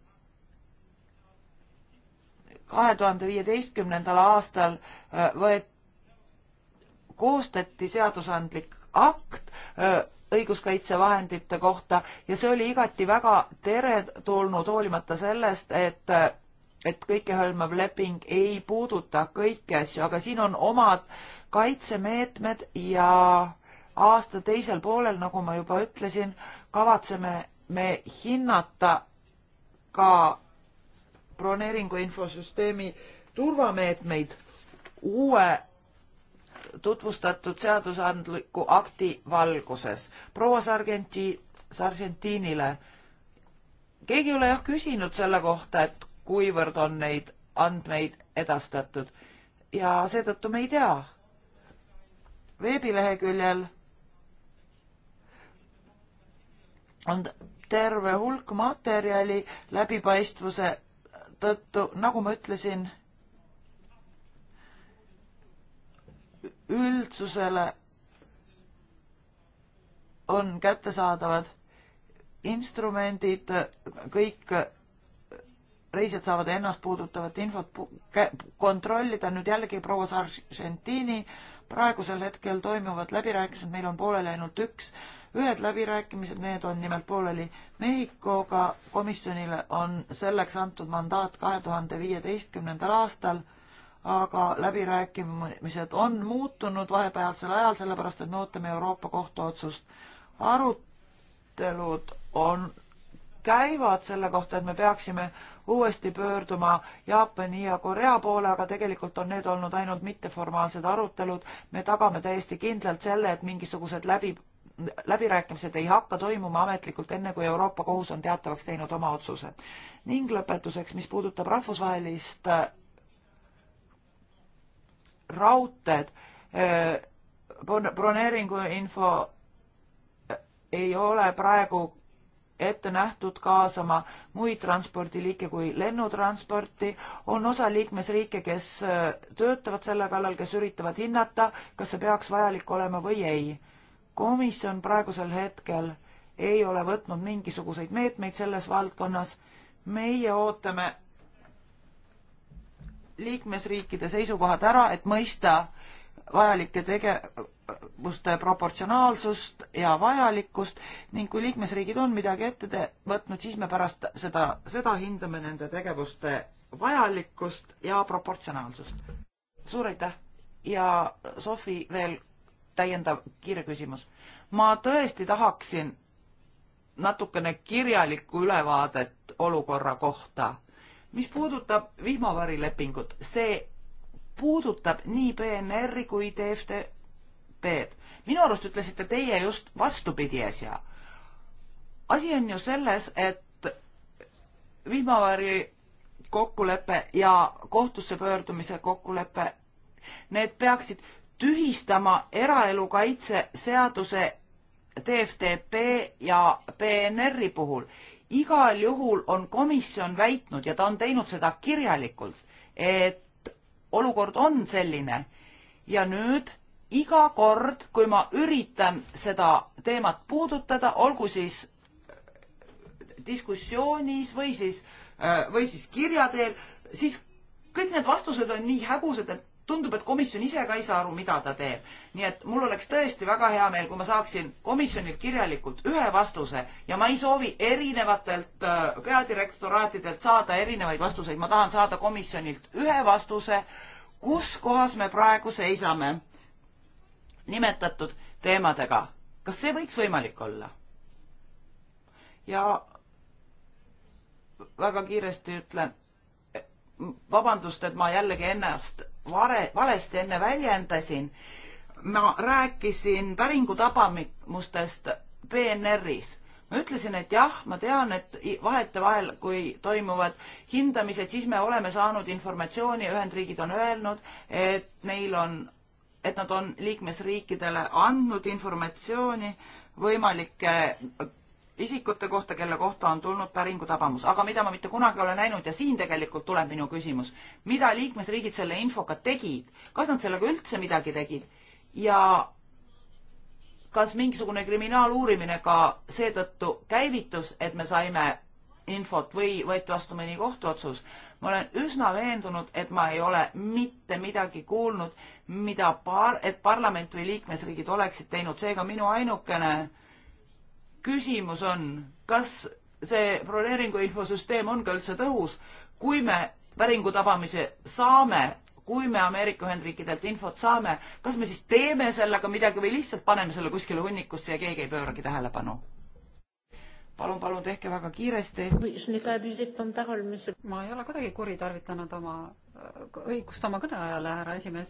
Speaker 4: kahe tuhande viieteistkümnendal aastal äh, võet-, koostati seadusandlik akt äh, õiguskaitsevahendite kohta ja see oli igati väga teretulnud, hoolimata sellest, et äh, et kõikehõlmav leping ei puuduta kõiki asju, aga siin on omad kaitsemeetmed ja aasta teisel poolel, nagu ma juba ütlesin, kavatseme me hinnata ka broneeringu infosüsteemi turvameetmeid uue tutvustatud seadusandliku akti valguses. proua sargenti, sargentiinile, keegi ei ole jah küsinud selle kohta, et kuivõrd on neid andmeid edastatud ja seetõttu me ei tea. veebileheküljel on terve hulk materjali läbipaistvuse tõttu, nagu ma ütlesin, üldsusele on kättesaadavad instrumendid, kõik reisijad saavad ennast puudutavat infot kontrollida. nüüd jällegi proua Sargentini, praegusel hetkel toimuvad läbirääkimised, meil on pooleli ainult üks ühed läbirääkimised, need on nimelt pooleli Mehhikoga. komisjonile on selleks antud mandaat kahe tuhande viieteistkümnendal aastal, aga läbirääkimised on muutunud vahepealsel ajal, sellepärast et me ootame Euroopa Kohtu otsust. arutelud on, käivad selle kohta, et me peaksime uuesti pöörduma Jaapani ja Korea poole, aga tegelikult on need olnud ainult mitteformaalsed arutelud. me tagame täiesti kindlalt selle, et mingisugused läbi läbirääkimised ei hakka toimuma ametlikult enne, kui Euroopa Kohus on teatavaks teinud oma otsuse. ning lõpetuseks, mis puudutab rahvusvahelist äh, raudteed, äh, broneeringu info äh, ei ole praegu ette nähtud kaasama muid transpordiliike kui lennutransporti. on osa liikmesriike, kes töötavad selle kallal, kes üritavad hinnata, kas see peaks vajalik olema või ei komisjon praegusel hetkel ei ole võtnud mingisuguseid meetmeid selles valdkonnas. meie ootame liikmesriikide seisukohad ära, et mõista vajalike tegevuste proportsionaalsust ja vajalikkust ning kui liikmesriigid on midagi ette võtnud, siis me pärast seda, seda hindame nende tegevuste vajalikkust ja proportsionaalsust. suur aitäh ja Sofi veel täiendav kiire küsimus. ma tõesti tahaksin natukene kirjalikku ülevaadet olukorra kohta. mis puudutab vihmavarilepingut, see puudutab nii PNR-i kui TFTP-d. minu arust ütlesite teie just vastupidi äsja. asi on ju selles, et vihmavari kokkulepe ja kohtusse pöördumise kokkulepe, need peaksid tühistama eraelu kaitse seaduse TFTP ja PNR-i puhul. igal juhul on komisjon väitnud ja ta on teinud seda kirjalikult, et olukord on selline ja nüüd iga kord, kui ma üritan seda teemat puudutada, olgu siis äh, diskussioonis või siis, äh, või siis kirja teel, siis kõik need vastused on nii hägused, et tundub, et komisjon ise ka ei saa aru, mida ta teeb. nii et mul oleks tõesti väga hea meel, kui ma saaksin komisjonilt kirjalikult ühe vastuse ja ma ei soovi erinevatelt äh, peadirektoraatidelt saada erinevaid vastuseid, ma tahan saada komisjonilt ühe vastuse, kus kohas me praegu seisame nimetatud teemadega. kas see võiks võimalik olla? ja väga kiiresti ütlen vabandust, et ma jällegi ennast vare, valesti enne väljendasin. ma rääkisin päringu tabamustest PNR-is. ma ütlesin, et jah, ma tean, et vahetevahel, kui toimuvad hindamised, siis me oleme saanud informatsiooni, Ühendriigid on öelnud, et neil on, et nad on liikmesriikidele andnud informatsiooni võimalike isikute kohta, kelle kohta on tulnud päringu tabamus, aga mida ma mitte kunagi ei ole näinud ja siin tegelikult tuleb minu küsimus, mida liikmesriigid selle infoga tegid, kas nad sellega üldse midagi tegid ja kas mingisugune kriminaaluurimine ka seetõttu käivitus, et me saime infot või võeti vastu mõni kohtuotsus. ma olen üsna veendunud, et ma ei ole mitte midagi kuulnud, mida par-, et parlament või liikmesriigid oleksid teinud, seega minu ainukene äh, küsimus on, kas see broneeringu infosüsteem on ka üldse tõhus, kui me päringu tabamise saame, kui me Ameerika Ühendriikidelt infot saame, kas me siis teeme sellega midagi või lihtsalt paneme selle kuskile hunnikusse ja keegi ei pööragi tähelepanu? palun, palun tehke väga kiiresti. ma
Speaker 2: ei ole kuidagi kuritarvitanud oma õigust oma kõneajale, härra esimees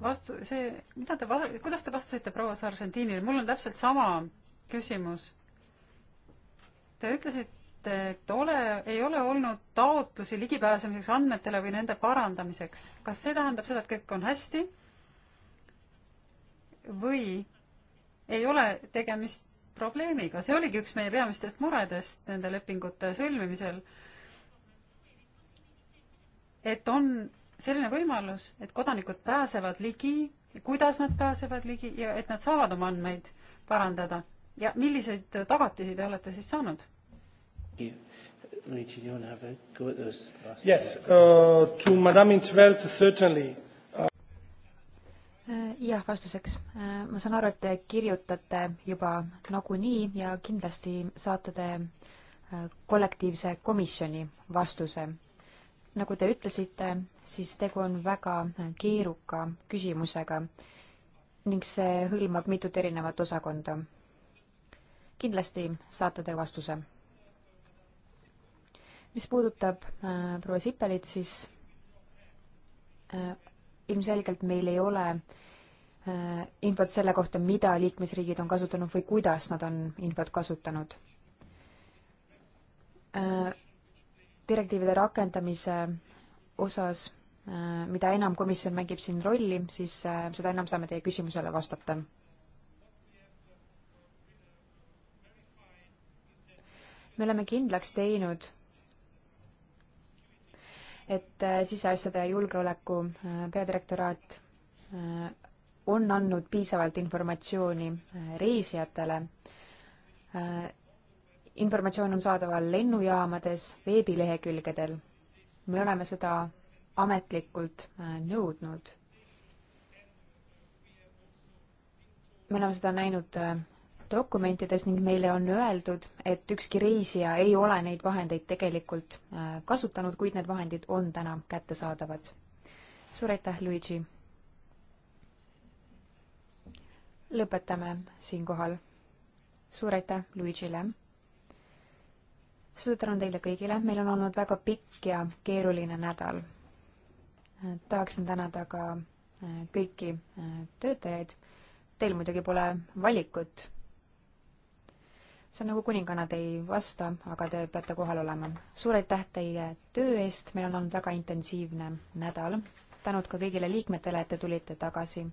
Speaker 2: vastu, see, mida te, kuidas te vastasite proua Sargentinile, mul on täpselt sama küsimus. Te ütlesite, et ole, ei ole olnud taotlusi ligipääsemiseks andmetele või nende parandamiseks. kas see tähendab seda, et kõik on hästi või ei ole tegemist probleemiga, see oligi üks meie peamistest muredest nende lepingute sõlmimisel. et on selline võimalus, et kodanikud pääsevad ligi, kuidas nad pääsevad ligi ja et nad saavad oma andmeid parandada ja milliseid tagatisi te olete siis saanud?
Speaker 1: Yes, uh, to Madame Intvelt certainly uh....
Speaker 2: jah,
Speaker 3: vastuseks. Äh, ma saan aru, et te kirjutate juba nagunii ja kindlasti saate te äh, kollektiivse komisjoni vastuse nagu te ütlesite, siis tegu on väga keeruka küsimusega ning see hõlmab mitut erinevat osakonda. kindlasti saate te vastuse. mis puudutab äh, proua Sipelit, siis äh, ilmselgelt meil ei ole äh, infot selle kohta, mida liikmesriigid on kasutanud või kuidas nad on infot kasutanud äh, direktiivide rakendamise osas, äh, mida enam komisjon mängib siin rolli, siis äh, seda enam saame teie küsimusele vastata. me oleme kindlaks teinud, et äh, siseasjade ja julgeoleku peadirektoraat on andnud piisavalt informatsiooni reisijatele informatsioon on saadaval lennujaamades, veebilehekülgedel. me oleme seda ametlikult äh, nõudnud. me oleme seda näinud äh, dokumentides ning meile on öeldud, et ükski reisija ei ole neid vahendeid tegelikult äh, kasutanud, kuid need vahendid on täna kättesaadavad. suur aitäh, Luigi! lõpetame siinkohal. suur aitäh Luigile! suur tänu teile kõigile, meil on olnud väga pikk ja keeruline nädal. tahaksin tänada ka äh, kõiki äh, töötajaid. Teil muidugi pole valikut. see on nagu kuningannad ei vasta, aga te peate kohal olema. suur aitäh teile töö eest, meil on olnud väga intensiivne nädal. tänud ka kõigile liikmetele, et te tulite tagasi.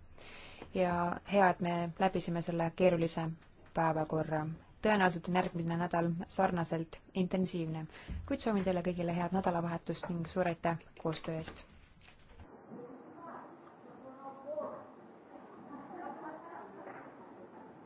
Speaker 3: ja hea, et me läbisime selle keerulise päevakorra tõenäoliselt on järgmine nädal sarnaselt intensiivne, kuid soovin teile kõigile head nädalavahetust ning suur aitäh
Speaker 4: koostöö eest!